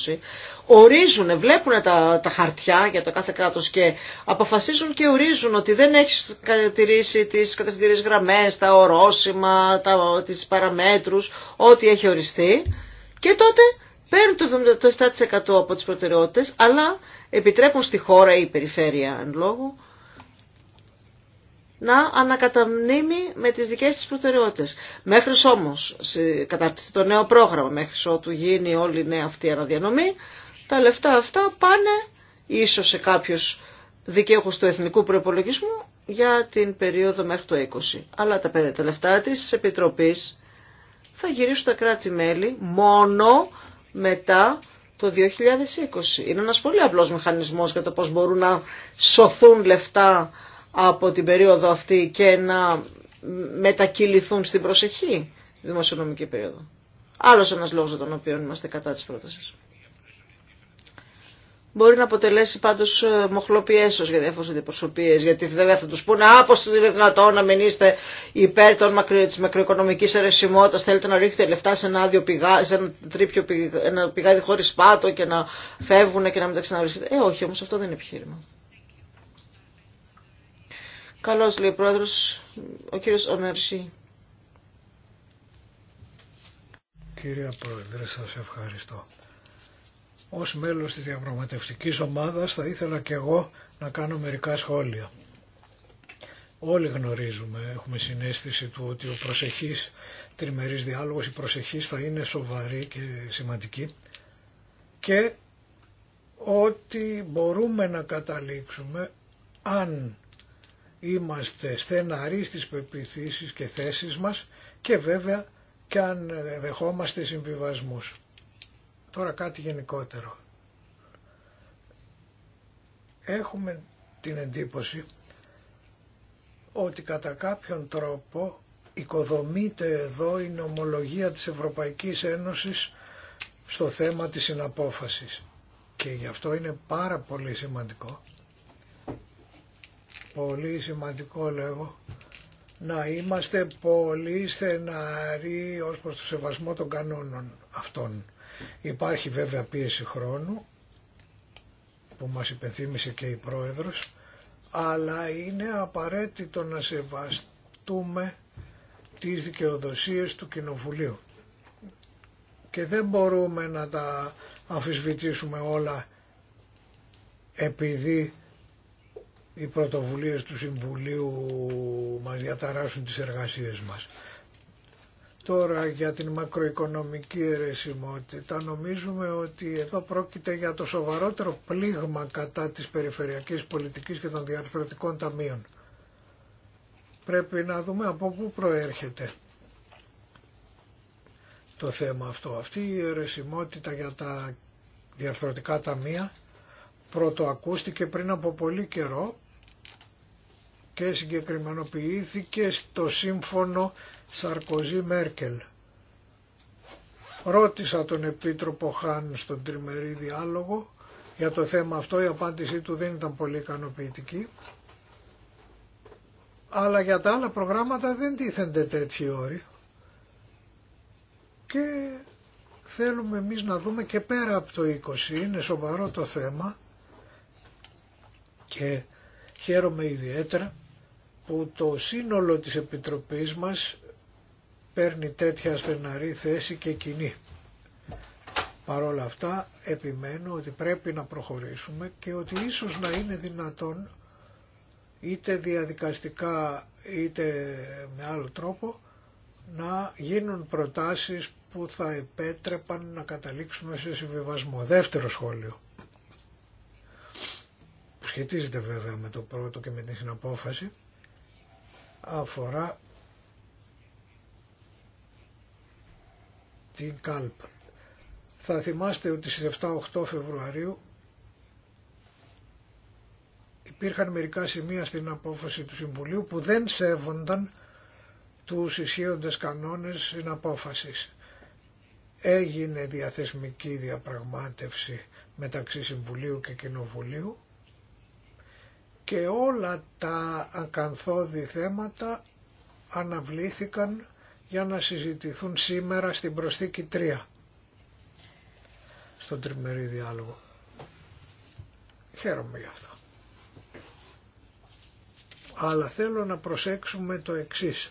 2020, ορίζουν, βλέπουν τα, τα χαρτιά για το κάθε κράτος και αποφασίζουν και ορίζουν ότι δεν έχει κατηρήσει τις κατευθυντήριες γραμμές, τα ορόσημα, τα, τις παραμέτρους, ό,τι έχει οριστεί και τότε παίρνουν το 7% από τις προτεραιότητες, αλλά επιτρέπουν στη χώρα ή η περιφέρεια εν λόγω να ανακαταμνήμει με τις δικές της προτεραιότητες. Μέχρι όμως καταρτιστεί το νέο πρόγραμμα, μέχρι ότου γίνει όλη η νέα αυτή η αναδιανομή, τα λεφτά αυτά πάνε ίσως σε κάποιους δικαίωχους του εθνικού προϋπολογισμού για την περίοδο μέχρι το 20. Αλλά τα πέντε λεφτά της Επιτροπής θα γυρίσουν τα κράτη-μέλη μόνο μετά το 2020. Είναι ένας πολύ απλός μηχανισμός για το πώς μπορούν να σωθούν λεφτά από την περίοδο αυτή και να μετακυληθούν στην προσεχή δημοσιονομική περίοδο. Άλλος ένας λόγος για τον οποίο είμαστε κατά της πρότασης. Μπορεί να αποτελέσει πάντως ω ε, για διάφορε αντιπροσωπείες, γιατί βέβαια θα του πούνε άπω είναι δυνατόν να μην είστε υπέρ τη μακροοικονομική αιρεσιμότητα, θέλετε να ρίχνετε λεφτά σε ένα, άδειο σε ένα τρίπιο πηγάδι χωρί πάτο και να φεύγουν και να μην τα ξαναβρίσκετε». Ε, όχι, όμω αυτό δεν είναι επιχείρημα. Καλώς λέει ο πρόεδρος, ο κύριος Ομερσή. Κύριε Πρόεδρε, σας ευχαριστώ. Ως μέλος της διαπραγματευτικής ομάδας θα ήθελα και εγώ να κάνω μερικά σχόλια. Όλοι γνωρίζουμε, έχουμε συνέστηση του ότι ο προσεχής τριμερής διάλογος, η προσεχής θα είναι σοβαρή και σημαντική και ότι μπορούμε να καταλήξουμε αν είμαστε στεναροί στις πεπιθήσεις και θέσεις μας και βέβαια και αν δεχόμαστε συμβιβασμούς. Τώρα κάτι γενικότερο. Έχουμε την εντύπωση ότι κατά κάποιον τρόπο οικοδομείται εδώ η νομολογία της Ευρωπαϊκής Ένωσης στο θέμα της συναπόφασης. Και γι' αυτό είναι πάρα πολύ σημαντικό πολύ σημαντικό λέγω, να είμαστε πολύ στεναροί ως προς το σεβασμό των κανόνων αυτών. Υπάρχει βέβαια πίεση χρόνου, που μας υπενθύμησε και η Πρόεδρος, αλλά είναι απαραίτητο να σεβαστούμε τις δικαιοδοσίες του Κοινοβουλίου. Και δεν μπορούμε να τα αμφισβητήσουμε όλα επειδή οι πρωτοβουλίες του Συμβουλίου μας διαταράσσουν τις εργασίες μας. Τώρα για την μακροοικονομική αιρεσιμότητα νομίζουμε ότι εδώ πρόκειται για το σοβαρότερο πλήγμα κατά της περιφερειακής πολιτικής και των διαρθρωτικών ταμείων. Πρέπει να δούμε από πού προέρχεται το θέμα αυτό. Αυτή η αιρεσιμότητα για τα διαρθρωτικά ταμεία πρωτοακούστηκε πριν από πολύ καιρό και συγκεκριμενοποιήθηκε στο σύμφωνο Σαρκοζή Μέρκελ. Ρώτησα τον Επίτροπο Χάν στον τριμερή διάλογο για το θέμα αυτό, η απάντησή του δεν ήταν πολύ ικανοποιητική. Αλλά για τα άλλα προγράμματα δεν τίθενται τέτοιοι όροι. Και θέλουμε εμείς να δούμε και πέρα από το 20, είναι σοβαρό το θέμα και χαίρομαι ιδιαίτερα που το σύνολο της Επιτροπής μας παίρνει τέτοια στεναρή θέση και κοινή. Παρ' όλα αυτά επιμένω ότι πρέπει να προχωρήσουμε και ότι ίσως να είναι δυνατόν είτε διαδικαστικά είτε με άλλο τρόπο να γίνουν προτάσεις που θα επέτρεπαν να καταλήξουμε σε συμβιβασμό. Δεύτερο σχόλιο που σχετίζεται βέβαια με το πρώτο και με την συναπόφαση αφορά την κάλπα. Θα θυμάστε ότι στις 7-8 Φεβρουαρίου υπήρχαν μερικά σημεία στην απόφαση του Συμβουλίου που δεν σέβονταν τους ισχύοντες κανόνες συναπόφασης. Έγινε διαθεσμική διαπραγμάτευση μεταξύ Συμβουλίου και Κοινοβουλίου και όλα τα ακαθόδη θέματα αναβλήθηκαν για να συζητηθούν σήμερα στην προσθήκη 3 στον τριμερή διάλογο. Χαίρομαι γι' αυτό. Αλλά θέλω να προσέξουμε το εξής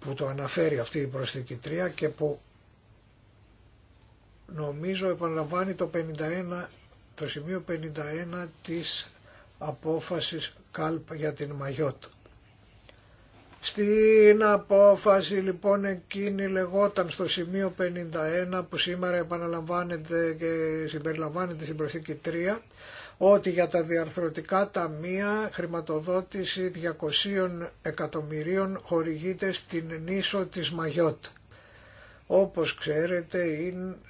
που το αναφέρει αυτή η προσθήκη 3 και που νομίζω επαναλαμβάνει το 51 το σημείο 51 της απόφασης ΚΑΛΠ για την Μαγιώτα. Στην απόφαση λοιπόν εκείνη λεγόταν στο σημείο 51 που σήμερα επαναλαμβάνεται και συμπεριλαμβάνεται στην προσθήκη 3 ότι για τα διαρθρωτικά ταμεία χρηματοδότηση 200 εκατομμυρίων χορηγείται στην νήσο της Μαγιώτα. Όπως ξέρετε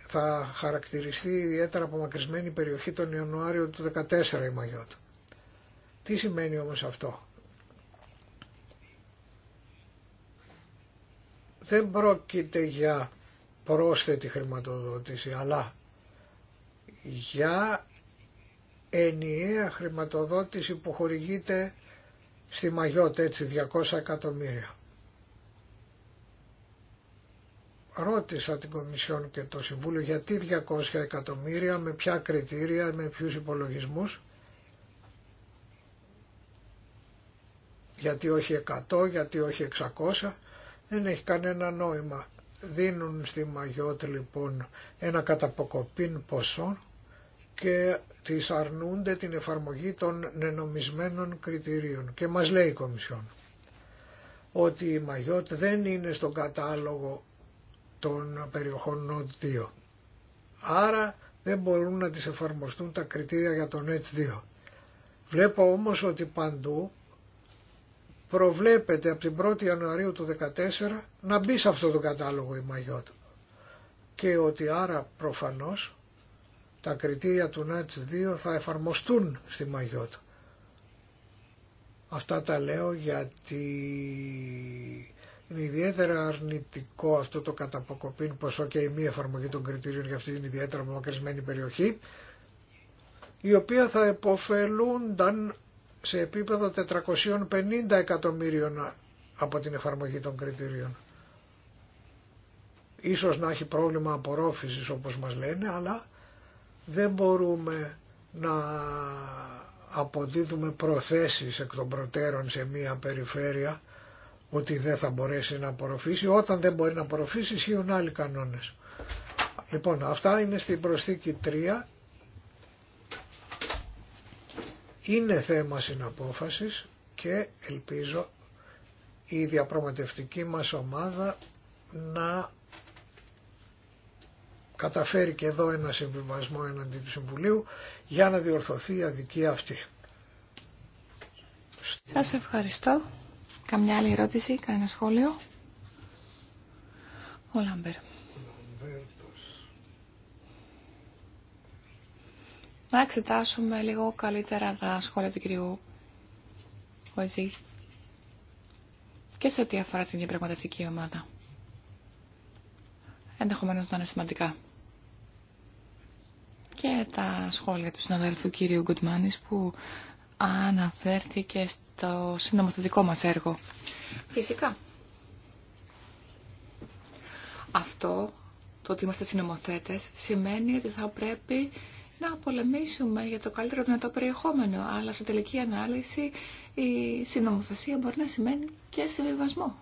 θα χαρακτηριστεί ιδιαίτερα απομακρυσμένη περιοχή τον Ιανουάριο του 2014 η Μαγιώτα. Τι σημαίνει όμως αυτό. Δεν πρόκειται για πρόσθετη χρηματοδότηση αλλά για ενιαία χρηματοδότηση που χορηγείται στη Μαγιώτα έτσι 200 εκατομμύρια. Ρώτησα την Κομισιόν και το Συμβούλιο γιατί 200 εκατομμύρια, με ποια κριτήρια, με ποιους υπολογισμούς. Γιατί όχι 100, γιατί όχι 600. Δεν έχει κανένα νόημα. Δίνουν στη Μαγιότ λοιπόν ένα καταποκοπήν ποσό και τις αρνούνται την εφαρμογή των νενομισμένων κριτηρίων. Και μας λέει η Κομισιόν ότι η Μαγιότ δεν είναι στον κατάλογο των περιοχών Node 2. Άρα δεν μπορούν να τις εφαρμοστούν τα κριτήρια για τον Edge 2. Βλέπω όμως ότι παντού προβλέπεται από την 1η Ιανουαρίου του 2014 να μπει σε αυτό το κατάλογο η Μαγιότ. Και ότι άρα προφανώς τα κριτήρια του ΝΑΤΣ 2 θα εφαρμοστούν στη Μαγιότ. Αυτά τα λέω γιατί είναι ιδιαίτερα αρνητικό αυτό το καταποκοπήν ποσό και η μη εφαρμογή των κριτηρίων για αυτή την ιδιαίτερα απομακρυσμένη περιοχή, η οποία θα επωφελούνταν σε επίπεδο 450 εκατομμύριων από την εφαρμογή των κριτηρίων. Ίσως να έχει πρόβλημα απορρόφησης όπως μας λένε, αλλά δεν μπορούμε να αποδίδουμε προθέσεις εκ των προτέρων σε μία περιφέρεια ότι δεν θα μπορέσει να απορροφήσει. Όταν δεν μπορεί να απορροφήσει ισχύουν άλλοι κανόνες. Λοιπόν, αυτά είναι στην προσθήκη 3. Είναι θέμα συναπόφασης και ελπίζω η διαπραγματευτική μας ομάδα να καταφέρει και εδώ ένα συμβιβασμό εναντί του Συμβουλίου για να διορθωθεί η αδικία αυτή. Σας ευχαριστώ. Καμιά άλλη ερώτηση, κανένα σχόλιο. Ο Λάμπερ. Να εξετάσουμε λίγο καλύτερα τα σχόλια του κυρίου Οζή και σε ό,τι αφορά την διαπραγματευτική ομάδα. Ενδεχομένως να είναι σημαντικά. Και τα σχόλια του συναδέλφου κύριου Γκουτμάνης που αναφέρθηκε στο συνομοθετικό μας έργο. Φυσικά. Αυτό, το ότι είμαστε συνομοθέτες, σημαίνει ότι θα πρέπει να πολεμήσουμε για το καλύτερο δυνατό περιεχόμενο, αλλά σε τελική ανάλυση η συνομοθεσία μπορεί να σημαίνει και συμβιβασμό.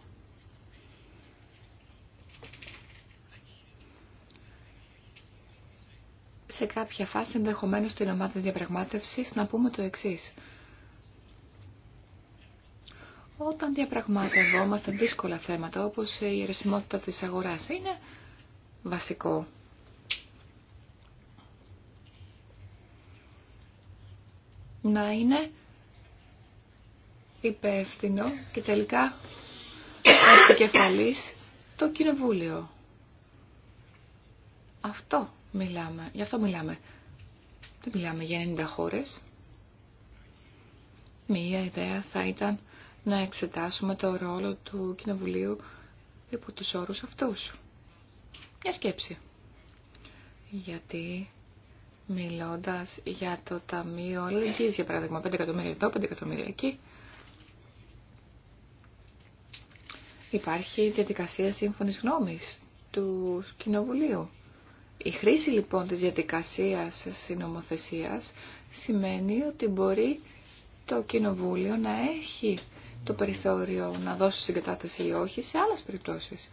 σε κάποια φάση ενδεχομένως στην ομάδα διαπραγμάτευσης να πούμε το εξής. Όταν διαπραγματευόμαστε δύσκολα θέματα όπως η αιρεσιμότητα της αγοράς είναι βασικό. Να είναι υπεύθυνο και τελικά επικεφαλής το κοινοβούλιο. Αυτό μιλάμε. Γι' αυτό μιλάμε. Δεν μιλάμε για 90 χώρες. Μία ιδέα θα ήταν να εξετάσουμε το ρόλο του Κοινοβουλίου υπό τους όρους αυτούς. Μια σκέψη. Γιατί μιλώντας για το Ταμείο Αλληλεγγύης, για παράδειγμα, 5 εκατομμύρια εδώ, 5 εκατομμύρια εκεί, υπάρχει διαδικασία σύμφωνης γνώμης του Κοινοβουλίου. Η χρήση λοιπόν της διαδικασίας συνομοθεσίας σημαίνει ότι μπορεί το Κοινοβούλιο να έχει το περιθώριο να δώσει συγκατάθεση ή όχι σε άλλες περιπτώσεις.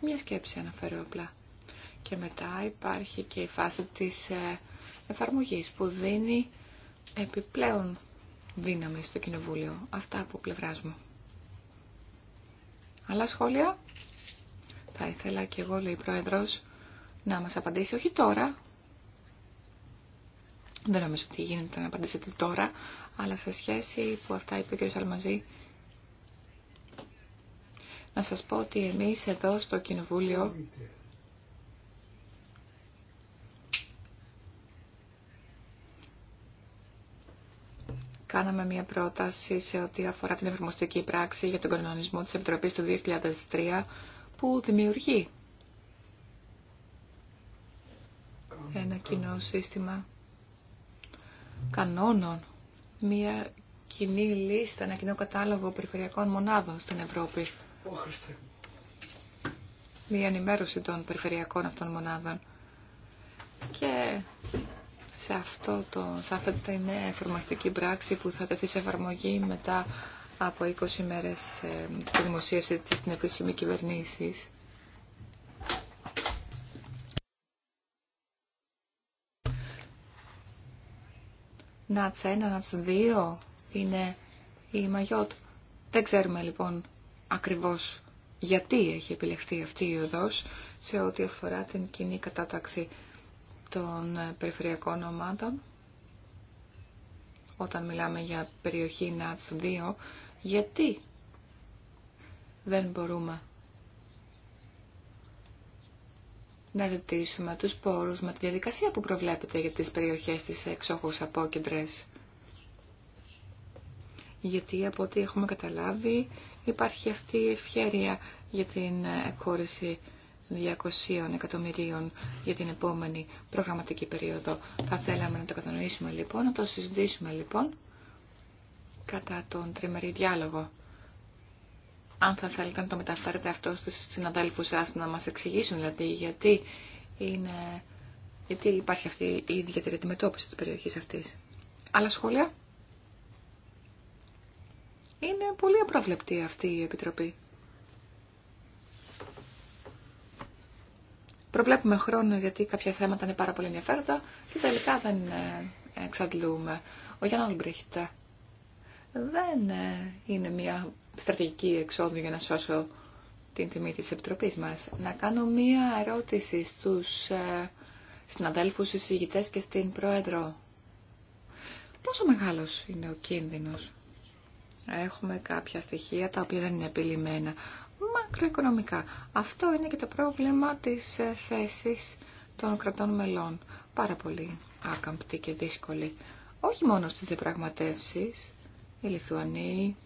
Μια σκέψη αναφέρω απλά. Και μετά υπάρχει και η φάση της ε, εφαρμογής που δίνει επιπλέον δύναμη στο Κοινοβούλιο. Αυτά από πλευράς μου. Άλλα σχόλια. Θα ήθελα και εγώ, λέει η Πρόεδρος, να μας απαντήσει, όχι τώρα. Δεν νομίζω ότι γίνεται να απαντήσετε τώρα, αλλά σε σχέση που αυτά είπε ο κ. Σαλμαζή, να σας πω ότι εμείς εδώ στο Κοινοβούλιο κάναμε μια πρόταση σε ό,τι αφορά την εφαρμοστική πράξη για τον κανονισμό της Επιτροπής του 2003 που δημιουργεί ένα κοινό σύστημα κανόνων, μια κοινή λίστα, ένα κοινό κατάλογο περιφερειακών μονάδων στην Ευρώπη. Μια ενημέρωση των περιφερειακών αυτών μονάδων. Και σε, αυτό το, σε αυτή την εφαρμοστική πράξη που θα τεθεί σε εφαρμογή μετά από 20 μέρες ε, τη δημοσίευση της στην επίσημη κυβερνήση. ΝΑΤΣ 1, ΝΑΤΣ 2 είναι η Μαγιότ. Δεν ξέρουμε λοιπόν ακριβώς γιατί έχει επιλεχθεί αυτή η οδός σε ό,τι αφορά την κοινή κατάταξη των περιφερειακών ομάδων. Όταν μιλάμε για περιοχή ΝΑΤΣ 2, γιατί δεν μπορούμε να ζητήσουμε τους πόρους με τη διαδικασία που προβλέπετε για τις περιοχές της εξόχους απόκεντρες. Γιατί από ό,τι έχουμε καταλάβει υπάρχει αυτή η ευχαίρεια για την εκχώρηση 200 εκατομμυρίων για την επόμενη προγραμματική περίοδο. Θα θέλαμε να το κατανοήσουμε λοιπόν, να το συζητήσουμε λοιπόν κατά τον τριμερή διάλογο. Αν θα θέλετε να το μεταφέρετε αυτό στους συναδέλφους σας να μας εξηγήσουν δηλαδή γιατί, είναι, γιατί υπάρχει αυτή η ιδιαίτερη αντιμετώπιση της περιοχής αυτής. Άλλα σχόλια. Είναι πολύ απροβλεπτή αυτή η Επιτροπή. Προβλέπουμε χρόνο γιατί κάποια θέματα είναι πάρα πολύ ενδιαφέροντα και τελικά δεν ε, εξαντλούμε. Ο Γιάννα δεν ε, είναι μια στρατηγική εξόδου για να σώσω την τιμή της Επιτροπής μας. Να κάνω μία ερώτηση στους ε, συναδέλφους συζητητές και στην Πρόεδρο. Πόσο μεγάλος είναι ο κίνδυνος. Έχουμε κάποια στοιχεία τα οποία δεν είναι επιλημένα. Μακροοικονομικά. Αυτό είναι και το πρόβλημα της ε, θέσης των κρατών μελών. Πάρα πολύ άκαμπτη και δύσκολη. Όχι μόνο στις διαπραγματεύσεις, οι Λιθουανοί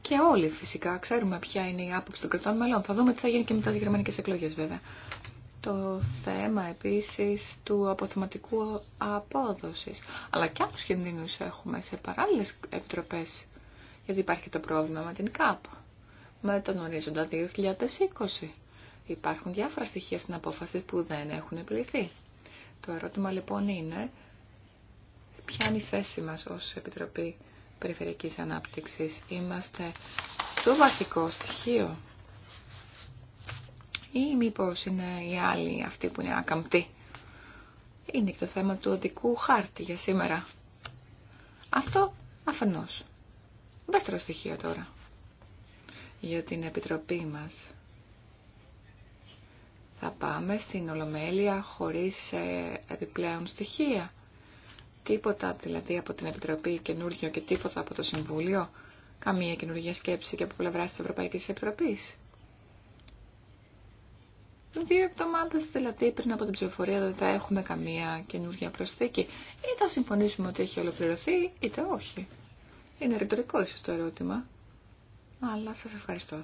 και όλοι φυσικά ξέρουμε ποια είναι η άποψη των κρατών μελών. Θα δούμε τι θα γίνει και μετά τι γερμανικέ εκλογέ, βέβαια. Το θέμα επίσης του αποθεματικού απόδοσης. Αλλά και άλλους κινδύνους έχουμε σε παράλληλες επιτροπές. Γιατί υπάρχει το πρόβλημα με την ΚΑΠ, με τον ορίζοντα 2020. Υπάρχουν διάφορα στοιχεία στην απόφαση που δεν έχουν επιληθεί. Το ερώτημα λοιπόν είναι Ποια είναι η θέση μας ως Επιτροπή Περιφερειακής Ανάπτυξης. Είμαστε το βασικό στοιχείο ή μήπως είναι οι άλλοι αυτοί που είναι ακαμπτοί. Είναι και το θέμα του οδικού χάρτη για σήμερα. Αυτό αφενός. Δεύτερο στοιχείο τώρα για την Επιτροπή μας. Θα πάμε στην Ολομέλεια χωρίς ε, επιπλέον στοιχεία. Τίποτα δηλαδή από την Επιτροπή καινούργιο και τίποτα από το Συμβούλιο. Καμία καινούργια σκέψη και από πλευρά τη Ευρωπαϊκή Επιτροπή. Δύο εβδομάδε δηλαδή πριν από την ψηφοφορία δεν θα έχουμε καμία καινούργια προσθήκη. Ή θα συμφωνήσουμε ότι έχει ολοκληρωθεί, είτε όχι. Είναι ρητορικό ίσω το ερώτημα. Αλλά σα ευχαριστώ.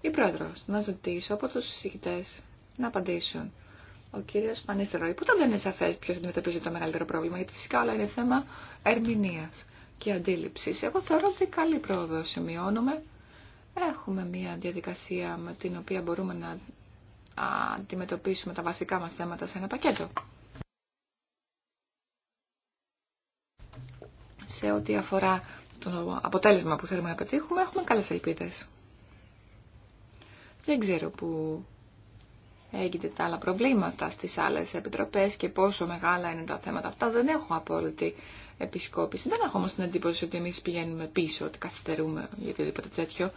Η πρόεδρο, να ζητήσω από του συζητητέ να απαντήσουν ο κύριο Πανίστερο. Που δεν είναι σαφέ ποιο αντιμετωπίζει το μεγαλύτερο πρόβλημα, γιατί φυσικά όλα είναι θέμα ερμηνεία και αντίληψη. Εγώ θεωρώ ότι καλή πρόοδο σημειώνουμε. Έχουμε μια διαδικασία με την οποία μπορούμε να αντιμετωπίσουμε τα βασικά μας θέματα σε ένα πακέτο. Σε ό,τι αφορά το αποτέλεσμα που θέλουμε να πετύχουμε, έχουμε καλές ελπίδες. Δεν ξέρω που έγινε τα άλλα προβλήματα στις άλλες επιτροπές και πόσο μεγάλα είναι τα θέματα αυτά. Δεν έχω απόλυτη επισκόπηση. Δεν έχω όμως την εντύπωση ότι εμείς πηγαίνουμε πίσω, ότι καθυστερούμε για οτιδήποτε τέτοιο.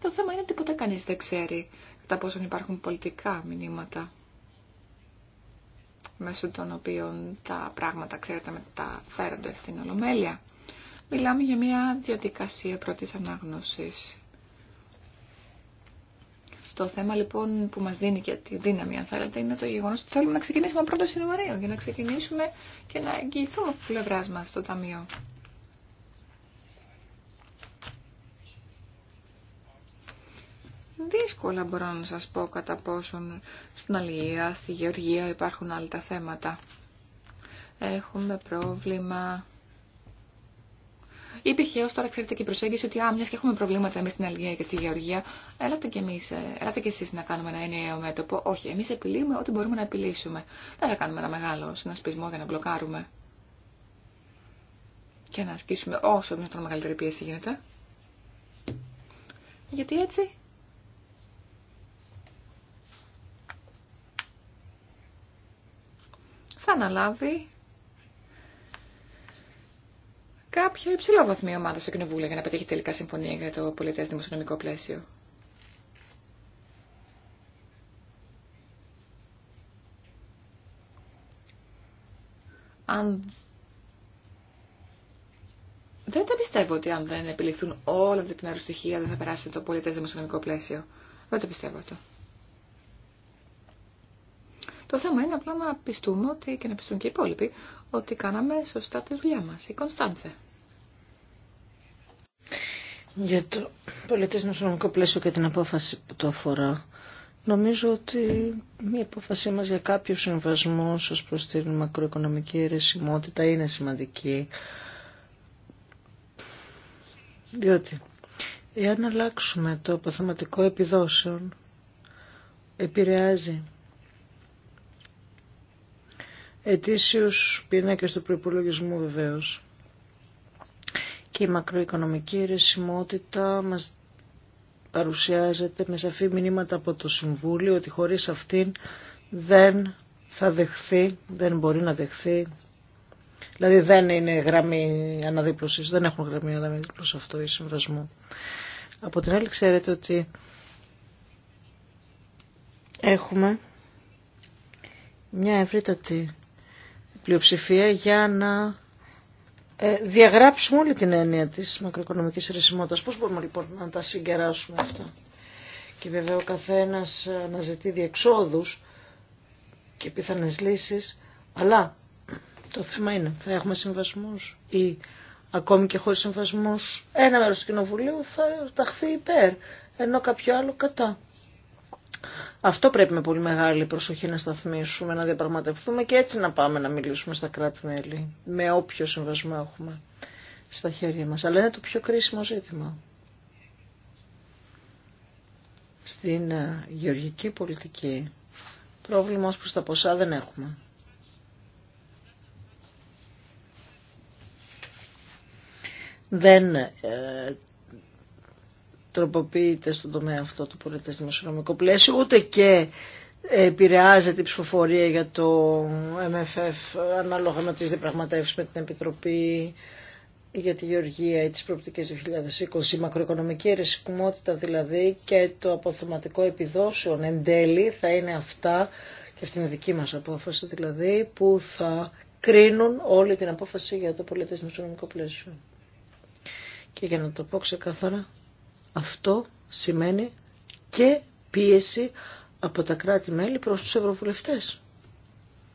Το θέμα είναι ότι ποτέ κανείς δεν ξέρει κατά πόσο υπάρχουν πολιτικά μηνύματα μέσω των οποίων τα πράγματα, ξέρετε, μεταφέρονται στην Ολομέλεια. Μιλάμε για μια διαδικασία πρώτης ανάγνωσης. Το θέμα λοιπόν που μας δίνει και τη δύναμη, αν θέλετε, είναι το γεγονός ότι θέλουμε να ξεκινήσουμε πρώτα Ιανουαρίου για να ξεκινήσουμε και να εγγυηθούμε από πλευρά μας το Ταμείο. Δύσκολα μπορώ να σας πω κατά πόσον στην Αλληλεία, στη Γεωργία υπάρχουν άλλα τα θέματα. Έχουμε πρόβλημα Υπήρχε έω τώρα, ξέρετε, και η προσέγγιση ότι, α, μια και έχουμε προβλήματα εμεί στην Αλγία και στη Γεωργία, ελάτε κι εμείς, ελάτε κι εσεί να κάνουμε ένα ενιαίο μέτωπο. Όχι, εμεί επιλύουμε ό,τι μπορούμε να επιλύσουμε. Δεν θα κάνουμε ένα μεγάλο συνασπισμό για να μπλοκάρουμε και να ασκήσουμε όσο δυνατόν μεγαλύτερη πίεση γίνεται. Γιατί έτσι θα αναλάβει κάποια υψηλόβαθμη ομάδα στο Κοινοβούλιο για να πετύχει τελικά συμφωνία για το πολιτεύσιο δημοσιονομικό πλαίσιο. Αν... Δεν τα πιστεύω ότι αν δεν επιληθούν όλα τα επιμέρου στοιχεία δεν θα περάσει το πολιτέ δημοσιονομικό πλαίσιο. Δεν το πιστεύω αυτό. Το θέμα είναι απλά να πιστούμε ότι, και να πιστούν και οι υπόλοιποι ότι κάναμε σωστά τη δουλειά μας. Η Κωνσταντζέ για το πολιτισμό πλαίσιο και την απόφαση που το αφορά. Νομίζω ότι η απόφασή μας για κάποιο συμβασμό ως προς την μακροοικονομική αιρεσιμότητα είναι σημαντική. Διότι εάν αλλάξουμε το αποθεματικό επιδόσεων επηρεάζει ετήσιους πίνακες του προϋπολογισμού βεβαίως και η μακροοικονομική ρεσιμότητα μας παρουσιάζεται με σαφή μηνύματα από το Συμβούλιο ότι χωρίς αυτήν δεν θα δεχθεί, δεν μπορεί να δεχθεί. Δηλαδή δεν είναι γραμμή αναδίπλωσης, δεν έχουν γραμμή αναδίπλωσης αυτό ή συμβασμό. Από την άλλη ξέρετε ότι έχουμε μια ευρύτατη πλειοψηφία για να ε, διαγράψουμε όλη την έννοια της μακροοικονομικής ρεσιμότητας. Πώς μπορούμε λοιπόν να τα συγκεράσουμε αυτά. Και βέβαια ο καθένας να ζητεί διεξόδους και πιθανές λύσεις, αλλά το θέμα είναι, θα έχουμε συμβασμούς ή ακόμη και χωρίς συμβασμούς ένα μέρος του Κοινοβουλίου θα ταχθεί υπέρ, ενώ κάποιο άλλο κατά. Αυτό πρέπει με πολύ μεγάλη προσοχή να σταθμίσουμε, να διαπραγματευτούμε και έτσι να πάμε να μιλήσουμε στα κράτη-μέλη, με όποιο συμβασμό έχουμε στα χέρια μας. Αλλά είναι το πιο κρίσιμο ζήτημα. Στην ε, γεωργική πολιτική πρόβλημα ως προς τα ποσά δεν έχουμε. Δεν ε, τροποποιείται στον τομέα αυτό το πολιτές δημοσιονομικό πλαίσιο, ούτε και επηρεάζεται η ψηφοφορία για το MFF ανάλογα με τις διαπραγματεύσεις με την Επιτροπή για τη Γεωργία ή τις προοπτικές 2020, η μακροοικονομική ερεσικουμότητα δηλαδή και το αποθεματικό επιδόσεων εν τέλει θα είναι αυτά και αυτή είναι δική μας απόφαση δηλαδή που θα κρίνουν όλη την απόφαση για το πολιτές πλαίσιο. Και για να το πω ξεκάθαρα, αυτό σημαίνει και πίεση από τα κράτη-μέλη προς τους ευρωβουλευτές.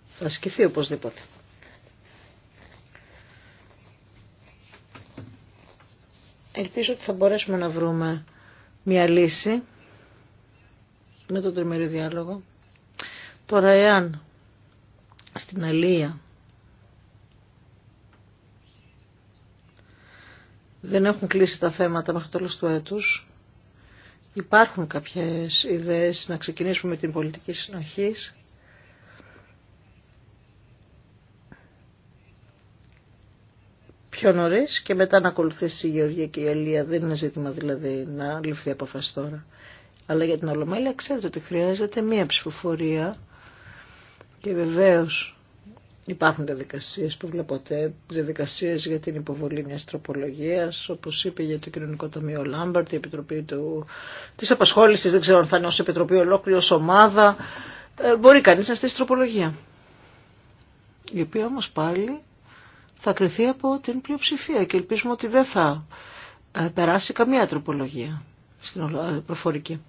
Θα ασκηθεί οπωσδήποτε. Ελπίζω ότι θα μπορέσουμε να βρούμε μια λύση με τον τριμερή διάλογο. Τώρα εάν στην Αλία δεν έχουν κλείσει τα θέματα μέχρι το τέλος του έτους. Υπάρχουν κάποιες ιδέες να ξεκινήσουμε με την πολιτική συνοχής. Πιο νωρί και μετά να ακολουθήσει η Γεωργία και η Ελία. Δεν είναι ζήτημα δηλαδή να ληφθεί απόφαση τώρα. Αλλά για την Ολομέλεια ξέρετε ότι χρειάζεται μία ψηφοφορία και βεβαίως Υπάρχουν διαδικασίες που βλέπω ποτέ διαδικασίες για την υποβολή μιας τροπολογίας, όπως είπε για το Κοινωνικό Ταμείο Λάμπαρτ η Επιτροπή του, της Απασχόλησης, δεν ξέρω αν θα είναι ως Επιτροπή ολόκληρη, ως ομάδα. Ε, μπορεί κανείς να στήσει τροπολογία, η οποία όμως πάλι θα κριθεί από την πλειοψηφία και ελπίζουμε ότι δεν θα ε, περάσει καμία τροπολογία στην ε, προφορική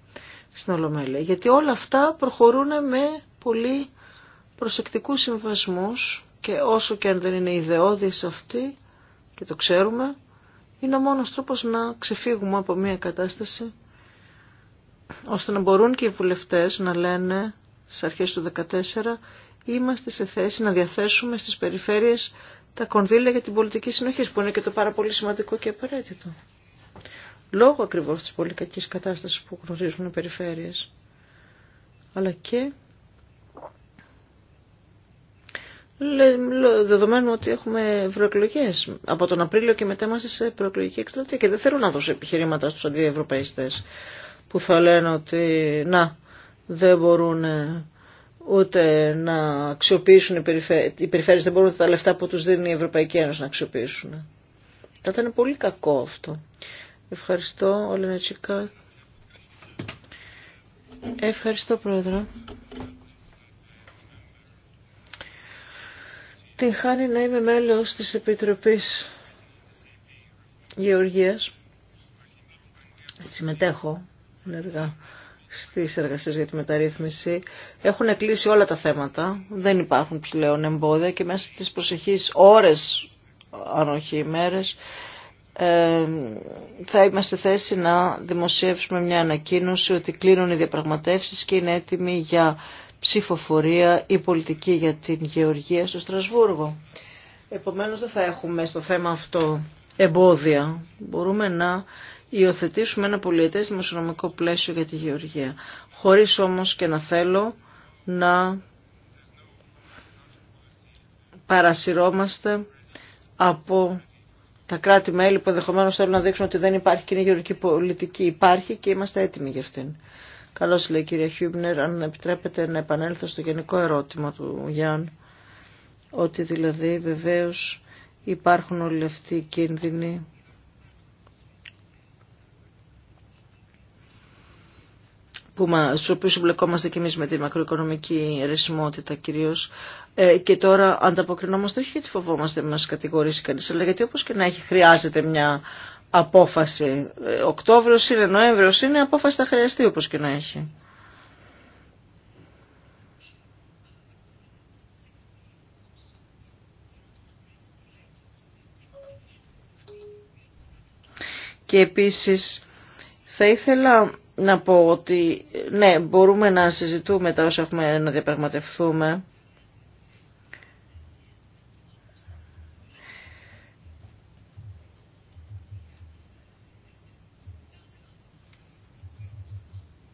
στην Ολομέλεια. Γιατί όλα αυτά προχωρούν με πολύ Προσεκτικού συμβασμούς και όσο και αν δεν είναι ιδεώδης αυτή, και το ξέρουμε, είναι ο μόνος τρόπος να ξεφύγουμε από μια κατάσταση ώστε να μπορούν και οι βουλευτές να λένε στις αρχές του 2014 είμαστε σε θέση να διαθέσουμε στις περιφέρειες τα κονδύλια για την πολιτική συνοχή που είναι και το πάρα πολύ σημαντικό και απαραίτητο. Λόγω ακριβώς της πολύ κατάστασης που γνωρίζουν οι περιφέρειες αλλά και δεδομένου ότι έχουμε ευρωεκλογέ. Από τον Απρίλιο και μετά είμαστε σε προεκλογική εκστρατεία και δεν θέλω να δώσω επιχειρήματα στους αντιευρωπαϊστέ που θα λένε ότι να, δεν μπορούν ε, ούτε να αξιοποιήσουν οι περιφέρειες, δεν μπορούν τα λεφτά που τους δίνει η Ευρωπαϊκή Ένωση να αξιοποιήσουν. Θα ήταν πολύ κακό αυτό. Ευχαριστώ, τσίκα. Ευχαριστώ, Πρόεδρε. την χάνει να είμαι μέλος της Επιτροπής Γεωργίας. Συμμετέχω ενεργά στις εργασίες για τη μεταρρύθμιση. Έχουν κλείσει όλα τα θέματα, δεν υπάρχουν πλέον εμπόδια και μέσα στις προσεχείς ώρες, αν όχι ημέρες, ε, θα είμαστε θέση να δημοσιεύσουμε μια ανακοίνωση ότι κλείνουν οι διαπραγματεύσεις και είναι έτοιμοι για ψηφοφορία η πολιτική για την γεωργία στο Στρασβούργο. Επομένως δεν θα έχουμε στο θέμα αυτό εμπόδια. Μπορούμε να υιοθετήσουμε ένα πολιετές δημοσιονομικό πλαίσιο για τη γεωργία. Χωρίς όμως και να θέλω να παρασυρώμαστε από τα κράτη-μέλη που ενδεχομένω θέλουν να δείξουν ότι δεν υπάρχει κοινή γεωργική πολιτική. Υπάρχει και είμαστε έτοιμοι για αυτήν. Καλώς λέει η κυρία Χιούμπνερ, αν επιτρέπετε να επανέλθω στο γενικό ερώτημα του Γιάννου, ότι δηλαδή βεβαίως υπάρχουν όλοι αυτοί οι κίνδυνοι που μας, στους οποίους εμπλεκόμαστε και εμείς με τη μακροοικονομική ρεσιμότητα κυρίως ε, και τώρα ανταποκρινόμαστε όχι γιατί φοβόμαστε να μας κατηγορήσει κανείς αλλά γιατί όπως και να έχει χρειάζεται μια απόφαση. Οκτώβριος είναι, Νοέμβριος είναι, απόφαση θα χρειαστεί όπως και να έχει. Και επίσης θα ήθελα να πω ότι ναι, μπορούμε να συζητούμε τα όσα έχουμε να διαπραγματευτούμε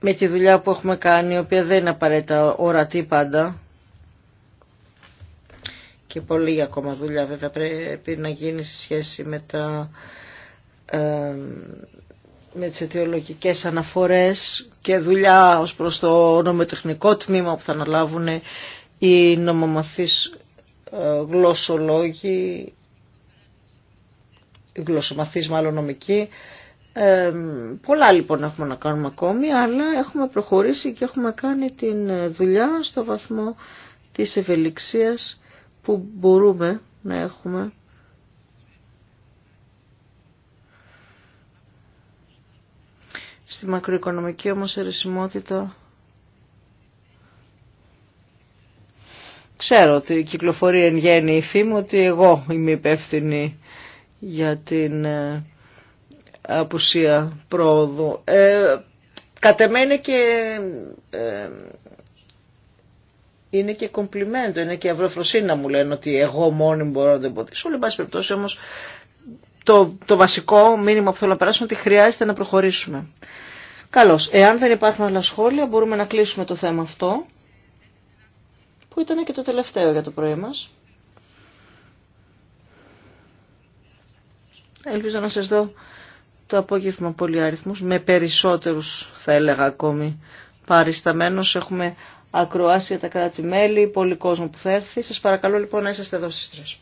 με τη δουλειά που έχουμε κάνει, η οποία δεν είναι απαραίτητα ορατή πάντα. Και πολλή ακόμα δουλειά βέβαια πρέπει να γίνει σε σχέση με τα... Ε, με τις αιτιολογικές αναφορές και δουλειά ως προς το νομοτεχνικό τμήμα που θα αναλάβουν οι νομομαθείς ε, γλωσσολόγοι, οι γλωσσομαθείς μάλλον νομικοί, ε, πολλά λοιπόν έχουμε να κάνουμε ακόμη, αλλά έχουμε προχωρήσει και έχουμε κάνει την ε, δουλειά στο βαθμό της ευελιξίας που μπορούμε να έχουμε. Στη μακροοικονομική όμως ερεσιμότητα ξέρω ότι κυκλοφορεί εν γέννη η φήμη ότι εγώ είμαι υπεύθυνη για την ε, απουσία πρόοδου. Ε, κατ' και ε, είναι και κομπλιμέντο, είναι και αυροφροσύνη μου λένε ότι εγώ μόνη μπορώ να το εμποδίσω. Όλοι, πάση περιπτώσει, όμως το, το βασικό μήνυμα που θέλω να περάσω είναι ότι χρειάζεται να προχωρήσουμε. Καλώς. Εάν δεν υπάρχουν άλλα σχόλια, μπορούμε να κλείσουμε το θέμα αυτό, που ήταν και το τελευταίο για το πρωί μας. Ελπίζω να σας δω το απόγευμα αριθμούς, με περισσότερους θα έλεγα ακόμη παρισταμένους. Έχουμε ακροάσει τα κράτη-μέλη, πολύ κόσμο που θα έρθει. Σας παρακαλώ λοιπόν να είσαστε εδώ στις